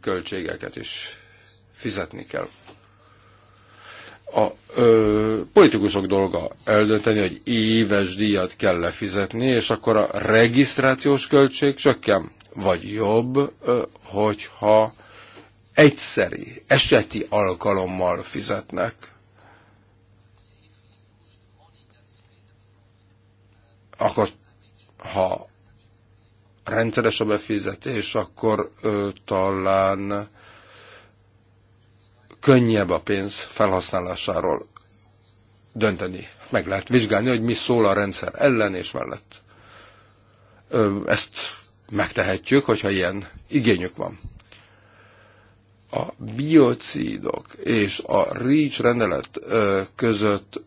költségeket is fizetni kell a ö, politikusok dolga eldönteni, hogy éves díjat kell lefizetni, és akkor a regisztrációs költség csökken. Vagy jobb, ö, hogyha egyszeri, eseti alkalommal fizetnek. Akkor, ha rendszeres a befizetés, akkor ö, talán könnyebb a pénz felhasználásáról dönteni. Meg lehet vizsgálni, hogy mi szól a rendszer ellen és mellett. Ezt megtehetjük, hogyha ilyen igényük van. A biocidok és a REACH rendelet között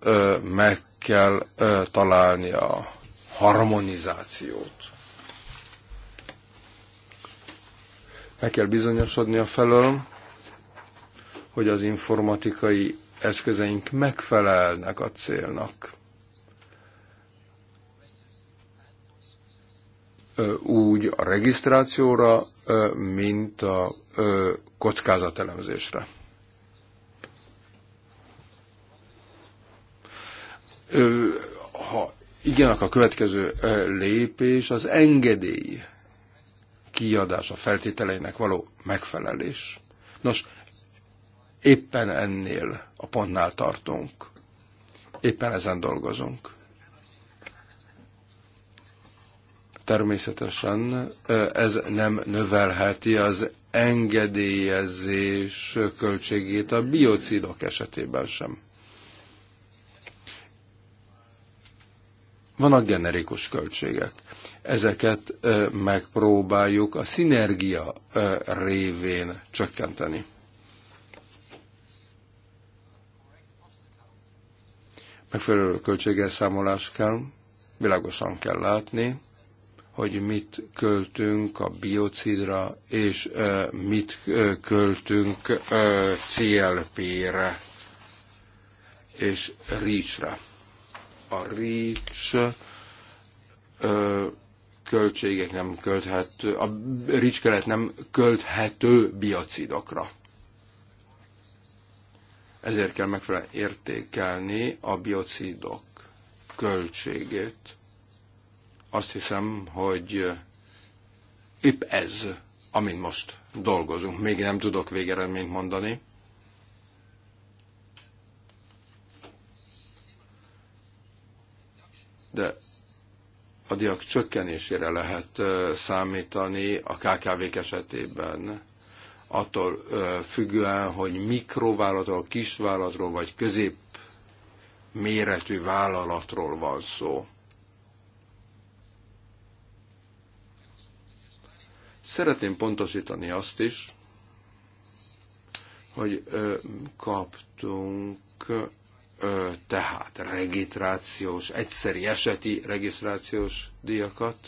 meg kell találni a harmonizációt. Meg kell bizonyosodni a felől, hogy az informatikai eszközeink megfelelnek a célnak. Úgy a regisztrációra, mint a kockázatelemzésre. Ha igen, akkor a következő lépés az engedély kiadása feltételeinek való megfelelés. Nos, Éppen ennél a pontnál tartunk. Éppen ezen dolgozunk. Természetesen ez nem növelheti az engedélyezés költségét a biocidok esetében sem. Vannak generikus költségek. Ezeket megpróbáljuk a szinergia révén csökkenteni. megfelelő költségelszámolás kell, világosan kell látni, hogy mit költünk a biocidra, és mit költünk CLP-re és REACH-re. A REACH költségek nem költhető, a REACH keret nem költhető biocidokra. Ezért kell megfelelően értékelni a biocidok költségét. Azt hiszem, hogy épp ez, amin most dolgozunk. Még nem tudok végeredményt mondani. De a diak csökkenésére lehet számítani a KKV-k esetében attól függően, hogy mikrovállalatról, kisvállalatról vagy közép méretű vállalatról van szó. Szeretném pontosítani azt is, hogy ö, kaptunk ö, tehát regisztrációs, egyszeri eseti regisztrációs díjakat,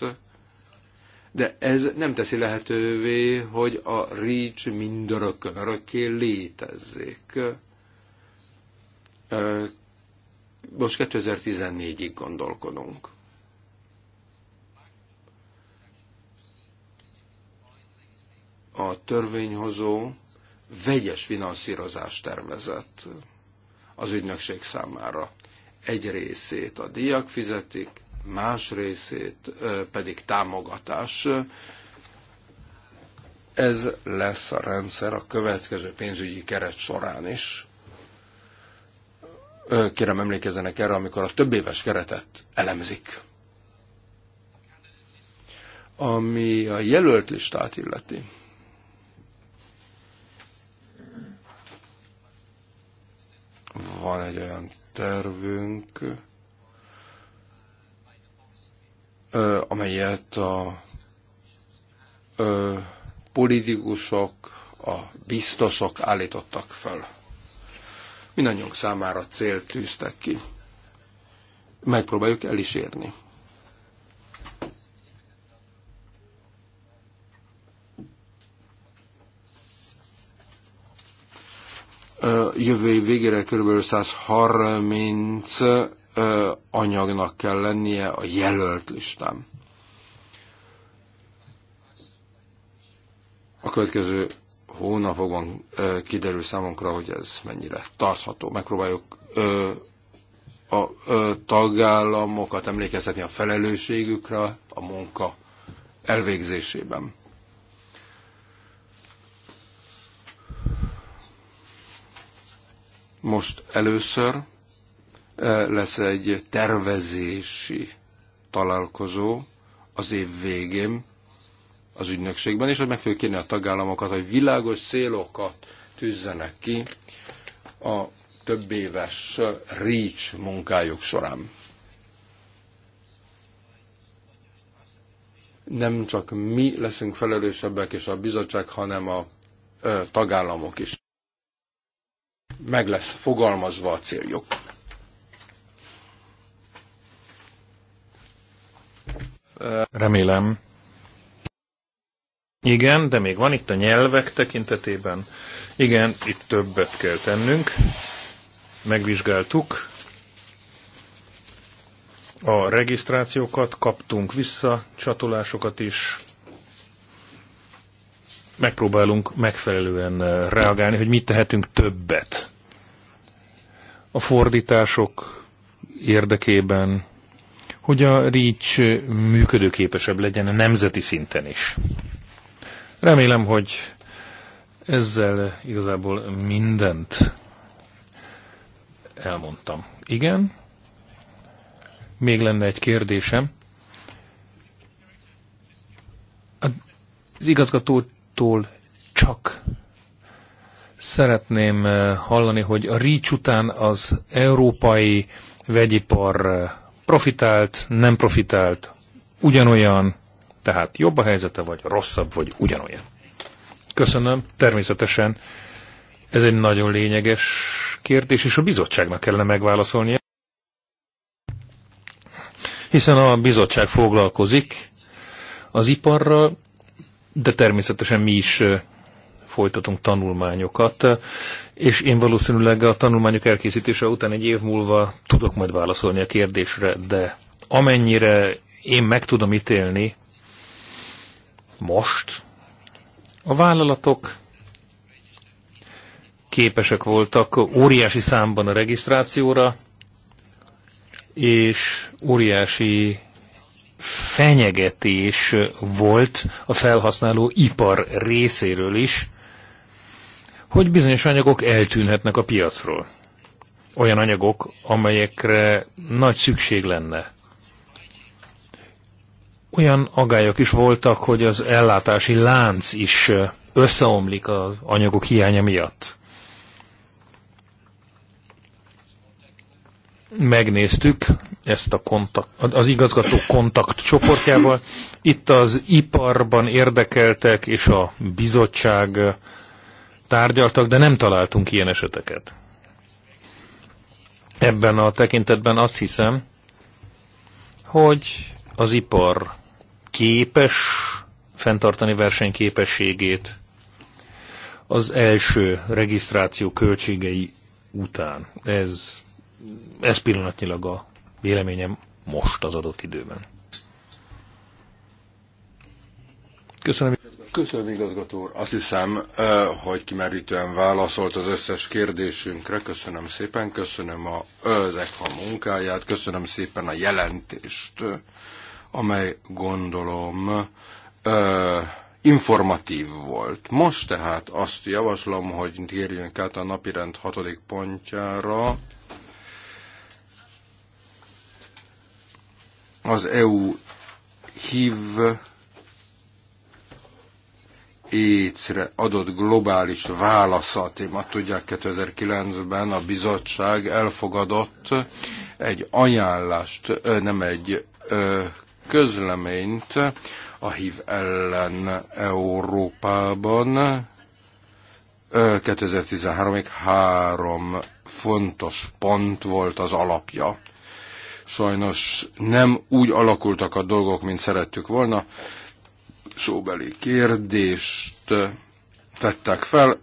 de ez nem teszi lehetővé, hogy a REACH mindörökkön örökké létezzék. Most 2014-ig gondolkodunk. A törvényhozó vegyes finanszírozást tervezett az ügynökség számára. Egy részét a díjak fizetik, más részét pedig támogatás. Ez lesz a rendszer a következő pénzügyi keret során is. Kérem emlékezzenek erre, amikor a több éves keretet elemzik. Ami a jelölt listát illeti. Van egy olyan tervünk, amelyet a politikusok, a biztosok állítottak föl. Mindannyiunk számára célt tűztek ki. Megpróbáljuk el is érni. jövő év végére kb. 130 anyagnak kell lennie a jelölt listán. A következő hónapokban kiderül számunkra, hogy ez mennyire tartható. Megpróbáljuk a tagállamokat emlékeztetni a felelősségükre a munka elvégzésében. Most először lesz egy tervezési találkozó az év végén az ügynökségben, és hogy meg fogjuk kérni a tagállamokat, hogy világos célokat tűzzenek ki a több éves REACH munkájuk során. Nem csak mi leszünk felelősebbek, és a bizottság, hanem a ö, tagállamok is. Meg lesz fogalmazva a céljuk. Remélem. Igen, de még van itt a nyelvek tekintetében. Igen, itt többet kell tennünk. Megvizsgáltuk. A regisztrációkat kaptunk vissza, csatolásokat is. Megpróbálunk megfelelően eh, reagálni, hogy mit tehetünk többet. A fordítások érdekében hogy a REACH működőképesebb legyen a nemzeti szinten is. Remélem, hogy ezzel igazából mindent elmondtam. Igen? Még lenne egy kérdésem. Az igazgatótól csak szeretném eh, hallani, hogy a REACH után az európai vegyipar eh, profitált, nem profitált, ugyanolyan, tehát jobb a helyzete, vagy rosszabb, vagy ugyanolyan. Köszönöm, természetesen ez egy nagyon lényeges kérdés, és a bizottságnak kellene megválaszolnia, hiszen a bizottság foglalkozik az iparral, de természetesen mi is folytatunk tanulmányokat, és én valószínűleg a tanulmányok elkészítése után egy év múlva tudok majd válaszolni a kérdésre, de amennyire én meg tudom ítélni most, a vállalatok képesek voltak óriási számban a regisztrációra, és óriási fenyegetés volt a felhasználó ipar részéről is, hogy bizonyos anyagok eltűnhetnek a piacról. Olyan anyagok, amelyekre nagy szükség lenne. Olyan agályok is voltak, hogy az ellátási lánc is összeomlik az anyagok hiánya miatt. Megnéztük ezt a kontakt, az igazgató kontakt csoportjával. Itt az iparban érdekeltek és a bizottság tárgyaltak, de nem találtunk ilyen eseteket. Ebben a tekintetben azt hiszem, hogy az ipar képes fenntartani versenyképességét az első regisztráció költségei után. Ez, ez pillanatnyilag a véleményem most az adott időben. Köszönöm. Köszönöm, igazgató úr. Azt hiszem, hogy kimerítően válaszolt az összes kérdésünkre. Köszönöm szépen, köszönöm a őzek a munkáját, köszönöm szépen a jelentést, amely gondolom informatív volt. Most tehát azt javaslom, hogy térjünk át a napirend hatodik pontjára, az EU hív écre adott globális válaszat. a Tudják, 2009-ben a bizottság elfogadott egy ajánlást, nem egy közleményt a HIV ellen Európában. 2013-ig három fontos pont volt az alapja. Sajnos nem úgy alakultak a dolgok, mint szerettük volna szóbeli kérdést tettek fel,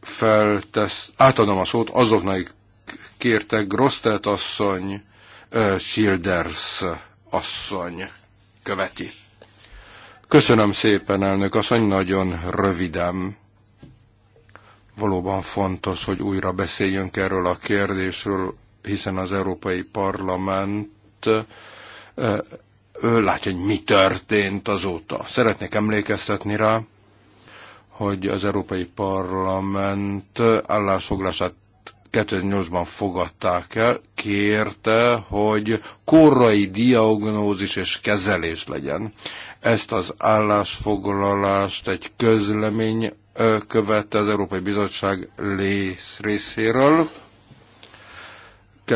feltesz, átadom a szót azoknak, akik kértek Grosztelt asszony, Childers asszony követi. Köszönöm szépen, elnök asszony, nagyon röviden. Valóban fontos, hogy újra beszéljünk erről a kérdésről, hiszen az Európai Parlament látja, hogy mi történt azóta. Szeretnék emlékeztetni rá, hogy az Európai Parlament állásfoglását 2008-ban fogadták el, kérte, hogy korai diagnózis és kezelés legyen. Ezt az állásfoglalást egy közlemény követte az Európai Bizottság rész részéről,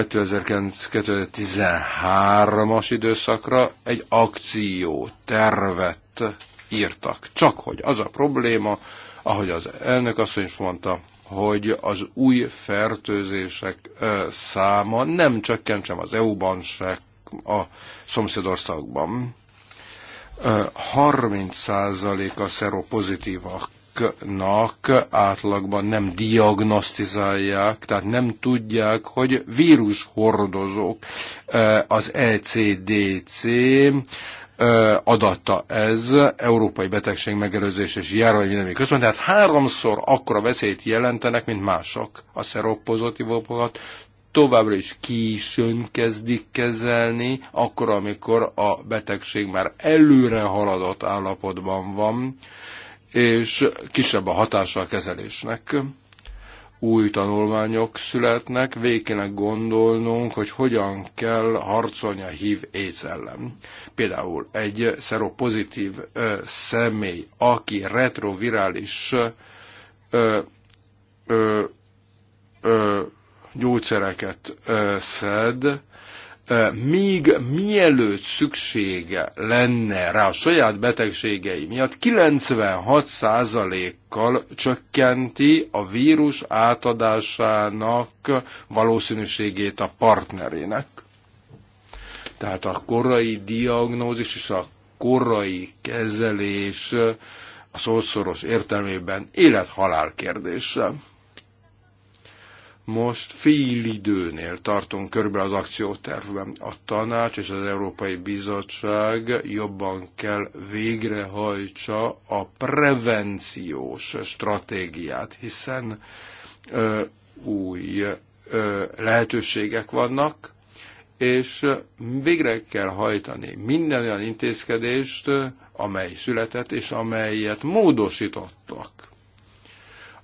2009-2013-as időszakra egy akció tervet írtak. Csak hogy az a probléma, ahogy az elnök asszony is mondta, hogy az új fertőzések száma nem csökkent sem az EU-ban, se a szomszédországban. 30%-a szeropozitívak lakosságnak átlagban nem diagnosztizálják, tehát nem tudják, hogy vírushordozók e, az ECDC e, adata ez, Európai Betegség Megelőzés és Járványvédelmi Központ, tehát háromszor akkora veszélyt jelentenek, mint mások a szeropozitívokat, továbbra is későn kezdik kezelni, akkor, amikor a betegség már előre haladott állapotban van, és kisebb a hatása a kezelésnek. Új tanulmányok születnek, végkének gondolnunk, hogy hogyan kell harcolni a hív ellen. Például egy szeropozitív ö, személy, aki retrovirális ö, ö, ö, gyógyszereket ö, szed, még mielőtt szüksége lenne rá a saját betegségei miatt, 96%-kal csökkenti a vírus átadásának valószínűségét a partnerének. Tehát a korai diagnózis és a korai kezelés a szószoros értelmében élet-halál kérdése. Most fél időnél tartunk körülbelül az akciótervben. A tanács és az Európai Bizottság jobban kell végrehajtsa a prevenciós stratégiát, hiszen ö, új ö, lehetőségek vannak, és végre kell hajtani minden olyan intézkedést, amely született, és amelyet módosítottak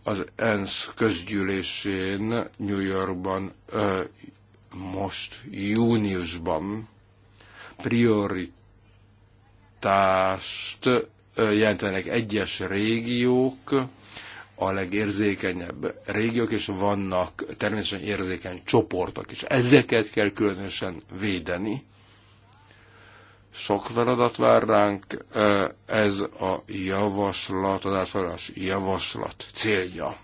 az ENSZ közgyűlésén New Yorkban most júniusban prioritást jelentenek egyes régiók, a legérzékenyebb régiók, és vannak természetesen érzékeny csoportok is. Ezeket kell különösen védeni, sok feladat vár ránk, ez a javaslat, az ásvarás javaslat célja.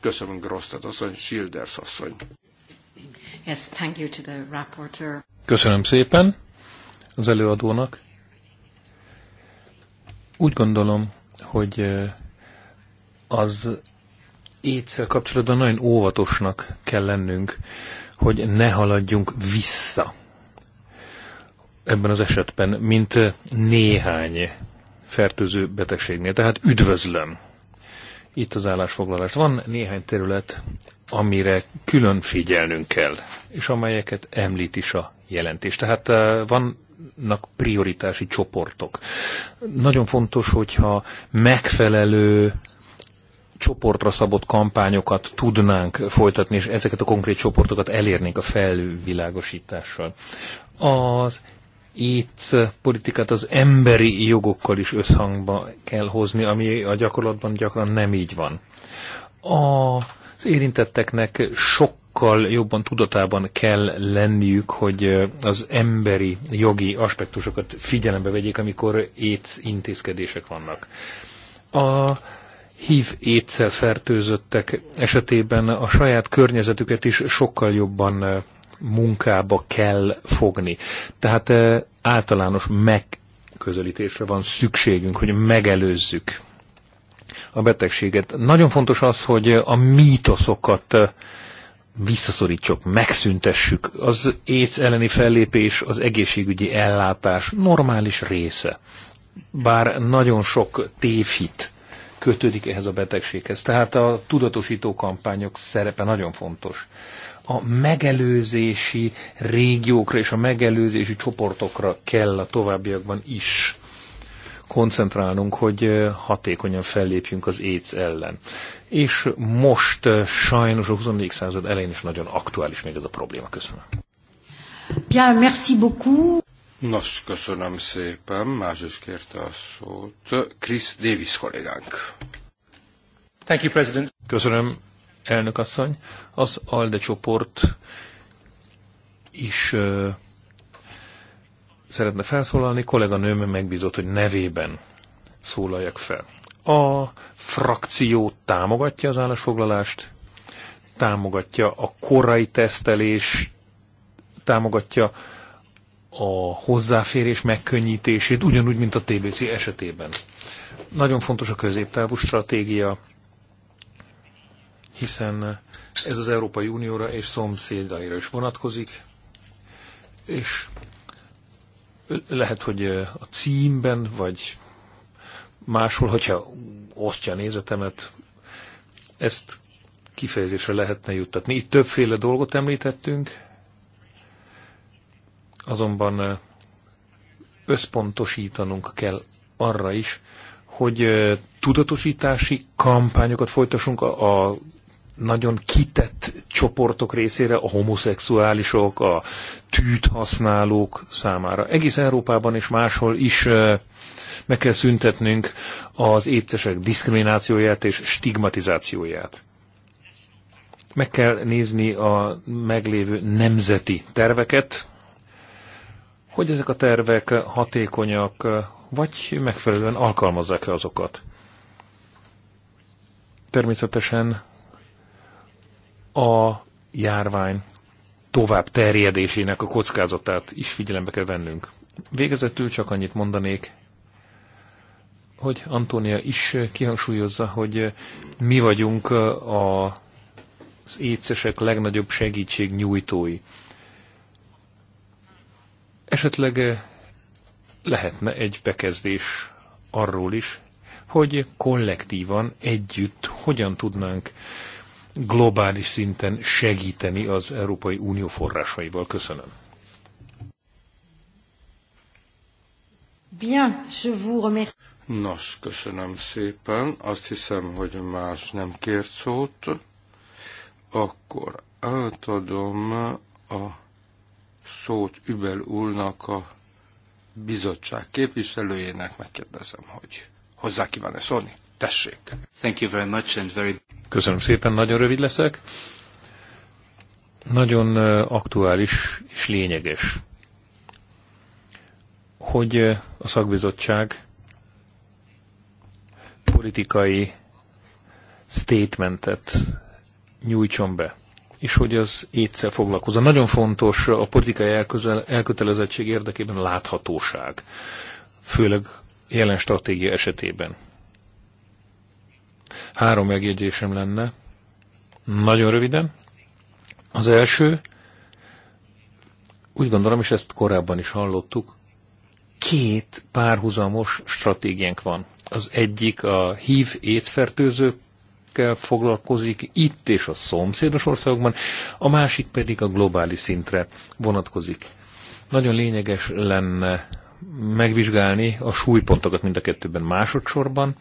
Köszönöm Grosztet asszony, Schilders asszony. Yes, thank you to the rapporteur. Köszönöm szépen az előadónak. Úgy gondolom, hogy az étszel kapcsolatban nagyon óvatosnak kell lennünk, hogy ne haladjunk vissza ebben az esetben, mint eh, néhány fertőző betegségnél. Tehát üdvözlöm itt az állásfoglalást. Van néhány terület, amire külön figyelnünk kell, és amelyeket említ is a jelentés. Tehát eh, vannak prioritási csoportok. Nagyon fontos, hogyha megfelelő csoportra szabott kampányokat tudnánk folytatni, és ezeket a konkrét csoportokat elérnénk a felvilágosítással. Az itt politikát az emberi jogokkal is összhangba kell hozni, ami a gyakorlatban gyakran nem így van. Az érintetteknek sokkal jobban tudatában kell lenniük, hogy az emberi jogi aspektusokat figyelembe vegyék, amikor éc intézkedések vannak. A hív étszel fertőzöttek esetében a saját környezetüket is sokkal jobban munkába kell fogni. Tehát általános megközelítésre van szükségünk, hogy megelőzzük a betegséget. Nagyon fontos az, hogy a mítoszokat visszaszorítsuk, megszüntessük. Az éjsz elleni fellépés az egészségügyi ellátás normális része. Bár nagyon sok tévhit kötődik ehhez a betegséghez. Tehát a tudatosító kampányok szerepe nagyon fontos a megelőzési régiókra és a megelőzési csoportokra kell a továbbiakban is koncentrálnunk, hogy hatékonyan fellépjünk az AIDS ellen. És most sajnos a 24. század elején is nagyon aktuális még ez a probléma. Köszönöm. Bien, merci beaucoup. Nos, köszönöm szépen. Más is kérte a szót. Chris Davis kollégánk. Thank you, President. Köszönöm, elnökasszony, Az ALDE csoport is szeretne felszólalni. Kolléganőm megbízott, hogy nevében szólaljak fel. A frakció támogatja az állásfoglalást, támogatja a korai tesztelés, támogatja a hozzáférés megkönnyítését, ugyanúgy, mint a TBC esetében. Nagyon fontos a középtávú stratégia, hiszen ez az Európai Unióra és szomszédaira is vonatkozik, és lehet, hogy a címben, vagy máshol, hogyha osztja a nézetemet, ezt kifejezésre lehetne juttatni. Itt többféle dolgot említettünk, azonban összpontosítanunk kell arra is, hogy tudatosítási kampányokat folytassunk a, a nagyon kitett csoportok részére, a homoszexuálisok, a tűt használók számára. Egész Európában és máshol is meg kell szüntetnünk az étcesek diszkriminációját és stigmatizációját. Meg kell nézni a meglévő nemzeti terveket, hogy ezek a tervek hatékonyak, vagy megfelelően alkalmazzák-e azokat. Természetesen a járvány tovább terjedésének a kockázatát is figyelembe kell vennünk. Végezetül csak annyit mondanék, hogy Antónia is kihangsúlyozza, hogy mi vagyunk a, az écesek legnagyobb nyújtói. Esetleg lehetne egy bekezdés arról is, hogy kollektívan, együtt hogyan tudnánk globális szinten segíteni az Európai Unió forrásaival. Köszönöm. Bien, je vous remercie. Nos, köszönöm szépen. Azt hiszem, hogy más nem kért szót. Akkor átadom a szót Übel úrnak a bizottság képviselőjének. Megkérdezem, hogy hozzá kíván-e szólni. Tessék! Thank you very much and very... Köszönöm szépen, nagyon rövid leszek. Nagyon aktuális és lényeges, hogy a szakbizottság politikai statementet nyújtson be, és hogy az étszel foglalkozza. Nagyon fontos a politikai elkötelezettség érdekében láthatóság, főleg jelen stratégia esetében. Három megjegyzésem lenne. Nagyon röviden. Az első, úgy gondolom, és ezt korábban is hallottuk, két párhuzamos stratégiánk van. Az egyik a hív étfertőzőkkel foglalkozik itt és a szomszédos országokban, a másik pedig a globális szintre vonatkozik. Nagyon lényeges lenne megvizsgálni a súlypontokat mind a kettőben másodszorban,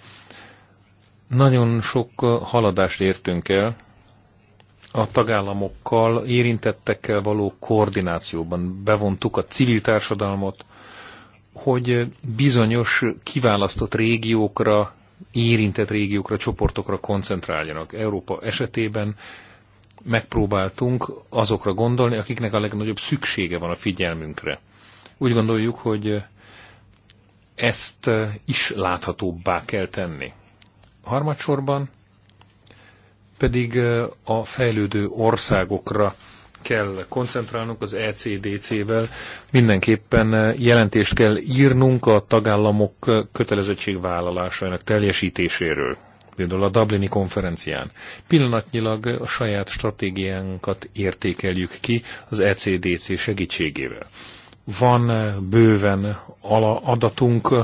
nagyon sok haladást értünk el a tagállamokkal, érintettekkel való koordinációban. Bevontuk a civil társadalmat, hogy bizonyos kiválasztott régiókra, érintett régiókra, csoportokra koncentráljanak. Európa esetében megpróbáltunk azokra gondolni, akiknek a legnagyobb szüksége van a figyelmünkre. Úgy gondoljuk, hogy ezt is láthatóbbá kell tenni. Harmadsorban pedig a fejlődő országokra kell koncentrálnunk az ECDC-vel, mindenképpen jelentést kell írnunk a tagállamok kötelezettségvállalásainak teljesítéséről, például a Dublini konferencián. Pillanatnyilag a saját stratégiánkat értékeljük ki az ECDC segítségével. Van bőven adatunk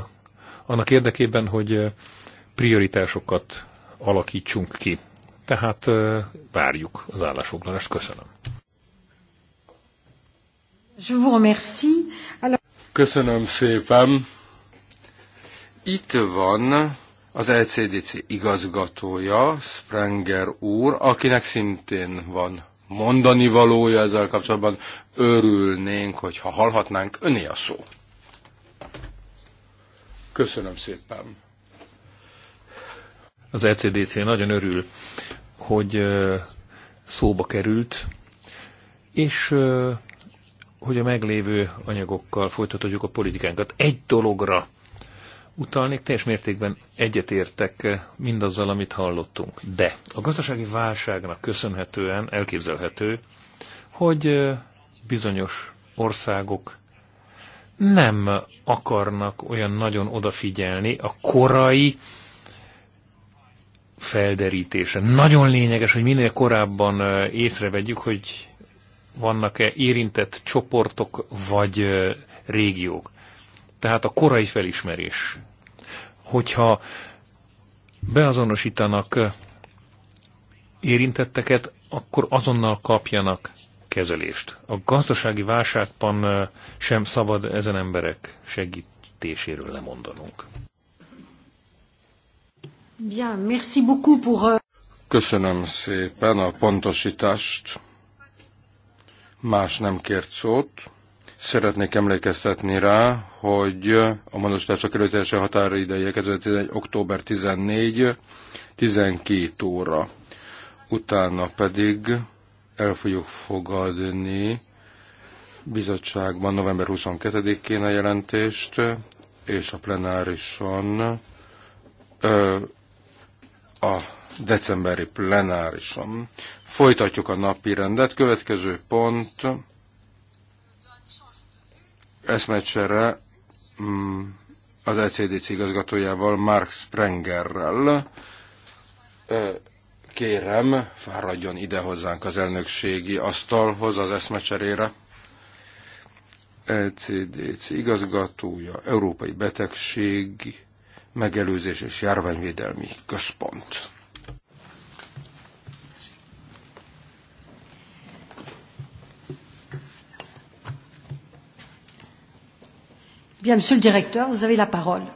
annak érdekében, hogy prioritásokat alakítsunk ki. Tehát várjuk az állásfoglalást. Köszönöm. Köszönöm szépen. Itt van az LCDC igazgatója, Sprenger úr, akinek szintén van mondani valója ezzel kapcsolatban. Örülnénk, hogyha hallhatnánk öné a szó. Köszönöm szépen az ECDC nagyon örül, hogy szóba került, és hogy a meglévő anyagokkal folytatjuk a politikánkat. Egy dologra utalnék, teljes mértékben egyetértek mindazzal, amit hallottunk. De a gazdasági válságnak köszönhetően elképzelhető, hogy bizonyos országok nem akarnak olyan nagyon odafigyelni a korai felderítése. Nagyon lényeges, hogy minél korábban észrevegyük, hogy vannak-e érintett csoportok vagy régiók. Tehát a korai felismerés. Hogyha beazonosítanak érintetteket, akkor azonnal kapjanak kezelést. A gazdasági válságban sem szabad ezen emberek segítéséről lemondanunk. Euh, Köszönöm szépen a pontosítást. Más nem kért szót. Szeretnék emlékeztetni rá, hogy a módosítások előttelese határideje 2011. október 14, 12 óra. Utána pedig el fogjuk fogadni bizottságban november 22-én a jelentést, és a plenárison ö, a decemberi plenárison. Folytatjuk a napi rendet. Következő pont eszmecsere mm, az ECDC igazgatójával, Mark Sprengerrel. Kérem, fáradjon ide hozzánk az elnökségi asztalhoz az eszmecserére. ECDC igazgatója, Európai Betegség megelőzés és járványvédelmi központ. Bien, monsieur le directeur, vous avez la parole.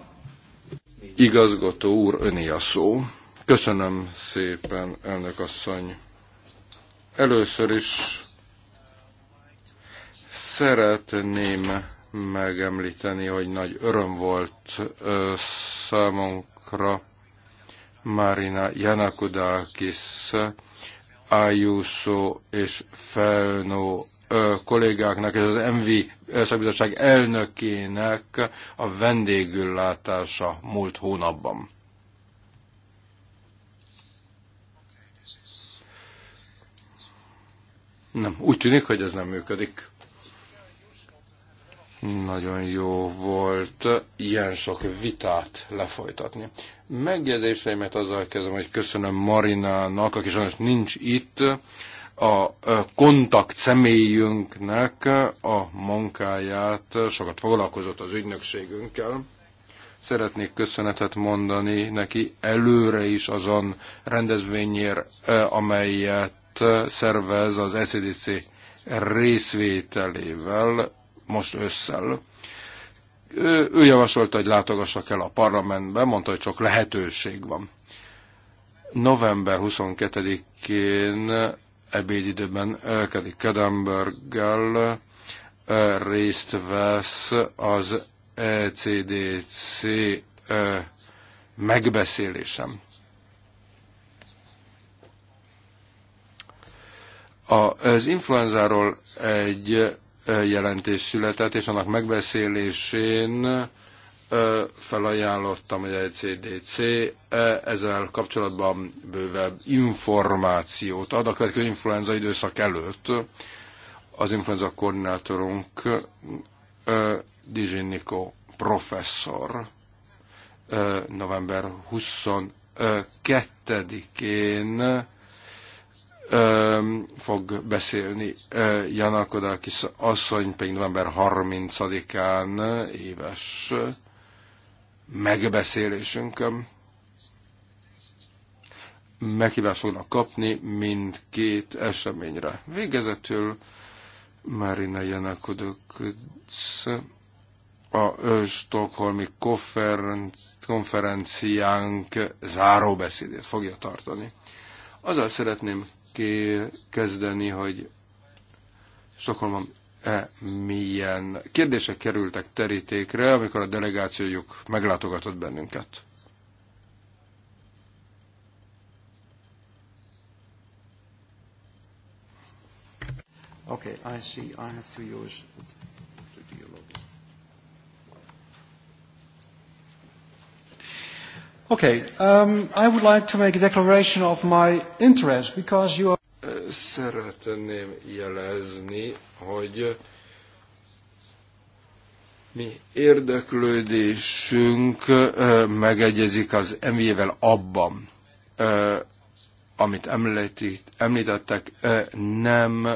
Igazgató úr, öné a szó. Köszönöm szépen, elnök asszony. Először is szeretném megemlíteni, hogy nagy öröm volt számunkra Marina Janakudakis, Ayuso és Felnó kollégáknak és az MV szakbizottság elnökének a vendégül látása múlt hónapban. Nem, úgy tűnik, hogy ez nem működik. Nagyon jó volt ilyen sok vitát lefolytatni. Megjegyzéseimet azzal kezdem, hogy köszönöm Marinának, aki sajnos nincs itt, a kontakt személyünknek a munkáját, sokat foglalkozott az ügynökségünkkel. Szeretnék köszönetet mondani neki előre is azon rendezvényért, amelyet szervez az SZDC részvételével most ősszel. Ő, ő javasolta, hogy látogassak el a parlamentbe, mondta, hogy csak lehetőség van. November 22-én ebédidőben Kedik Kedemberggel részt vesz az ECDC megbeszélésem. Az influenzáról egy jelentés született, és annak megbeszélésén felajánlottam, hogy egy CDC ezzel kapcsolatban bővebb információt ad a következő influenza időszak előtt. Az influenza koordinátorunk Dizsinnikó professzor november 22-én fog beszélni Janakodakis asszony, pedig november 30-án éves megbeszélésünkön meghívást fognak kapni mindkét eseményre. Végezetül Marina Janakodakis a Stockholmi konferenciánk záróbeszédét fogja tartani. Azzal szeretném ki kezdeni, hogy Stockholmban -e milyen kérdések kerültek terítékre, amikor a delegációjuk meglátogatott bennünket. Okay, I see. I have to use Okay, um, I would like to make a declaration of my interest because you are... Szeretném jelezni, hogy mi érdeklődésünk megegyezik az MJ-vel abban, amit említett, említettek, nem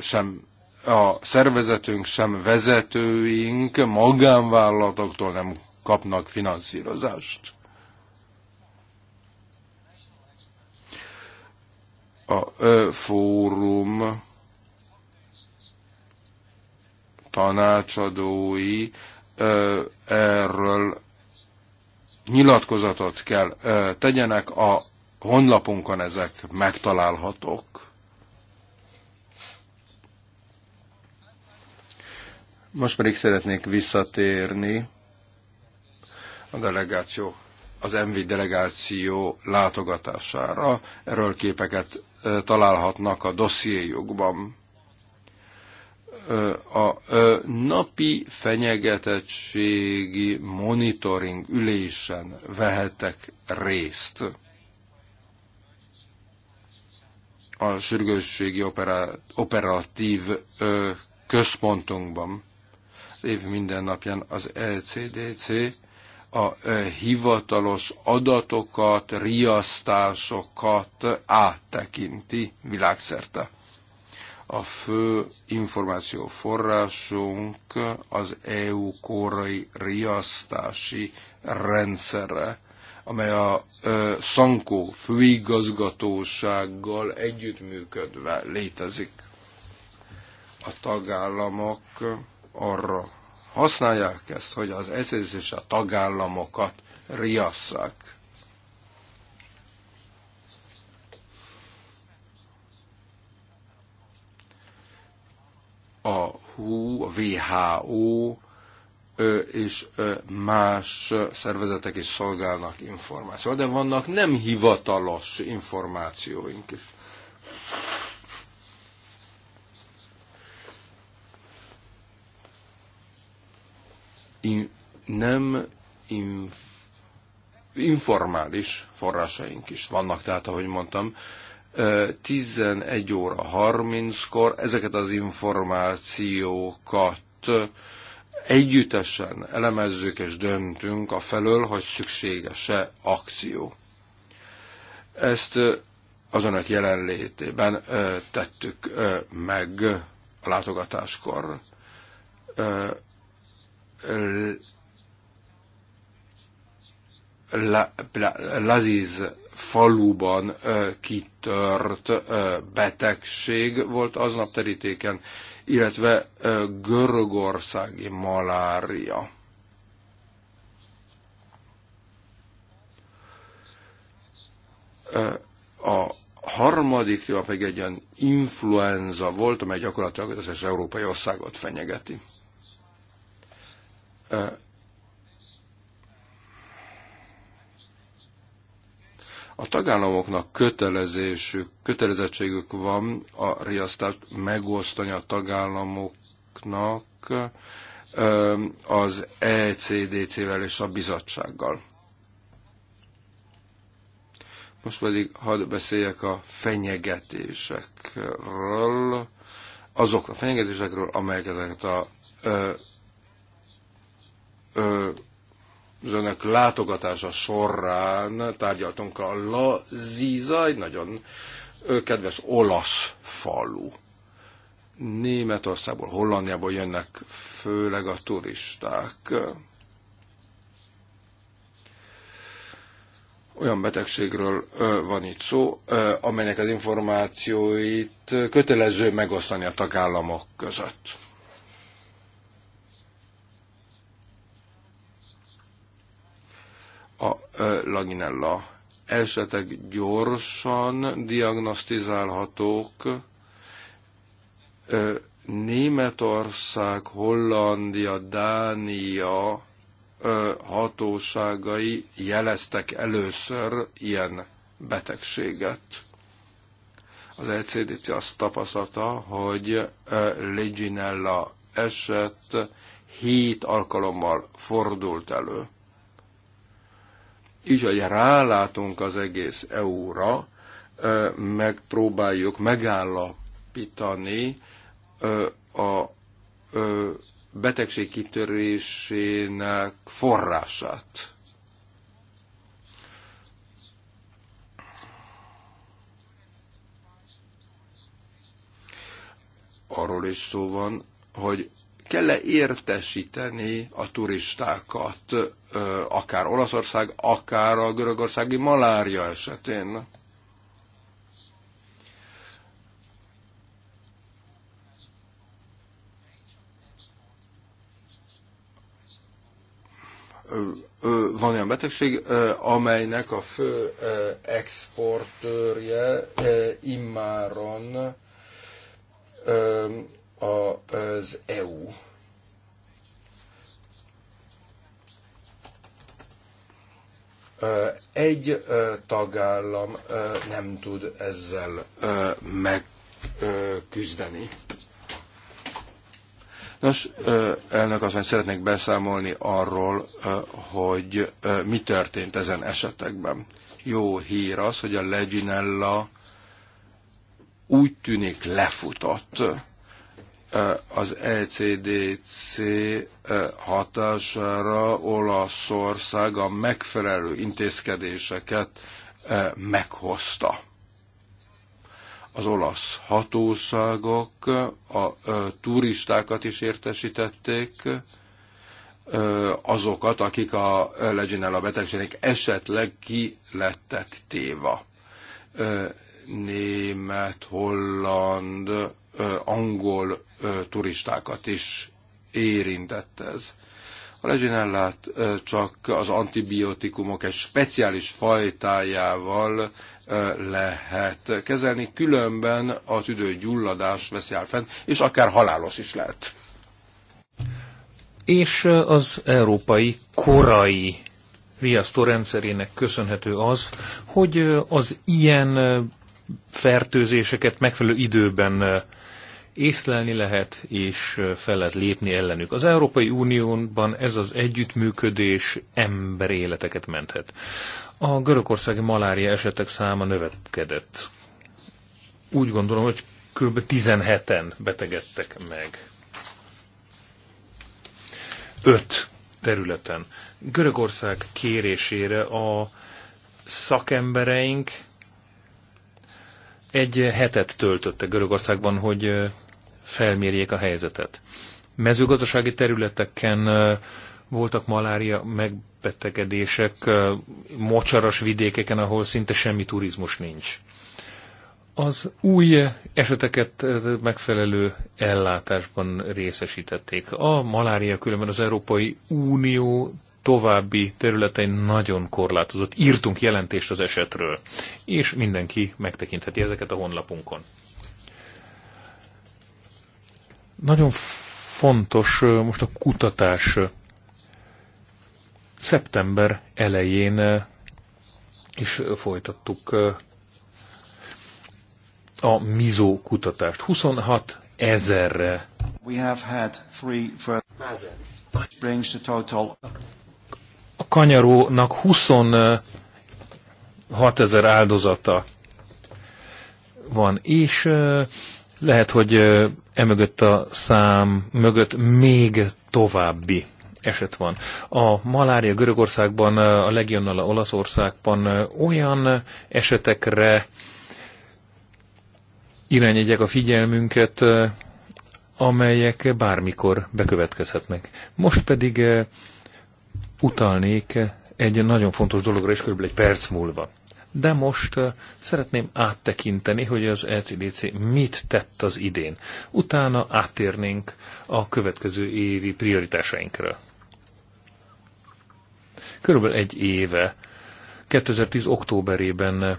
sem a szervezetünk, sem vezetőink magánvállalatoktól nem kapnak finanszírozást. A fórum tanácsadói erről nyilatkozatot kell tegyenek, a honlapunkon ezek megtalálhatók. Most pedig szeretnék visszatérni a delegáció, az MV delegáció látogatására. Erről képeket találhatnak a dossziéjukban. A napi fenyegetettségi monitoring ülésen vehetek részt. A sürgősségi opera, operatív központunkban. Az év minden napján az LCDC e a e, hivatalos adatokat, riasztásokat áttekinti világszerte. A fő információforrásunk az EU korai riasztási rendszere, amely a e, Szankó főigazgatósággal együttműködve létezik. A tagállamok arra használják ezt, hogy az ECDC és a tagállamokat riasszák. A WHO, a WHO és más szervezetek is szolgálnak információ, de vannak nem hivatalos információink is. in, nem in, informális forrásaink is vannak, tehát ahogy mondtam, 11 óra 30-kor ezeket az információkat együttesen elemezzük és döntünk a felől, hogy szükséges-e akció. Ezt az önök jelenlétében tettük meg a látogatáskor. Laziz faluban kitört betegség volt aznap terítéken, illetve görögországi malária. a harmadik téma pedig egy olyan influenza volt, amely gyakorlatilag az összes európai országot fenyegeti. A tagállamoknak kötelezésük, kötelezettségük van a riasztást megosztani a tagállamoknak az ECDC-vel és a bizottsággal. Most pedig hadd beszéljek a fenyegetésekről, azok a fenyegetésekről, amelyeket a az önök látogatása során tárgyaltunk a Ziza, egy nagyon kedves olasz falu. Németországból, Hollandiából jönnek főleg a turisták. Olyan betegségről van itt szó, amelynek az információit kötelező megosztani a tagállamok között a laginella esetek gyorsan diagnosztizálhatók. Németország, Hollandia, Dánia hatóságai jeleztek először ilyen betegséget. Az ECDC azt tapasztalta, hogy Legionella eset hét alkalommal fordult elő így, hogy rálátunk az egész EU-ra, megpróbáljuk megállapítani a betegség kitörésének forrását. Arról is szó van, hogy kell-e értesíteni a turistákat, akár Olaszország, akár a görögországi malária esetén? van olyan betegség, amelynek a fő exportőrje immáron az EU egy tagállam nem tud ezzel megküzdeni. Nos, elnök mondja, szeretnék beszámolni arról, hogy mi történt ezen esetekben. Jó hír az, hogy a leginella úgy tűnik lefutott az ECDC hatására Olaszország a megfelelő intézkedéseket meghozta. Az olasz hatóságok a turistákat is értesítették, azokat, akik a a betegségnek esetleg ki lettek téva. Német, holland, angol turistákat is érintett ez. A legionellát csak az antibiotikumok egy speciális fajtájával lehet kezelni, különben a tüdőgyulladás veszi el fent, és akár halálos is lehet. És az európai korai riasztó rendszerének köszönhető az, hogy az ilyen fertőzéseket megfelelő időben észlelni lehet, és fel lehet lépni ellenük. Az Európai Unióban ez az együttműködés ember életeket menthet. A görögországi malária esetek száma növekedett. Úgy gondolom, hogy kb. 17-en betegedtek meg. Öt területen. Görögország kérésére a szakembereink egy hetet töltöttek Görögországban, hogy felmérjék a helyzetet. Mezőgazdasági területeken voltak malária megbetegedések, mocsaras vidékeken, ahol szinte semmi turizmus nincs. Az új eseteket megfelelő ellátásban részesítették. A malária különben az Európai Unió további területein nagyon korlátozott. Írtunk jelentést az esetről, és mindenki megtekintheti ezeket a honlapunkon. Nagyon fontos most a kutatás. Szeptember elején is folytattuk a MIZO kutatást. 26 ezerre. We have had three further brings the total. A kanyarónak 26 ezer áldozata van, és lehet, hogy emögött a szám mögött még további eset van. A malária Görögországban, a a Olaszországban olyan esetekre irányítják a figyelmünket, amelyek bármikor bekövetkezhetnek. Most pedig utalnék egy nagyon fontos dologra, és körülbelül egy perc múlva de most szeretném áttekinteni, hogy az LCDC e mit tett az idén. Utána áttérnénk a következő évi prioritásainkra. Körülbelül egy éve, 2010. októberében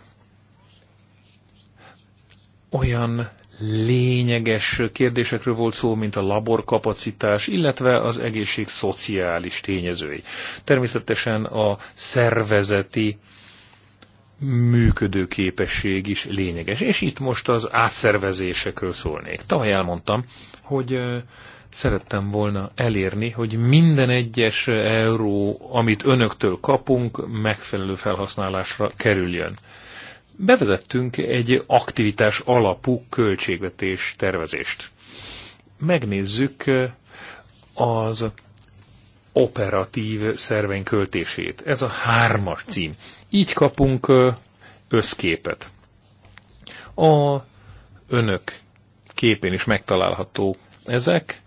olyan lényeges kérdésekről volt szó, mint a laborkapacitás, illetve az egészség szociális tényezői. Természetesen a szervezeti működő képesség is lényeges. És itt most az átszervezésekről szólnék. Tavaly elmondtam, hogy szerettem volna elérni, hogy minden egyes euró, amit önöktől kapunk, megfelelő felhasználásra kerüljön. Bevezettünk egy aktivitás alapú költségvetés tervezést. Megnézzük az operatív szerveink költését. Ez a hármas cím. Így kapunk összképet. A önök képén is megtalálható ezek,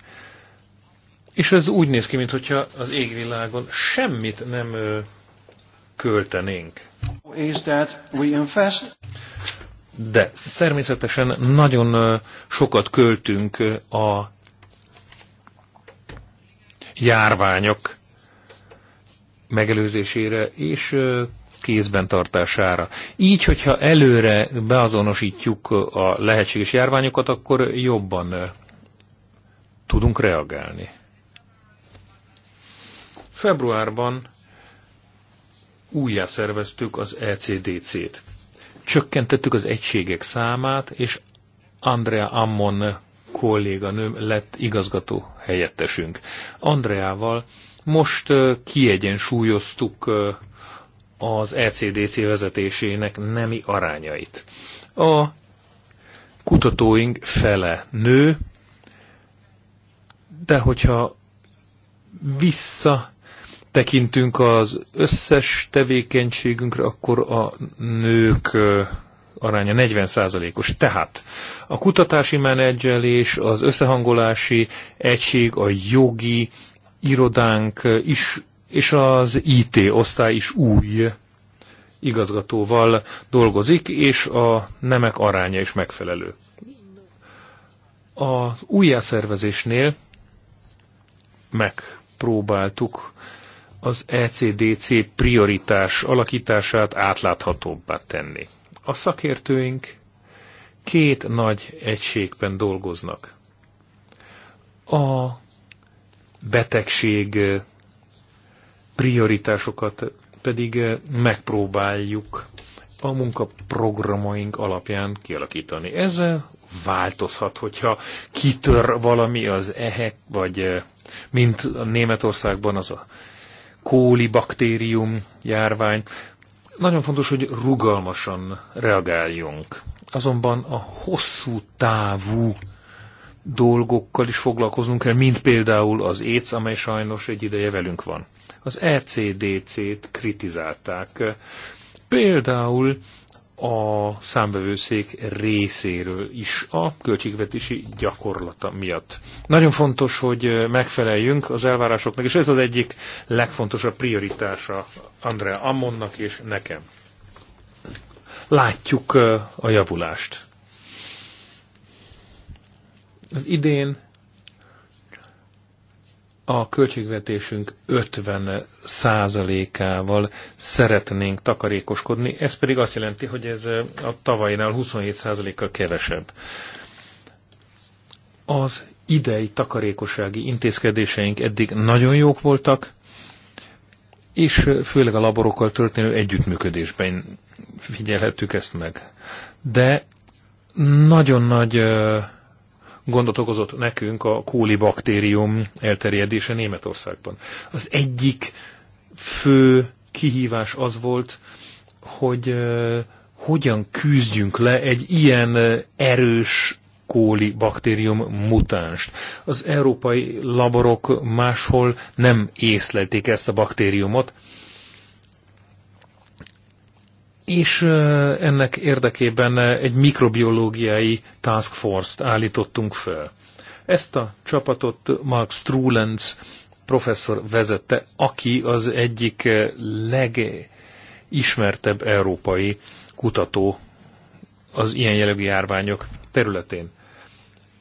és ez úgy néz ki, mintha az égvilágon semmit nem költenénk. De természetesen nagyon sokat költünk a járványok megelőzésére és kézben tartására. Így, hogyha előre beazonosítjuk a lehetséges járványokat, akkor jobban tudunk reagálni. Februárban újjá szerveztük az ECDC-t. Csökkentettük az egységek számát, és Andrea Ammon kolléganőm lett igazgató helyettesünk. Andreával most kiegyensúlyoztuk az ECDC vezetésének nemi arányait. A kutatóink fele nő, de hogyha vissza tekintünk az összes tevékenységünkre, akkor a nők aránya 40%-os. Tehát a kutatási menedzselés, az összehangolási egység, a jogi irodánk is, és az IT osztály is új igazgatóval dolgozik, és a nemek aránya is megfelelő. Az újjászervezésnél megpróbáltuk az ECDC prioritás alakítását átláthatóbbá tenni. A szakértőink két nagy egységben dolgoznak. A betegség prioritásokat pedig megpróbáljuk a munkaprogramaink alapján kialakítani. Ez változhat, hogyha kitör valami az ehek, vagy mint Németországban az a kóli baktérium járvány. Nagyon fontos, hogy rugalmasan reagáljunk. Azonban a hosszú távú dolgokkal is foglalkoznunk kell, mint például az ÉC, amely sajnos egy ideje velünk van. Az ECDC-t kritizálták. Például a számbevőszék részéről is a költségvetési gyakorlata miatt. Nagyon fontos, hogy megfeleljünk az elvárásoknak, és ez az egyik legfontosabb prioritása Andrea Ammonnak és nekem. Látjuk a javulást. Az idén a költségvetésünk 50 százalékával szeretnénk takarékoskodni, ez pedig azt jelenti, hogy ez a tavainál 27 százalékkal kevesebb. Az idei takarékossági intézkedéseink eddig nagyon jók voltak, és főleg a laborokkal történő együttműködésben figyelhettük ezt meg. De nagyon nagy gondot okozott nekünk a kóli baktérium elterjedése Németországban. Az egyik fő kihívás az volt, hogy hogyan küzdjünk le egy ilyen erős kóli baktérium mutánst. Az európai laborok máshol nem észlelték ezt a baktériumot, és ennek érdekében egy mikrobiológiai task force-t állítottunk föl. Ezt a csapatot Mark Strulenz professzor vezette, aki az egyik legismertebb európai kutató az ilyen jellegű járványok területén.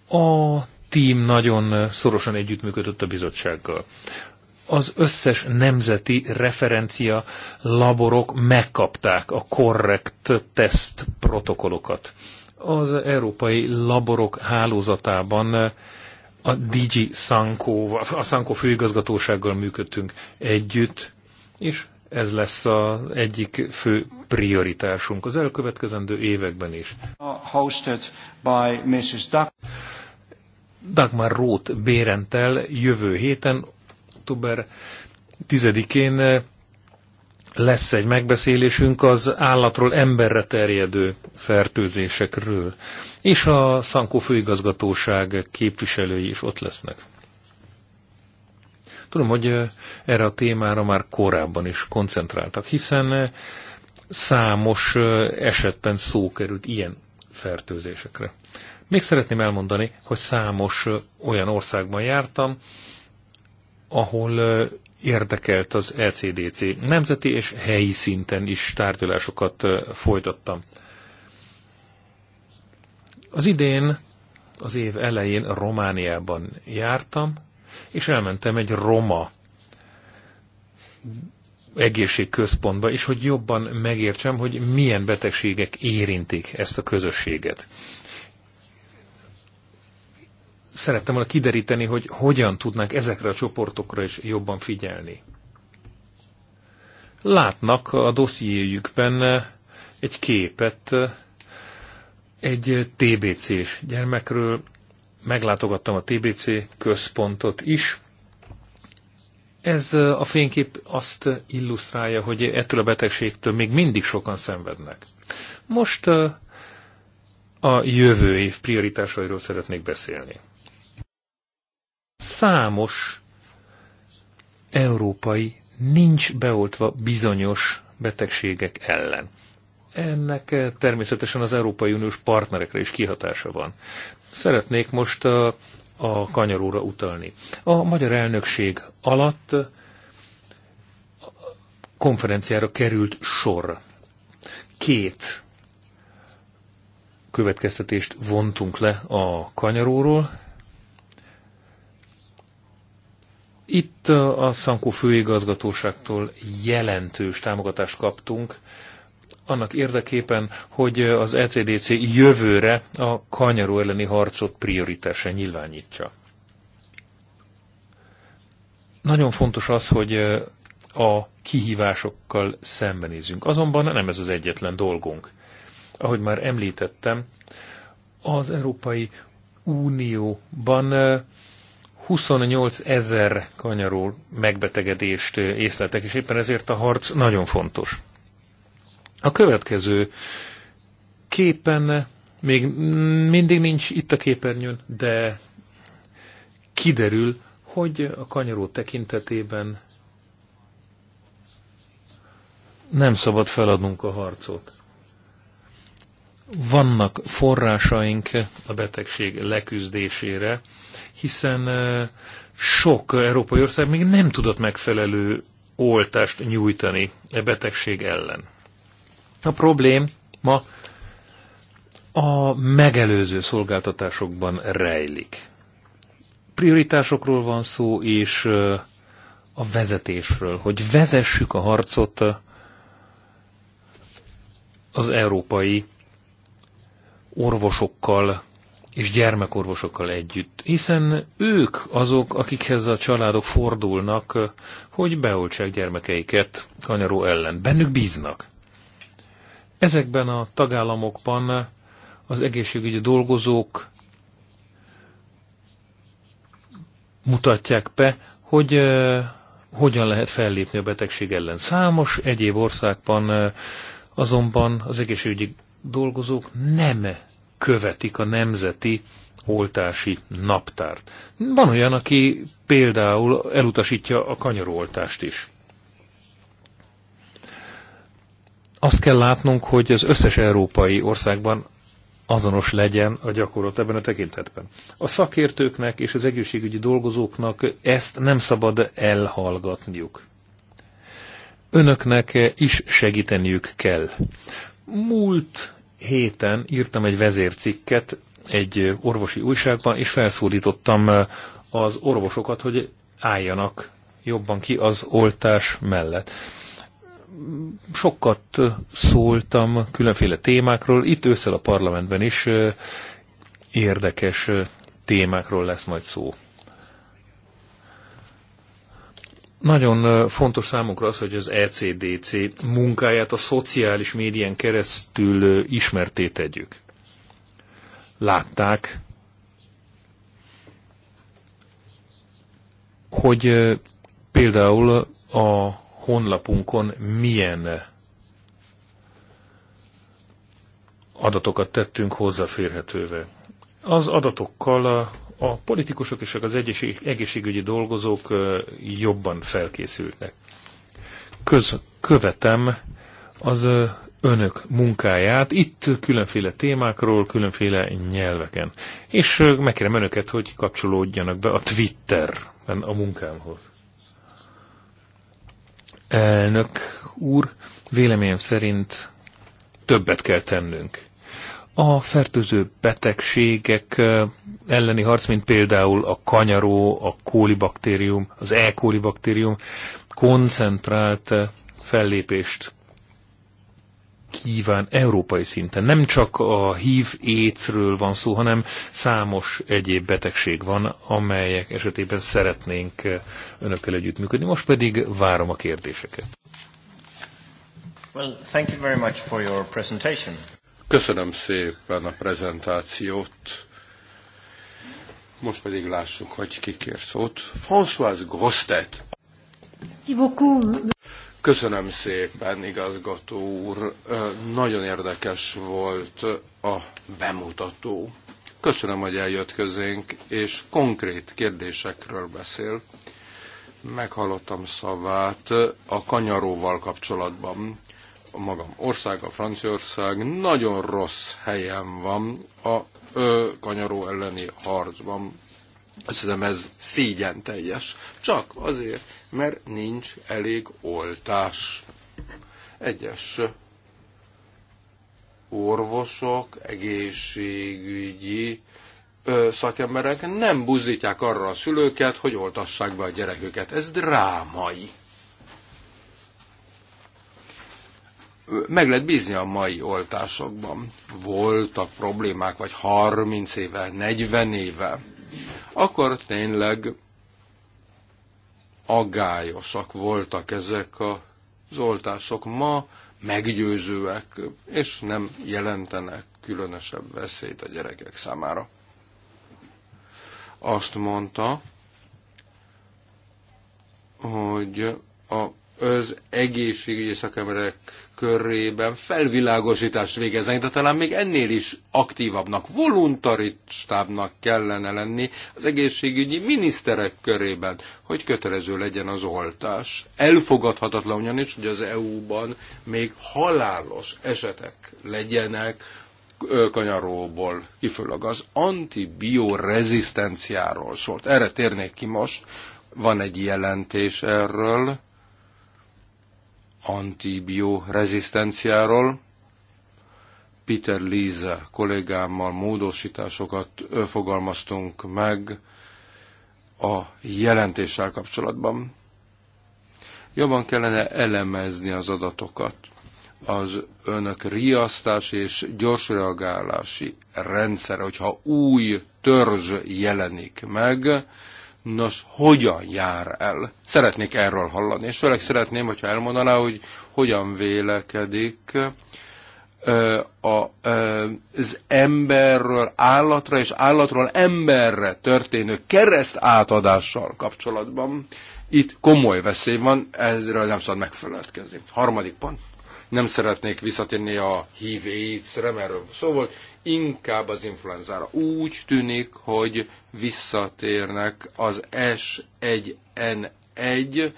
A tím nagyon szorosan együttműködött a bizottsággal az összes nemzeti referencia laborok megkapták a korrekt teszt protokollokat. Az európai laborok hálózatában a Digi Sanko, a Sanko főigazgatósággal működtünk együtt, és ez lesz az egyik fő prioritásunk az elkövetkezendő években is. Hosted by Mrs. Dagmar Roth Bérentel jövő héten október 10-én eh, lesz egy megbeszélésünk az állatról emberre terjedő fertőzésekről, és a Szankó főigazgatóság képviselői is ott lesznek. Tudom, hogy eh, erre a témára már korábban is koncentráltak, hiszen eh, számos esetben szó került ilyen fertőzésekre. Még szeretném elmondani, hogy számos olyan országban jártam, ahol érdekelt az LCDC. E Nemzeti és helyi szinten is tárgyalásokat folytattam. Az idén, az év elején Romániában jártam, és elmentem egy roma egészségközpontba, és hogy jobban megértsem, hogy milyen betegségek érintik ezt a közösséget szerettem volna kideríteni, hogy hogyan tudnánk ezekre a csoportokra is jobban figyelni. Látnak a dossziéjükben egy képet egy TBC-s gyermekről. Meglátogattam a TBC központot is. Ez a fénykép azt illusztrálja, hogy ettől a betegségtől még mindig sokan szenvednek. Most a jövő év prioritásairól szeretnék beszélni. Számos európai nincs beoltva bizonyos betegségek ellen. Ennek természetesen az Európai Uniós partnerekre is kihatása van. Szeretnék most a, a kanyaróra utalni. A magyar elnökség alatt konferenciára került sor. Két következtetést vontunk le a kanyaróról, Itt a Szankó főigazgatóságtól jelentős támogatást kaptunk, annak érdekében, hogy az ECDC jövőre a kanyaró elleni harcot prioritásen nyilvánítsa. Nagyon fontos az, hogy a kihívásokkal szembenézünk. Azonban nem ez az egyetlen dolgunk. Ahogy már említettem, az Európai Unióban 28 ezer kanyarul megbetegedést észleltek, és éppen ezért a harc nagyon fontos. A következő képen, még mindig nincs itt a képernyőn, de kiderül, hogy a kanyaró tekintetében nem szabad feladnunk a harcot vannak forrásaink a betegség leküzdésére, hiszen sok európai ország még nem tudott megfelelő oltást nyújtani e betegség ellen. A problém ma a megelőző szolgáltatásokban rejlik. Prioritásokról van szó, és a vezetésről, hogy vezessük a harcot az európai orvosokkal és gyermekorvosokkal együtt, hiszen ők azok, akikhez a családok fordulnak, hogy beoltsák gyermekeiket kanyaró ellen. Bennük bíznak. Ezekben a tagállamokban az egészségügyi dolgozók mutatják be, hogy eh, hogyan lehet fellépni a betegség ellen. Számos egyéb országban eh, azonban az egészségügyi dolgozók nem követik a nemzeti oltási naptárt. Van olyan, aki például elutasítja a kanyaroltást is. Azt kell látnunk, hogy az összes európai országban azonos legyen a gyakorlat ebben a tekintetben. A szakértőknek és az egészségügyi dolgozóknak ezt nem szabad elhallgatniuk. Önöknek is segíteniük kell, Múlt héten írtam egy vezércikket egy orvosi újságban, és felszólítottam eh, az orvosokat, hogy álljanak jobban ki az oltás mellett. Sokat szóltam különféle témákról, itt ősszel a parlamentben is eh, érdekes eh, témákról lesz majd szó. Nagyon fontos számunkra az, hogy az ECDC munkáját a szociális médián keresztül ismerté tegyük. Látták, hogy például a honlapunkon milyen adatokat tettünk hozzáférhetővé. Az adatokkal a politikusok és az egészségügyi dolgozók jobban felkészültek. Köz, követem az önök munkáját itt különféle témákról, különféle nyelveken. És megkérem önöket, hogy kapcsolódjanak be a Twitterben a munkámhoz. Elnök úr, véleményem szerint többet kell tennünk a fertőző betegségek elleni harc, mint például a kanyaró, a kólibaktérium, az E. kólibaktérium koncentrált fellépést kíván európai szinten. Nem csak a HIV écről van szó, hanem számos egyéb betegség van, amelyek esetében szeretnénk önökkel együttműködni. Most pedig várom a kérdéseket. Well, thank you very much for your presentation. Köszönöm szépen a prezentációt. Most pedig lássuk, hogy ki kér szót. François Grostet. Köszönöm szépen, igazgató úr. Nagyon érdekes volt a bemutató. Köszönöm, hogy eljött közénk, és konkrét kérdésekről beszél. Meghallottam szavát a kanyaróval kapcsolatban magam ország a Franciaország nagyon rossz helyen van a ö, kanyaró elleni harcban. Azt hiszem ez szégyen teljes. Csak azért, mert nincs elég oltás. Egyes orvosok, egészségügyi ö, szakemberek nem buzdítják arra a szülőket, hogy oltassák be a gyereküket. Ez drámai. meg lehet bízni a mai oltásokban. Voltak problémák, vagy 30 éve, 40 éve. Akkor tényleg agályosak voltak ezek az oltások. Ma meggyőzőek, és nem jelentenek különösebb veszélyt a gyerekek számára. Azt mondta, hogy a, az egészségügyi szakemberek körében felvilágosítást végeznek, de talán még ennél is aktívabbnak, voluntaristábbnak kellene lenni az egészségügyi miniszterek körében, hogy kötelező legyen az oltás. Elfogadhatatlan ugyanis, hogy az EU-ban még halálos esetek legyenek kanyaróból, kifőleg az antibiorezisztenciáról szólt. Erre térnék ki most, van egy jelentés erről, antibiorezisztenciáról. Peter Lise kollégámmal módosításokat fogalmaztunk meg a jelentéssel kapcsolatban. Jobban kellene elemezni az adatokat. Az önök riasztás és gyors reagálási rendszer, hogyha új törzs jelenik meg, Nos, hogyan jár el? Szeretnék erről hallani, és főleg szeretném, hogyha elmondaná, hogy hogyan vélekedik az emberről állatra és állatról emberre történő kereszt átadással kapcsolatban. Itt komoly veszély van, ezről nem szabad megfeledkezni. Harmadik pont. Nem szeretnék visszatérni a HIV-re, mert szó volt inkább az influenzára. Úgy tűnik, hogy visszatérnek az S1N1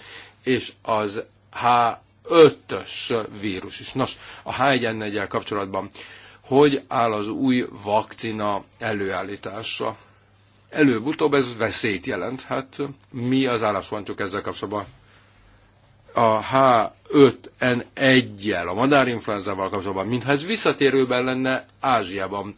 és az H5-ös vírus is. Nos, a H1N1-el kapcsolatban hogy áll az új vakcina előállítása? Előbb-utóbb ez veszélyt jelent. Hát mi az álláspontjuk ezzel kapcsolatban? a H5N1-jel, a madárinfluenzával kapcsolatban, mintha ez visszatérőben lenne Ázsiában.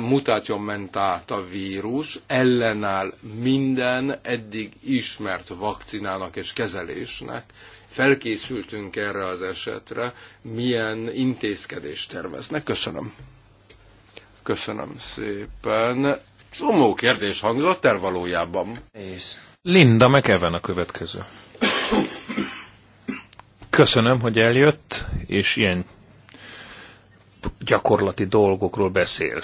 Mutáció ment át a vírus, ellenáll minden eddig ismert vakcinának és kezelésnek. Felkészültünk erre az esetre, milyen intézkedést terveznek. Köszönöm. Köszönöm szépen. Csomó kérdés hangzott el valójában. Linda McEwen a következő. Köszönöm, hogy eljött, és ilyen gyakorlati dolgokról beszél.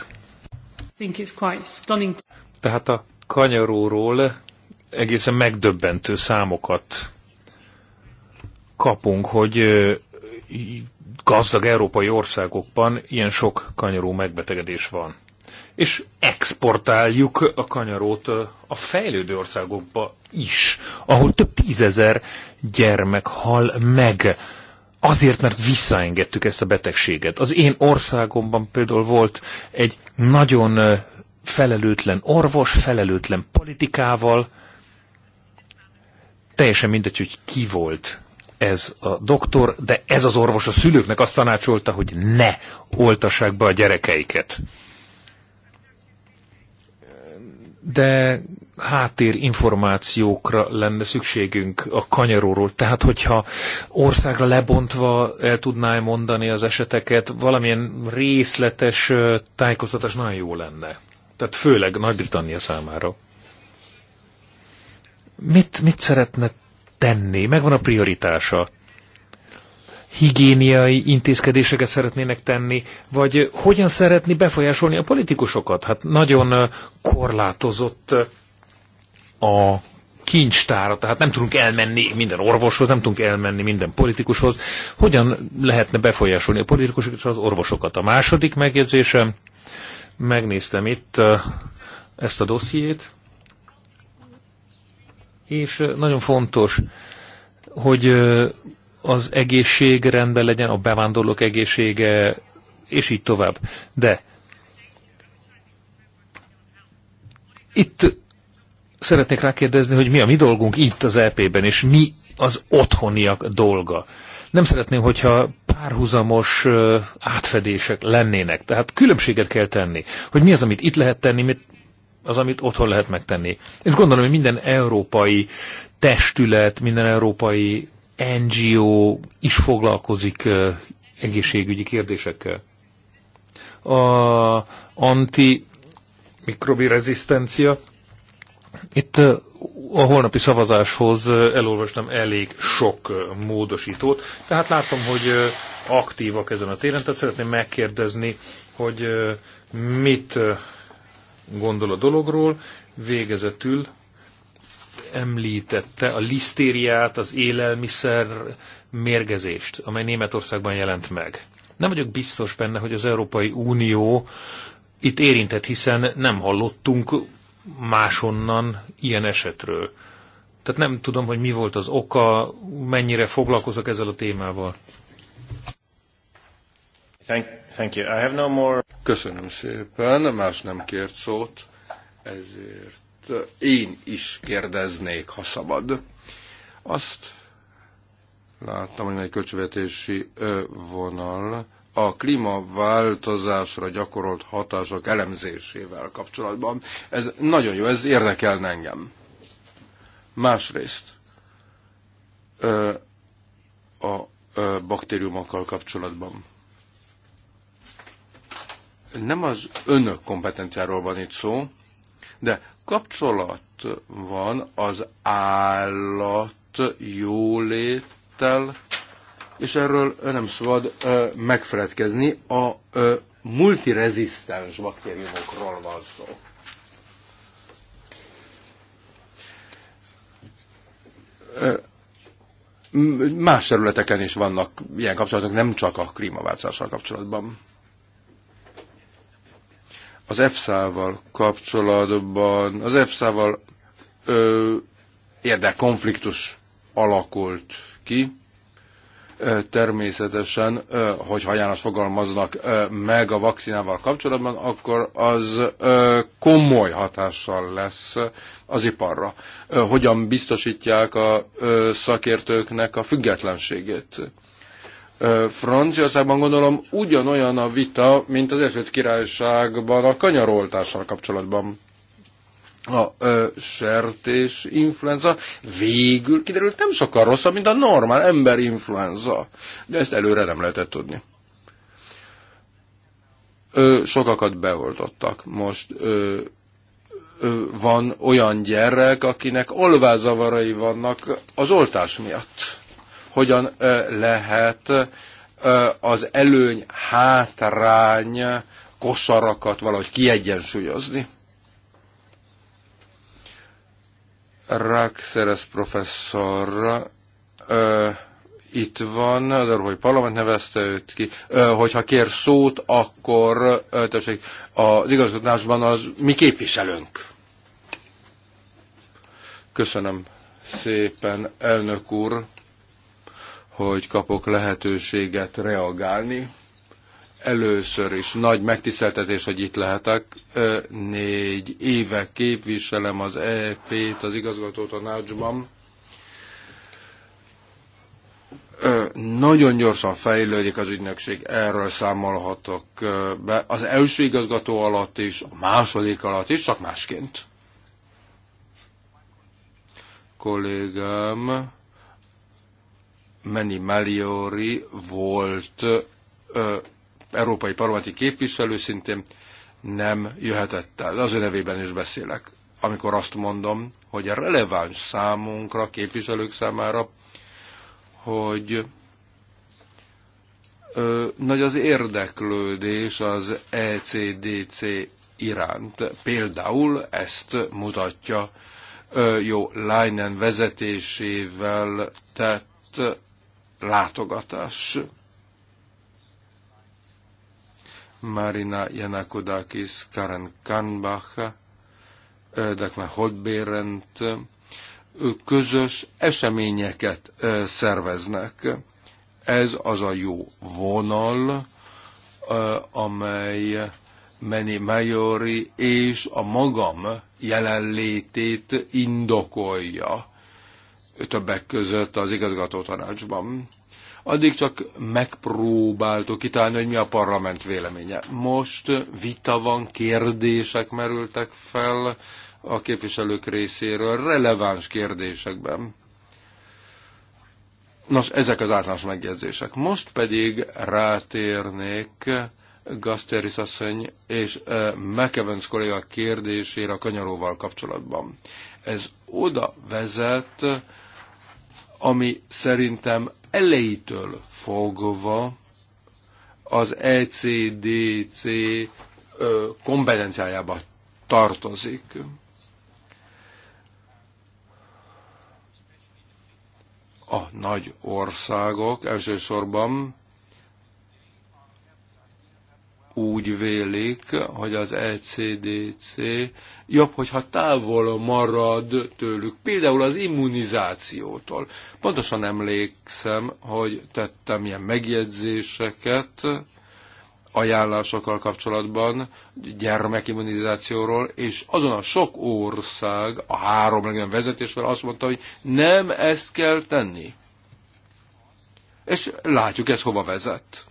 Tehát a kanyaróról egészen megdöbbentő számokat kapunk, hogy gazdag európai országokban ilyen sok kanyaró megbetegedés van és exportáljuk a kanyarót a fejlődő országokba is, ahol több tízezer gyermek hal meg. Azért, mert visszaengedtük ezt a betegséget. Az én országomban például volt egy nagyon felelőtlen orvos, felelőtlen politikával, teljesen mindegy, hogy ki volt ez a doktor, de ez az orvos a szülőknek azt tanácsolta, hogy ne oltassák be a gyerekeiket de háttérinformációkra lenne szükségünk a kanyaróról. Tehát, hogyha országra lebontva el tudná mondani az eseteket, valamilyen részletes tájékoztatás nagyon jó lenne. Tehát főleg Nagy-Britannia számára. Mit, mit szeretne tenni? Megvan a prioritása higiéniai intézkedéseket szeretnének tenni, vagy hogyan szeretni befolyásolni a politikusokat. Hát nagyon korlátozott a kincstára, tehát nem tudunk elmenni minden orvoshoz, nem tudunk elmenni minden politikushoz. Hogyan lehetne befolyásolni a politikusokat és az orvosokat? A második megjegyzésem, megnéztem itt ezt a dossziét, és nagyon fontos, hogy az egészség rendben legyen, a bevándorlók egészsége, és így tovább. De itt szeretnék rákérdezni, hogy mi a mi dolgunk itt az EP-ben, és mi az otthoniak dolga. Nem szeretném, hogyha párhuzamos átfedések lennének. Tehát különbséget kell tenni, hogy mi az, amit itt lehet tenni, mit az, amit otthon lehet megtenni. És gondolom, hogy minden európai testület, minden európai NGO is foglalkozik egészségügyi kérdésekkel. A antimikrobi rezisztencia. Itt a holnapi szavazáshoz elolvastam elég sok módosítót, tehát látom, hogy aktívak ezen a téren, tehát szeretném megkérdezni, hogy mit gondol a dologról, végezetül említette a lisztériát, az élelmiszer mérgezést, amely Németországban jelent meg. Nem vagyok biztos benne, hogy az Európai Unió itt érintett, hiszen nem hallottunk másonnan ilyen esetről. Tehát nem tudom, hogy mi volt az oka, mennyire foglalkozok ezzel a témával. Thank, thank you. I have no more... Köszönöm szépen, más nem kért szót, ezért én is kérdeznék, ha szabad. Azt láttam, hogy egy költségvetési vonal a klímaváltozásra gyakorolt hatások elemzésével kapcsolatban. Ez nagyon jó, ez érdekelne engem. Másrészt a baktériumokkal kapcsolatban. Nem az önök kompetenciáról van itt szó, de kapcsolat van az állat jóléttel, és erről nem szabad ö, megfeledkezni, a ö, multirezisztens baktériumokról van szó. más területeken is vannak ilyen kapcsolatok, nem csak a klímaváltozással kapcsolatban az EFSA-val kapcsolatban, az EFSA-val konfliktus alakult ki, természetesen, hogy János fogalmaznak meg a vakcinával kapcsolatban, akkor az komoly hatással lesz az iparra. Hogyan biztosítják a szakértőknek a függetlenségét? Franciaországban gondolom ugyanolyan a vita, mint az Egyesült Királyságban a kanyaroltással kapcsolatban. A ö, sertés influenza végül kiderült nem sokkal rosszabb, mint a normál ember influenza. De ezt előre nem lehetett tudni. Ö, sokakat beoltottak. Most ö, ö, van olyan gyerek, akinek olvázavarai vannak az oltás miatt hogyan lehet az előny hátrány kosarakat valahogy kiegyensúlyozni. Rákszeres professzor itt van, az Európai Parlament nevezte őt ki, ö, hogyha kér szót, akkor ö, tessék, az igazgatásban az mi képviselőnk. Köszönöm szépen, elnök úr hogy kapok lehetőséget reagálni. Először is nagy megtiszteltetés, hogy itt lehetek. Négy éve képviselem az EP-t az igazgató tanácsban. Nagyon gyorsan fejlődik az ügynökség, erről számolhatok be. Az első igazgató alatt is, a második alatt is, csak másként kollégám Meni Maliori volt ö, európai parlamenti képviselő, szintén nem jöhetett el. Az ő nevében is beszélek. Amikor azt mondom, hogy a releváns számunkra, képviselők számára, hogy ö, nagy az érdeklődés az ECDC iránt. Például ezt mutatja ö, jó Leinen vezetésével tett látogatás. Marina Janakodakis, Karen Kanbach, Dekna Hodbérent közös eseményeket szerveznek. Ez az a jó vonal, amely Meni Majori és a magam jelenlétét indokolja többek között az igazgató tanácsban. Addig csak megpróbáltuk kitálni, hogy mi a parlament véleménye. Most vita van, kérdések merültek fel a képviselők részéről releváns kérdésekben. Nos, ezek az általános megjegyzések. Most pedig rátérnék Gasteris asszony és McEvans kolléga kérdésére a kanyaróval kapcsolatban. Ez oda vezet, ami szerintem elejétől fogva az ECDC kompetenciájába tartozik. A nagy országok elsősorban úgy vélik, hogy az ECDC jobb, hogyha távol marad tőlük, például az immunizációtól. Pontosan emlékszem, hogy tettem ilyen megjegyzéseket ajánlásokkal kapcsolatban, gyermekimmunizációról, és azon a sok ország, a három legnagyobb vezetésvel azt mondta, hogy nem ezt kell tenni. És látjuk, ez hova vezet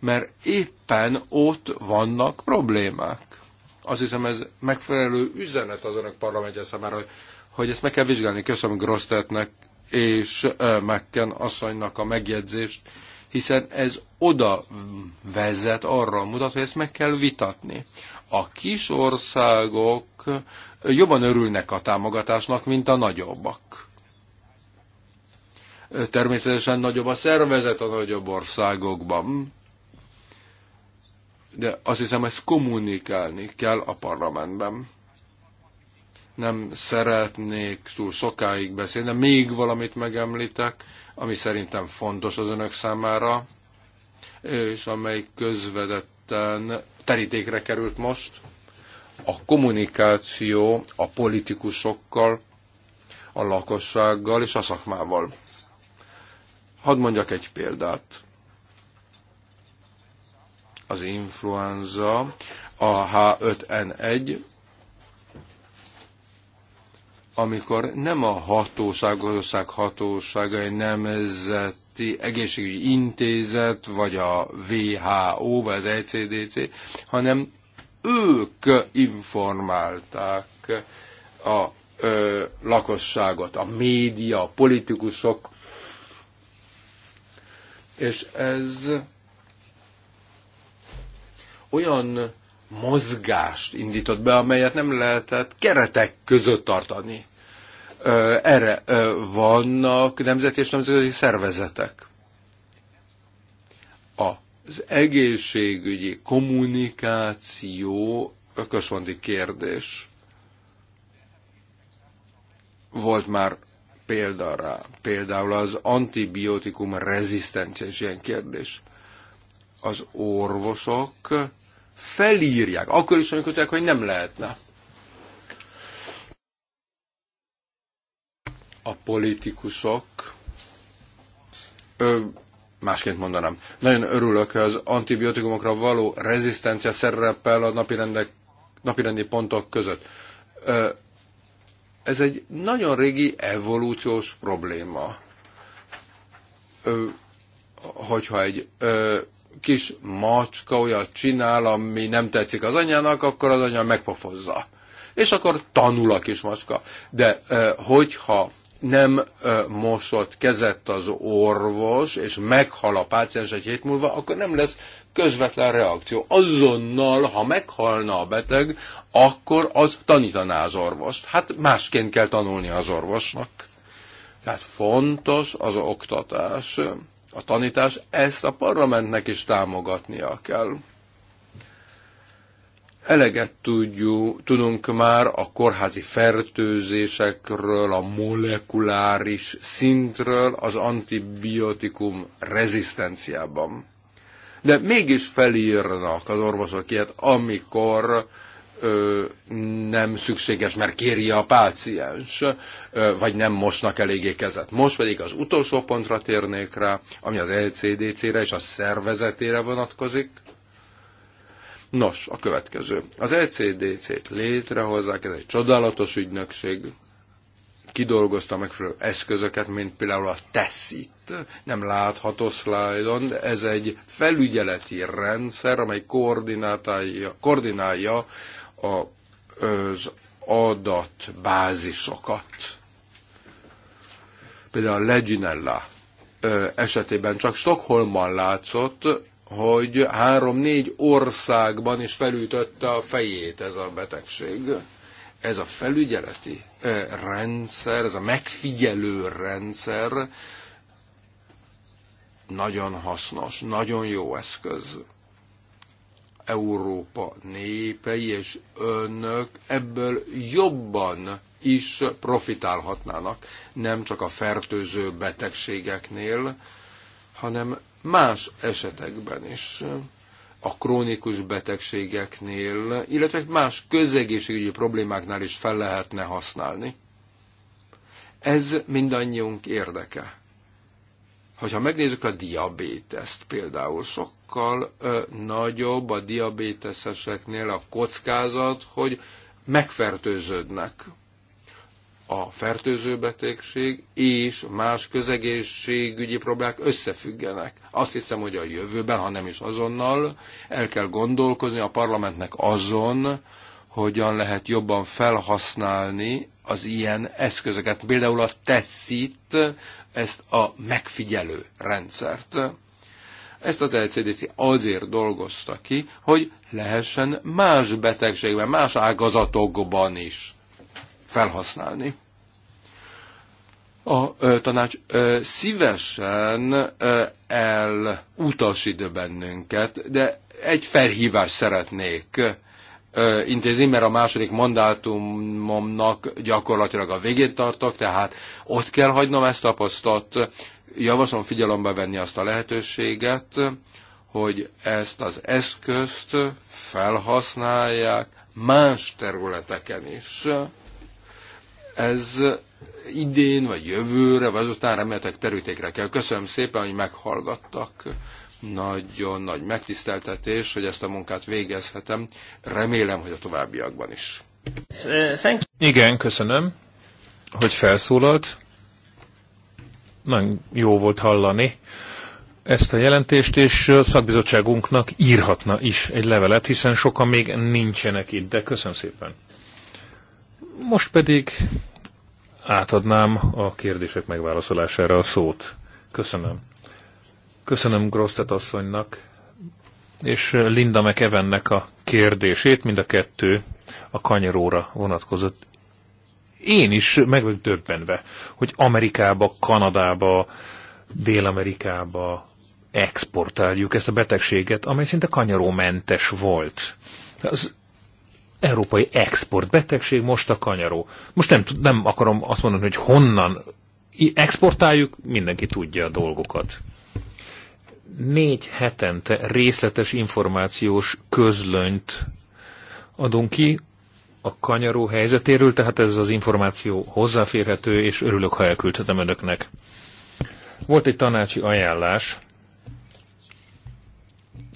mert éppen ott vannak problémák. Azt hiszem ez megfelelő üzenet az önök parlamentje számára, hogy, hogy ezt meg kell vizsgálni. Köszönöm Grosztetnek és Mekken asszonynak a megjegyzést, hiszen ez oda vezet, arra mutat, hogy ezt meg kell vitatni. A kis országok jobban örülnek a támogatásnak, mint a nagyobbak. Természetesen nagyobb a szervezet a nagyobb országokban de azt hiszem, ezt kommunikálni kell a parlamentben. Nem szeretnék túl sokáig beszélni, de még valamit megemlítek, ami szerintem fontos az önök számára, és amely közvedetten terítékre került most. A kommunikáció a politikusokkal, a lakossággal és a szakmával. Hadd mondjak egy példát az influenza, a H5N1, amikor nem a hatóság, az ország hatóságai nemzeti egészségügyi intézet, vagy a WHO, vagy az ECDC, hanem ők informálták a ö, lakosságot, a média, a politikusok, és ez olyan mozgást indított be, amelyet nem lehetett keretek között tartani. Erre vannak nemzeti és nemzeti szervezetek. Az egészségügyi kommunikáció központi kérdés. Volt már példa rá. Például az antibiotikum rezisztencia is ilyen kérdés. Az orvosok felírják, akkor is, amikor tudják, hogy nem lehetne. A politikusok, ö, másként mondanám, nagyon örülök, hogy az antibiotikumokra való rezisztencia szerepel a napirendek, napirendi pontok között. Ö, ez egy nagyon régi evolúciós probléma. Ö, hogyha egy ö, kis macska olyat csinál, ami nem tetszik az anyának, akkor az anya megpofozza. És akkor tanul a kis macska. De hogyha nem mosott kezet az orvos, és meghal a páciens egy hét múlva, akkor nem lesz közvetlen reakció. Azonnal, ha meghalna a beteg, akkor az tanítaná az orvost. Hát másként kell tanulni az orvosnak. Tehát fontos az oktatás a tanítás, ezt a parlamentnek is támogatnia kell. Eleget tudjuk, tudunk már a kórházi fertőzésekről, a molekuláris szintről az antibiotikum rezisztenciában. De mégis felírnak az orvosok ilyet, amikor ö, nem szükséges, mert kéri a páciens, ö, vagy nem mosnak eléggé kezet. Most pedig az utolsó pontra térnék rá, ami az LCDC-re és a szervezetére vonatkozik. Nos, a következő. Az LCDC-t létrehozzák, ez egy csodálatos ügynökség, kidolgozta megfelelő eszközöket, mint például a TESZIT, nem látható szlájdon, de ez egy felügyeleti rendszer, amely koordinálja, koordinálja a, az adatbázisokat. Például a Leginella esetében csak Stockholmban látszott, hogy három-négy országban is felütötte a fejét ez a betegség. Ez a felügyeleti rendszer, ez a megfigyelő rendszer nagyon hasznos, nagyon jó eszköz. Európa népei és önök ebből jobban is profitálhatnának, nem csak a fertőző betegségeknél, hanem más esetekben is, a krónikus betegségeknél, illetve más közegészségügyi problémáknál is fel lehetne használni. Ez mindannyiunk érdeke. Hogyha megnézzük a diabéteszt például, sokkal ö, nagyobb a diabéteszeseknél a kockázat, hogy megfertőződnek a fertőző betegség és más közegészségügyi problémák összefüggenek. Azt hiszem, hogy a jövőben, ha nem is azonnal, el kell gondolkozni a parlamentnek azon, hogyan lehet jobban felhasználni az ilyen eszközöket, például a TESZIT, ezt a megfigyelő rendszert. Ezt az LCDC azért dolgozta ki, hogy lehessen más betegségben, más ágazatokban is felhasználni. A ö, tanács ö, szívesen ö, elutasít bennünket, de egy felhívást szeretnék intézni, mert a második mandátumomnak gyakorlatilag a végét tartok, tehát ott kell hagynom ezt a posztot. Javaslom figyelembe venni azt a lehetőséget, hogy ezt az eszközt felhasználják más területeken is. Ez idén vagy jövőre, vagy azután reméltek terültékre kell. Köszönöm szépen, hogy meghallgattak. Nagyon nagy megtiszteltetés, hogy ezt a munkát végezhetem. Remélem, hogy a továbbiakban is. Igen, köszönöm, hogy felszólalt. Nagyon jó volt hallani ezt a jelentést, és a szakbizottságunknak írhatna is egy levelet, hiszen sokan még nincsenek itt, de köszönöm szépen. Most pedig átadnám a kérdések megválaszolására a szót. Köszönöm. Köszönöm Grosztet asszonynak és Linda McEvennek a kérdését, mind a kettő a kanyaróra vonatkozott. Én is meg vagyok döbbenve, hogy Amerikába, Kanadába, Dél-Amerikába exportáljuk ezt a betegséget, amely szinte kanyarómentes volt. Az európai exportbetegség most a kanyaró. Most nem, nem akarom azt mondani, hogy honnan exportáljuk, mindenki tudja a dolgokat négy hetente részletes információs közlönyt adunk ki a kanyaró helyzetéről, tehát ez az információ hozzáférhető, és örülök, ha elküldhetem önöknek. Volt egy tanácsi ajánlás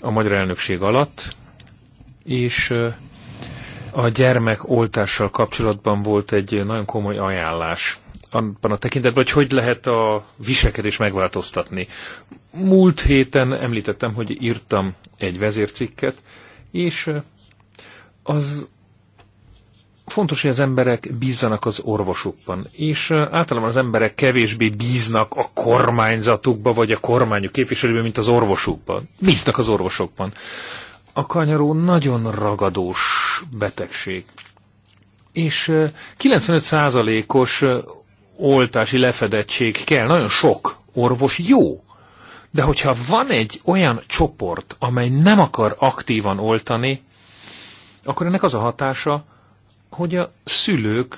a magyar elnökség alatt, és a gyermek oltással kapcsolatban volt egy nagyon komoly ajánlás abban a tekintetben, hogy hogy lehet a viselkedés megváltoztatni. Múlt héten említettem, hogy írtam egy vezércikket, és az fontos, hogy az emberek bízzanak az orvosukban, és általában az emberek kevésbé bíznak a kormányzatukba, vagy a kormányuk képviselőben, mint az orvosukban. Bíznak az orvosokban. A kanyaró nagyon ragadós betegség. És 95%-os oltási lefedettség kell, nagyon sok orvos jó. De hogyha van egy olyan csoport, amely nem akar aktívan oltani, akkor ennek az a hatása, hogy a szülők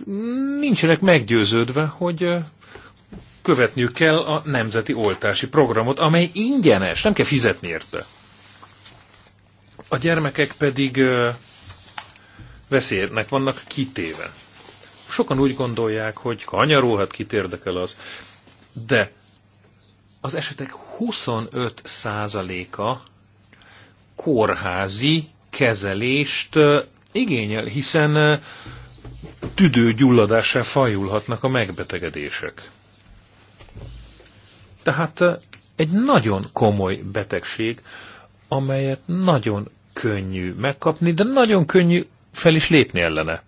nincsenek meggyőződve, hogy követniük kell a nemzeti oltási programot, amely ingyenes, nem kell fizetni érte. A gyermekek pedig veszélynek vannak kitéve sokan úgy gondolják, hogy kanyaró, hát kit érdekel az. De az esetek 25%-a kórházi kezelést igényel, hiszen tüdőgyulladásra fajulhatnak a megbetegedések. Tehát egy nagyon komoly betegség, amelyet nagyon könnyű megkapni, de nagyon könnyű fel is lépni ellene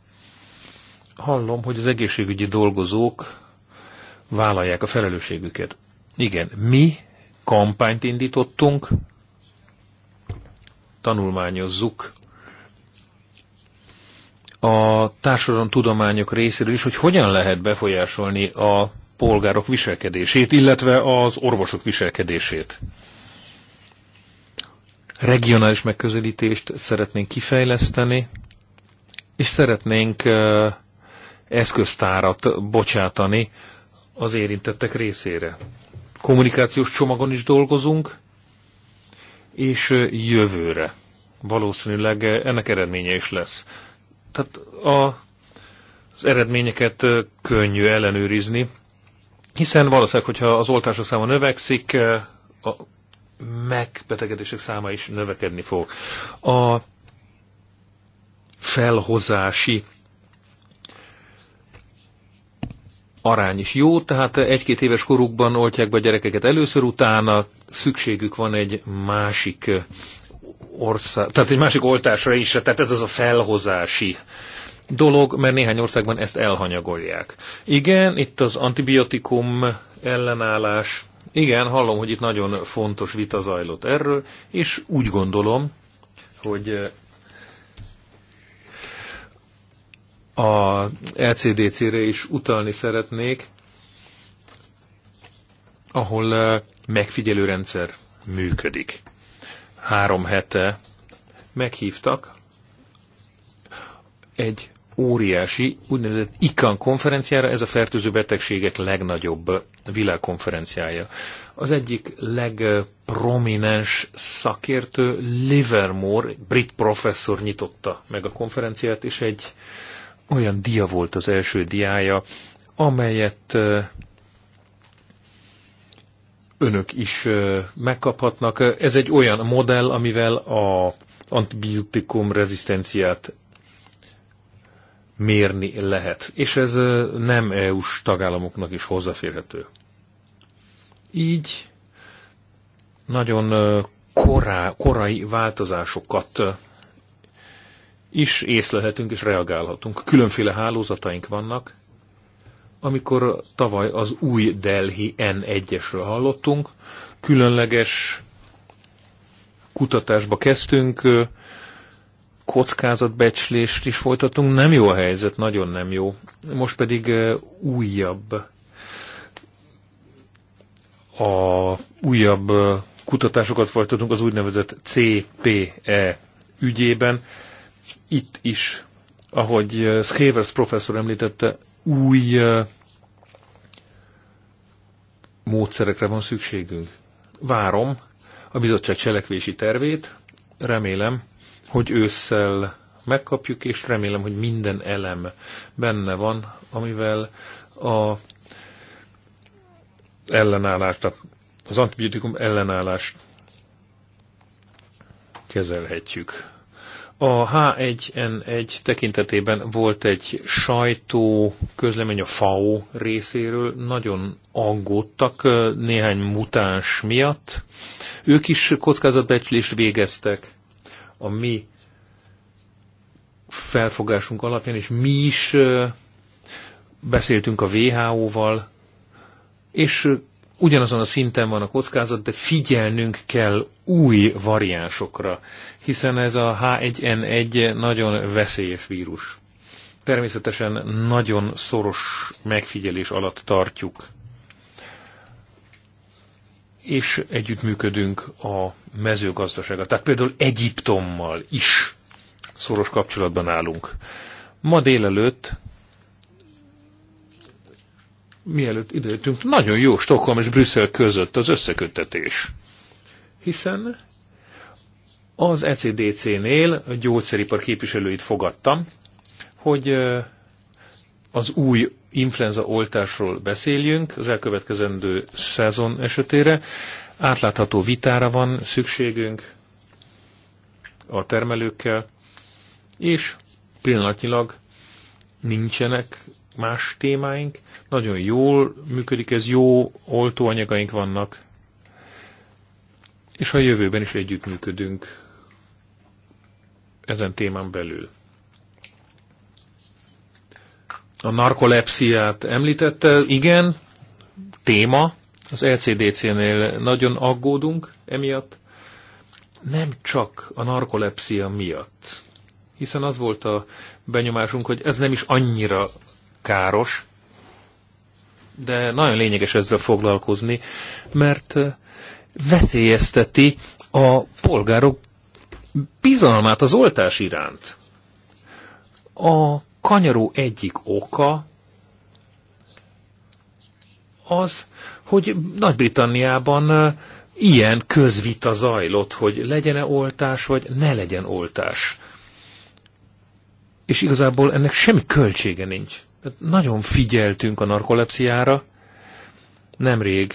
hallom, hogy az egészségügyi dolgozók vállalják a felelősségüket. Igen, mi kampányt indítottunk, tanulmányozzuk a társadalom tudományok részéről is, hogy hogyan lehet befolyásolni a polgárok viselkedését, illetve az orvosok viselkedését. Regionális megközelítést szeretnénk kifejleszteni, és szeretnénk eh, eszköztárat bocsátani az érintettek részére. Kommunikációs csomagon is dolgozunk, és jövőre valószínűleg ennek eredménye is lesz. Tehát a, az eredményeket könnyű ellenőrizni, hiszen valószínűleg, hogyha az oltások száma növekszik, a megbetegedések száma is növekedni fog. A felhozási arány is jó, tehát egy-két éves korukban oltják be a gyerekeket először, utána szükségük van egy másik ország, tehát egy másik oltásra is, tehát ez az a felhozási dolog, mert néhány országban ezt elhanyagolják. Igen, itt az antibiotikum ellenállás, igen, hallom, hogy itt nagyon fontos vita zajlott erről, és úgy gondolom, hogy a LCDC-re e is utalni szeretnék, ahol eh, megfigyelőrendszer működik. Három hete meghívtak egy óriási úgynevezett ICAN konferenciára, ez a fertőző betegségek legnagyobb világkonferenciája. Az egyik legprominens szakértő, Livermore, brit professzor nyitotta meg a konferenciát, és egy olyan dia volt az első diája, amelyet önök is megkaphatnak. Ez egy olyan modell, amivel a antibiotikum rezisztenciát mérni lehet, és ez nem EU-s tagállamoknak is hozzáférhető. Így nagyon korá, korai változásokat is észlelhetünk és reagálhatunk. Különféle hálózataink vannak. Amikor tavaly az új Delhi N1-esről hallottunk, különleges kutatásba kezdtünk, kockázatbecslést is folytatunk. Nem jó a helyzet, nagyon nem jó. Most pedig újabb a újabb kutatásokat folytatunk az úgynevezett CPE ügyében itt is, ahogy eh, Schavers professzor említette, új eh, módszerekre van szükségünk. Várom a bizottság cselekvési tervét, remélem, hogy ősszel megkapjuk, és remélem, hogy minden elem benne van, amivel a ellenállást, az antibiotikum ellenállást kezelhetjük. A H1N1 tekintetében volt egy sajtó közlemény a FAO részéről, nagyon aggódtak néhány mutáns miatt. Ők is kockázatbecslést végeztek. A mi felfogásunk alapján, és mi is beszéltünk a WHO-val, és ugyanazon a szinten van a kockázat, de figyelnünk kell új variánsokra, hiszen ez a H1N1 nagyon veszélyes vírus. Természetesen nagyon szoros megfigyelés alatt tartjuk, és együttműködünk a mezőgazdasággal. Tehát például Egyiptommal is szoros kapcsolatban állunk. Ma délelőtt mielőtt idejöttünk, nagyon jó Stockholm és Brüsszel között az összeköttetés. Hiszen az ECDC-nél a gyógyszeripar képviselőit fogadtam, hogy az új influenza oltásról beszéljünk az elkövetkezendő szezon esetére. Átlátható vitára van szükségünk a termelőkkel, és pillanatnyilag nincsenek más témáink, nagyon jól működik ez, jó oltóanyagaink vannak, és a jövőben is együttműködünk ezen témán belül. A narkolepsziát említette, igen, téma, az LCDC-nél nagyon aggódunk emiatt, nem csak a narkolepsia miatt, hiszen az volt a benyomásunk, hogy ez nem is annyira káros, de nagyon lényeges ezzel foglalkozni, mert veszélyezteti a polgárok bizalmát az oltás iránt. A kanyaró egyik oka az, hogy Nagy-Britanniában ilyen közvita zajlott, hogy legyen-e oltás, vagy ne legyen oltás. És igazából ennek semmi költsége nincs. Nagyon figyeltünk a narkolepsziára. Nemrég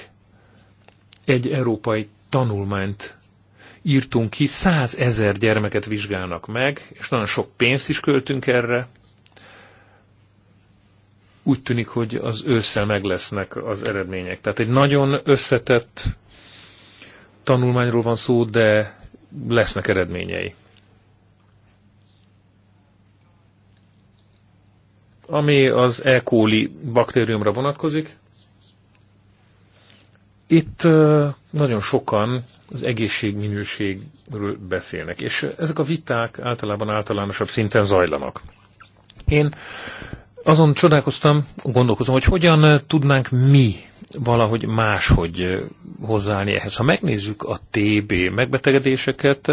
egy európai tanulmányt írtunk ki, százezer gyermeket vizsgálnak meg, és nagyon sok pénzt is költünk erre. Úgy tűnik, hogy az ősszel meg lesznek az eredmények. Tehát egy nagyon összetett tanulmányról van szó, de lesznek eredményei. ami az E. coli baktériumra vonatkozik. Itt nagyon sokan az egészségminőségről beszélnek, és ezek a viták általában általánosabb szinten zajlanak. Én azon csodálkoztam, gondolkozom, hogy hogyan tudnánk mi valahogy máshogy hozzáállni ehhez. Ha megnézzük a TB megbetegedéseket,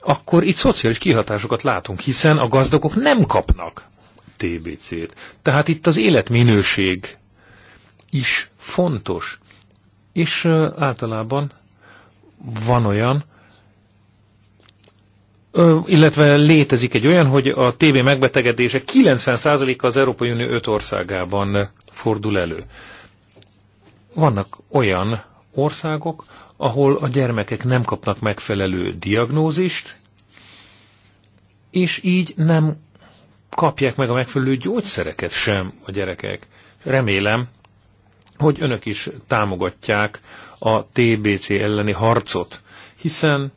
akkor itt szociális kihatásokat látunk, hiszen a gazdagok nem kapnak TBC-t. Tehát itt az életminőség is fontos. És általában van olyan, illetve létezik egy olyan, hogy a TB megbetegedése 90%-a az Európai Unió 5 országában fordul elő. Vannak olyan országok, ahol a gyermekek nem kapnak megfelelő diagnózist, és így nem kapják meg a megfelelő gyógyszereket sem a gyerekek. Remélem, hogy önök is támogatják a TBC elleni harcot, hiszen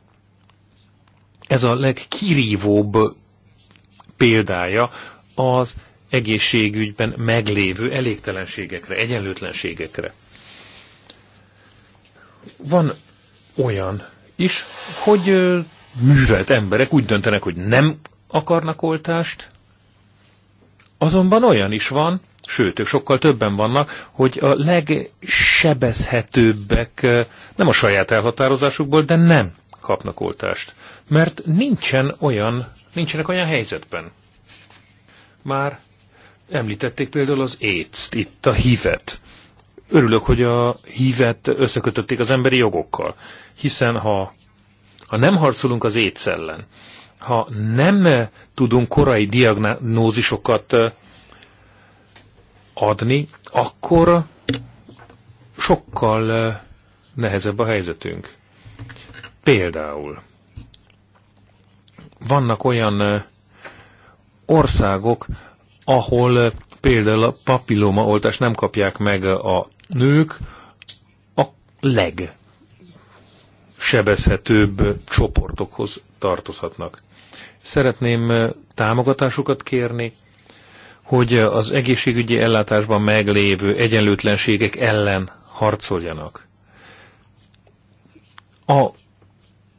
ez a legkirívóbb példája az egészségügyben meglévő elégtelenségekre, egyenlőtlenségekre. Van olyan is, hogy művelt emberek úgy döntenek, hogy nem akarnak oltást, Azonban olyan is van, sőt, ők sokkal többen vannak, hogy a legsebezhetőbbek eh, nem a saját elhatározásukból, de nem kapnak oltást. Mert nincsen olyan, nincsenek olyan helyzetben. Már említették például az aids itt a hívet. Örülök, hogy a hívet összekötötték az emberi jogokkal, hiszen ha, ha nem harcolunk az AIDS ellen, ha nem eh, tudunk korai diagnózisokat eh, adni, akkor sokkal eh, nehezebb a helyzetünk. Például vannak olyan országok, ahol például a papillomaoltást nem kapják meg a nők, a legsebezhetőbb csoportokhoz tartozhatnak. Szeretném támogatásukat kérni, hogy az egészségügyi ellátásban meglévő egyenlőtlenségek ellen harcoljanak. A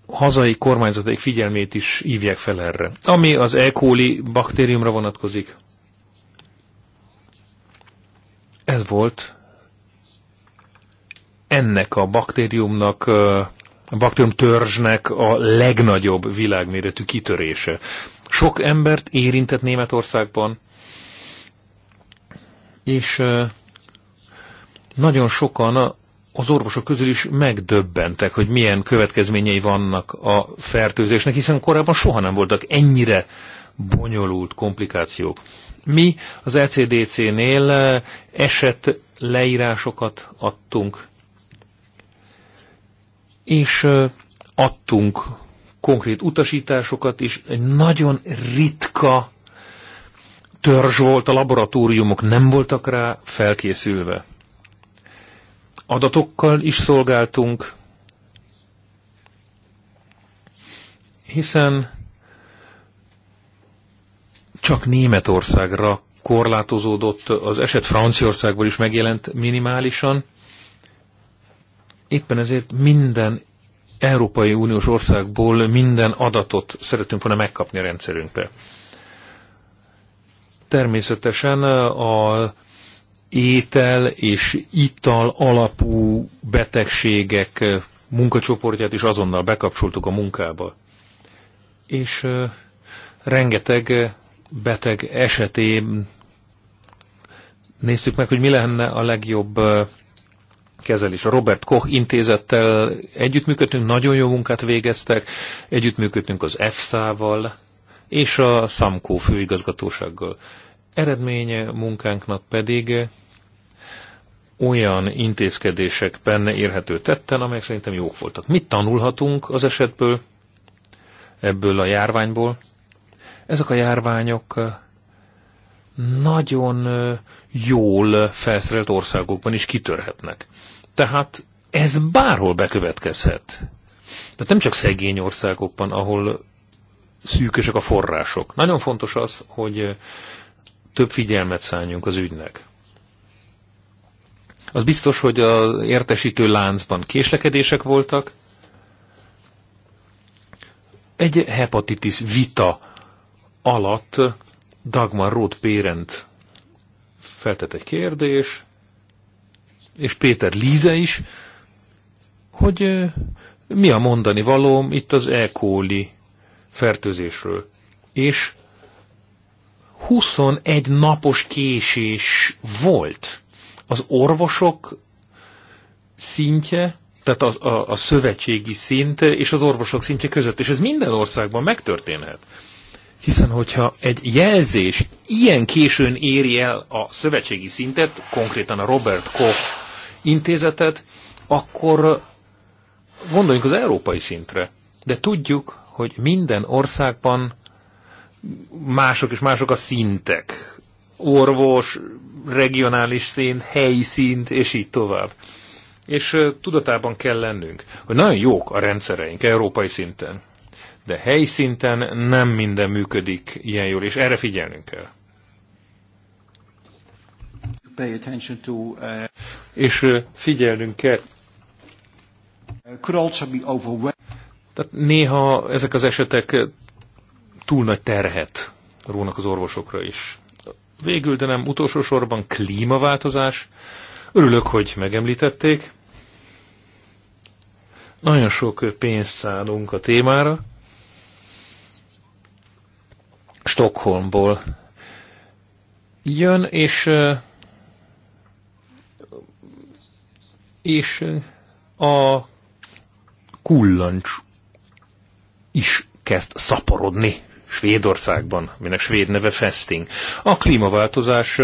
hazai kormányzatok figyelmét is hívják fel erre. Ami az E. coli baktériumra vonatkozik, ez volt ennek a baktériumnak a baktérium törzsnek a legnagyobb világméretű kitörése. Sok embert érintett Németországban, és nagyon sokan az orvosok közül is megdöbbentek, hogy milyen következményei vannak a fertőzésnek, hiszen korábban soha nem voltak ennyire bonyolult komplikációk. Mi az ECDC-nél eset leírásokat adtunk és adtunk konkrét utasításokat, és egy nagyon ritka törzs volt, a laboratóriumok nem voltak rá felkészülve. Adatokkal is szolgáltunk, hiszen csak Németországra korlátozódott, az eset Franciaországból is megjelent minimálisan, Éppen ezért minden Európai Uniós országból minden adatot szeretünk volna megkapni a rendszerünkbe. Természetesen a étel és ital alapú betegségek munkacsoportját is azonnal bekapcsoltuk a munkába. És rengeteg beteg esetén néztük meg, hogy mi lenne a legjobb kezelés. A Robert Koch intézettel együttműködtünk, nagyon jó munkát végeztek, együttműködtünk az EFSA-val és a SAMKO főigazgatósággal. Eredménye munkánknak pedig olyan intézkedésekben érhető tetten, amelyek szerintem jók voltak. Mit tanulhatunk az esetből, ebből a járványból? Ezek a járványok nagyon jól felszerelt országokban is kitörhetnek. Tehát ez bárhol bekövetkezhet. Tehát nem csak szegény országokban, ahol szűkösek a források. Nagyon fontos az, hogy több figyelmet szálljunk az ügynek. Az biztos, hogy az értesítő láncban késlekedések voltak. Egy hepatitis vita alatt Dagmar Roth Pérent feltett egy kérdés, és Péter Líze is, hogy mi a mondani valóm itt az E. coli fertőzésről. És 21 napos késés volt az orvosok szintje, tehát a, a, a szövetségi szint és az orvosok szintje között, és ez minden országban megtörténhet. Hiszen, hogyha egy jelzés ilyen későn éri el a szövetségi szintet, konkrétan a Robert Koch intézetet, akkor gondoljunk az európai szintre. De tudjuk, hogy minden országban mások és mások a szintek. Orvos, regionális szint, helyi szint, és így tovább. És tudatában kell lennünk, hogy nagyon jók a rendszereink európai szinten de helyszinten nem minden működik ilyen jól, és erre figyelnünk kell. To, uh... És uh, figyelnünk kell. Uh, Tehát néha ezek az esetek uh, túl nagy terhet rónak az orvosokra is. Végül, de nem utolsó sorban klímaváltozás. Örülök, hogy megemlítették. Nagyon sok pénzt szállunk a témára, Stockholmból jön, és és a kullancs is kezd szaporodni Svédországban, aminek svéd neve Festing. A klímaváltozás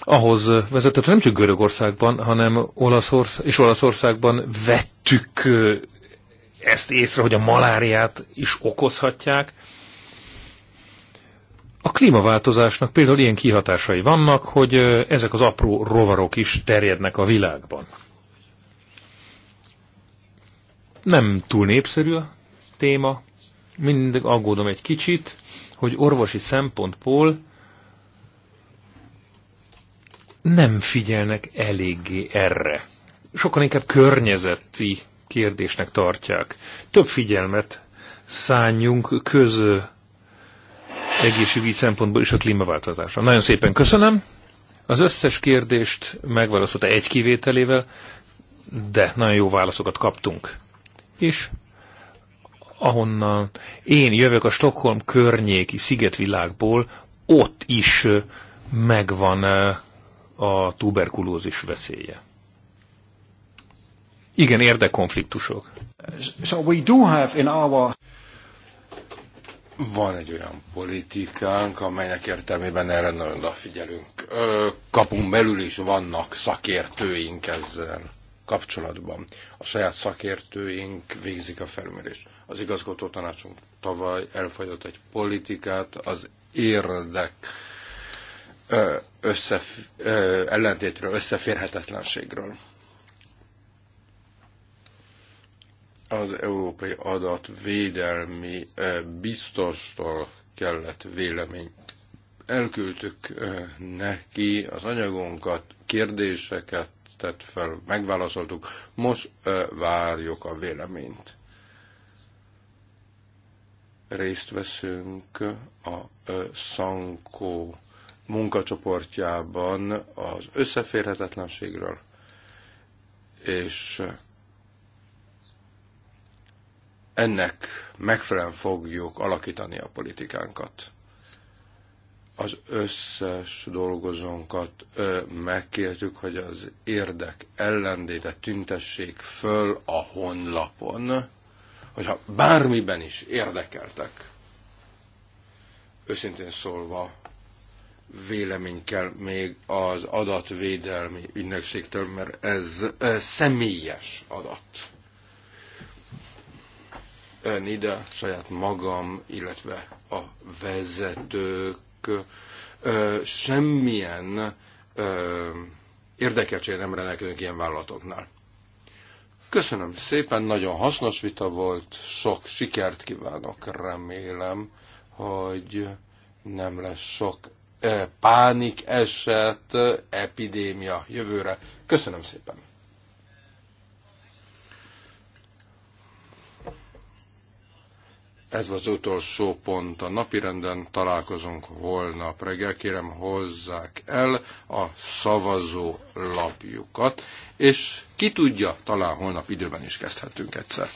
ahhoz vezetett, nem csak Görögországban, hanem Olaszország, és Olaszországban vettük ezt észre, hogy a maláriát is okozhatják, a klímaváltozásnak például ilyen kihatásai vannak, hogy ezek az apró rovarok is terjednek a világban. Nem túl népszerű a téma, mindig aggódom egy kicsit, hogy orvosi szempontból nem figyelnek eléggé erre. Sokan inkább környezeti kérdésnek tartják. Több figyelmet szálljunk közö egészségügyi szempontból is a klímaváltozásra. Nagyon szépen köszönöm. Az összes kérdést megválaszolta egy kivételével, de nagyon jó válaszokat kaptunk. És ahonnan én jövök a Stockholm környéki szigetvilágból, ott is megvan a tuberkulózis veszélye. Igen, érdekkonfliktusok. So we do have in our... Van egy olyan politikánk, amelynek értelmében erre nagyon odafigyelünk. Kapunk belül is vannak szakértőink ezzel kapcsolatban. A saját szakértőink végzik a felmérést. Az igazgató tanácsunk tavaly elfogyott egy politikát, az érdek összef, ellentétről, összeférhetetlenségről. az Európai Adatvédelmi eh, Biztostól kellett vélemény. Elküldtük eh, neki az anyagunkat, kérdéseket tett fel, megválaszoltuk, most eh, várjuk a véleményt. Részt veszünk a Szankó munkacsoportjában az összeférhetetlenségről, és ennek megfelelően fogjuk alakítani a politikánkat. Az összes dolgozónkat ö, megkértük, hogy az érdek ellendéte tüntessék föl a honlapon, hogyha bármiben is érdekeltek. Őszintén szólva, vélemény kell még az adatvédelmi ügynökségtől, mert ez, ö, személyes adat NIDA saját magam, illetve a vezetők semmilyen érdekeltség nem rendelkezünk ilyen vállalatoknál. Köszönöm szépen, nagyon hasznos vita volt, sok sikert kívánok, remélem, hogy nem lesz sok pánik eset, epidémia jövőre. Köszönöm szépen! Ez volt az utolsó pont a napirenden, találkozunk holnap reggel. Kérem hozzák el a szavazó lapjukat, és ki tudja, talán holnap időben is kezdhetünk egyszer.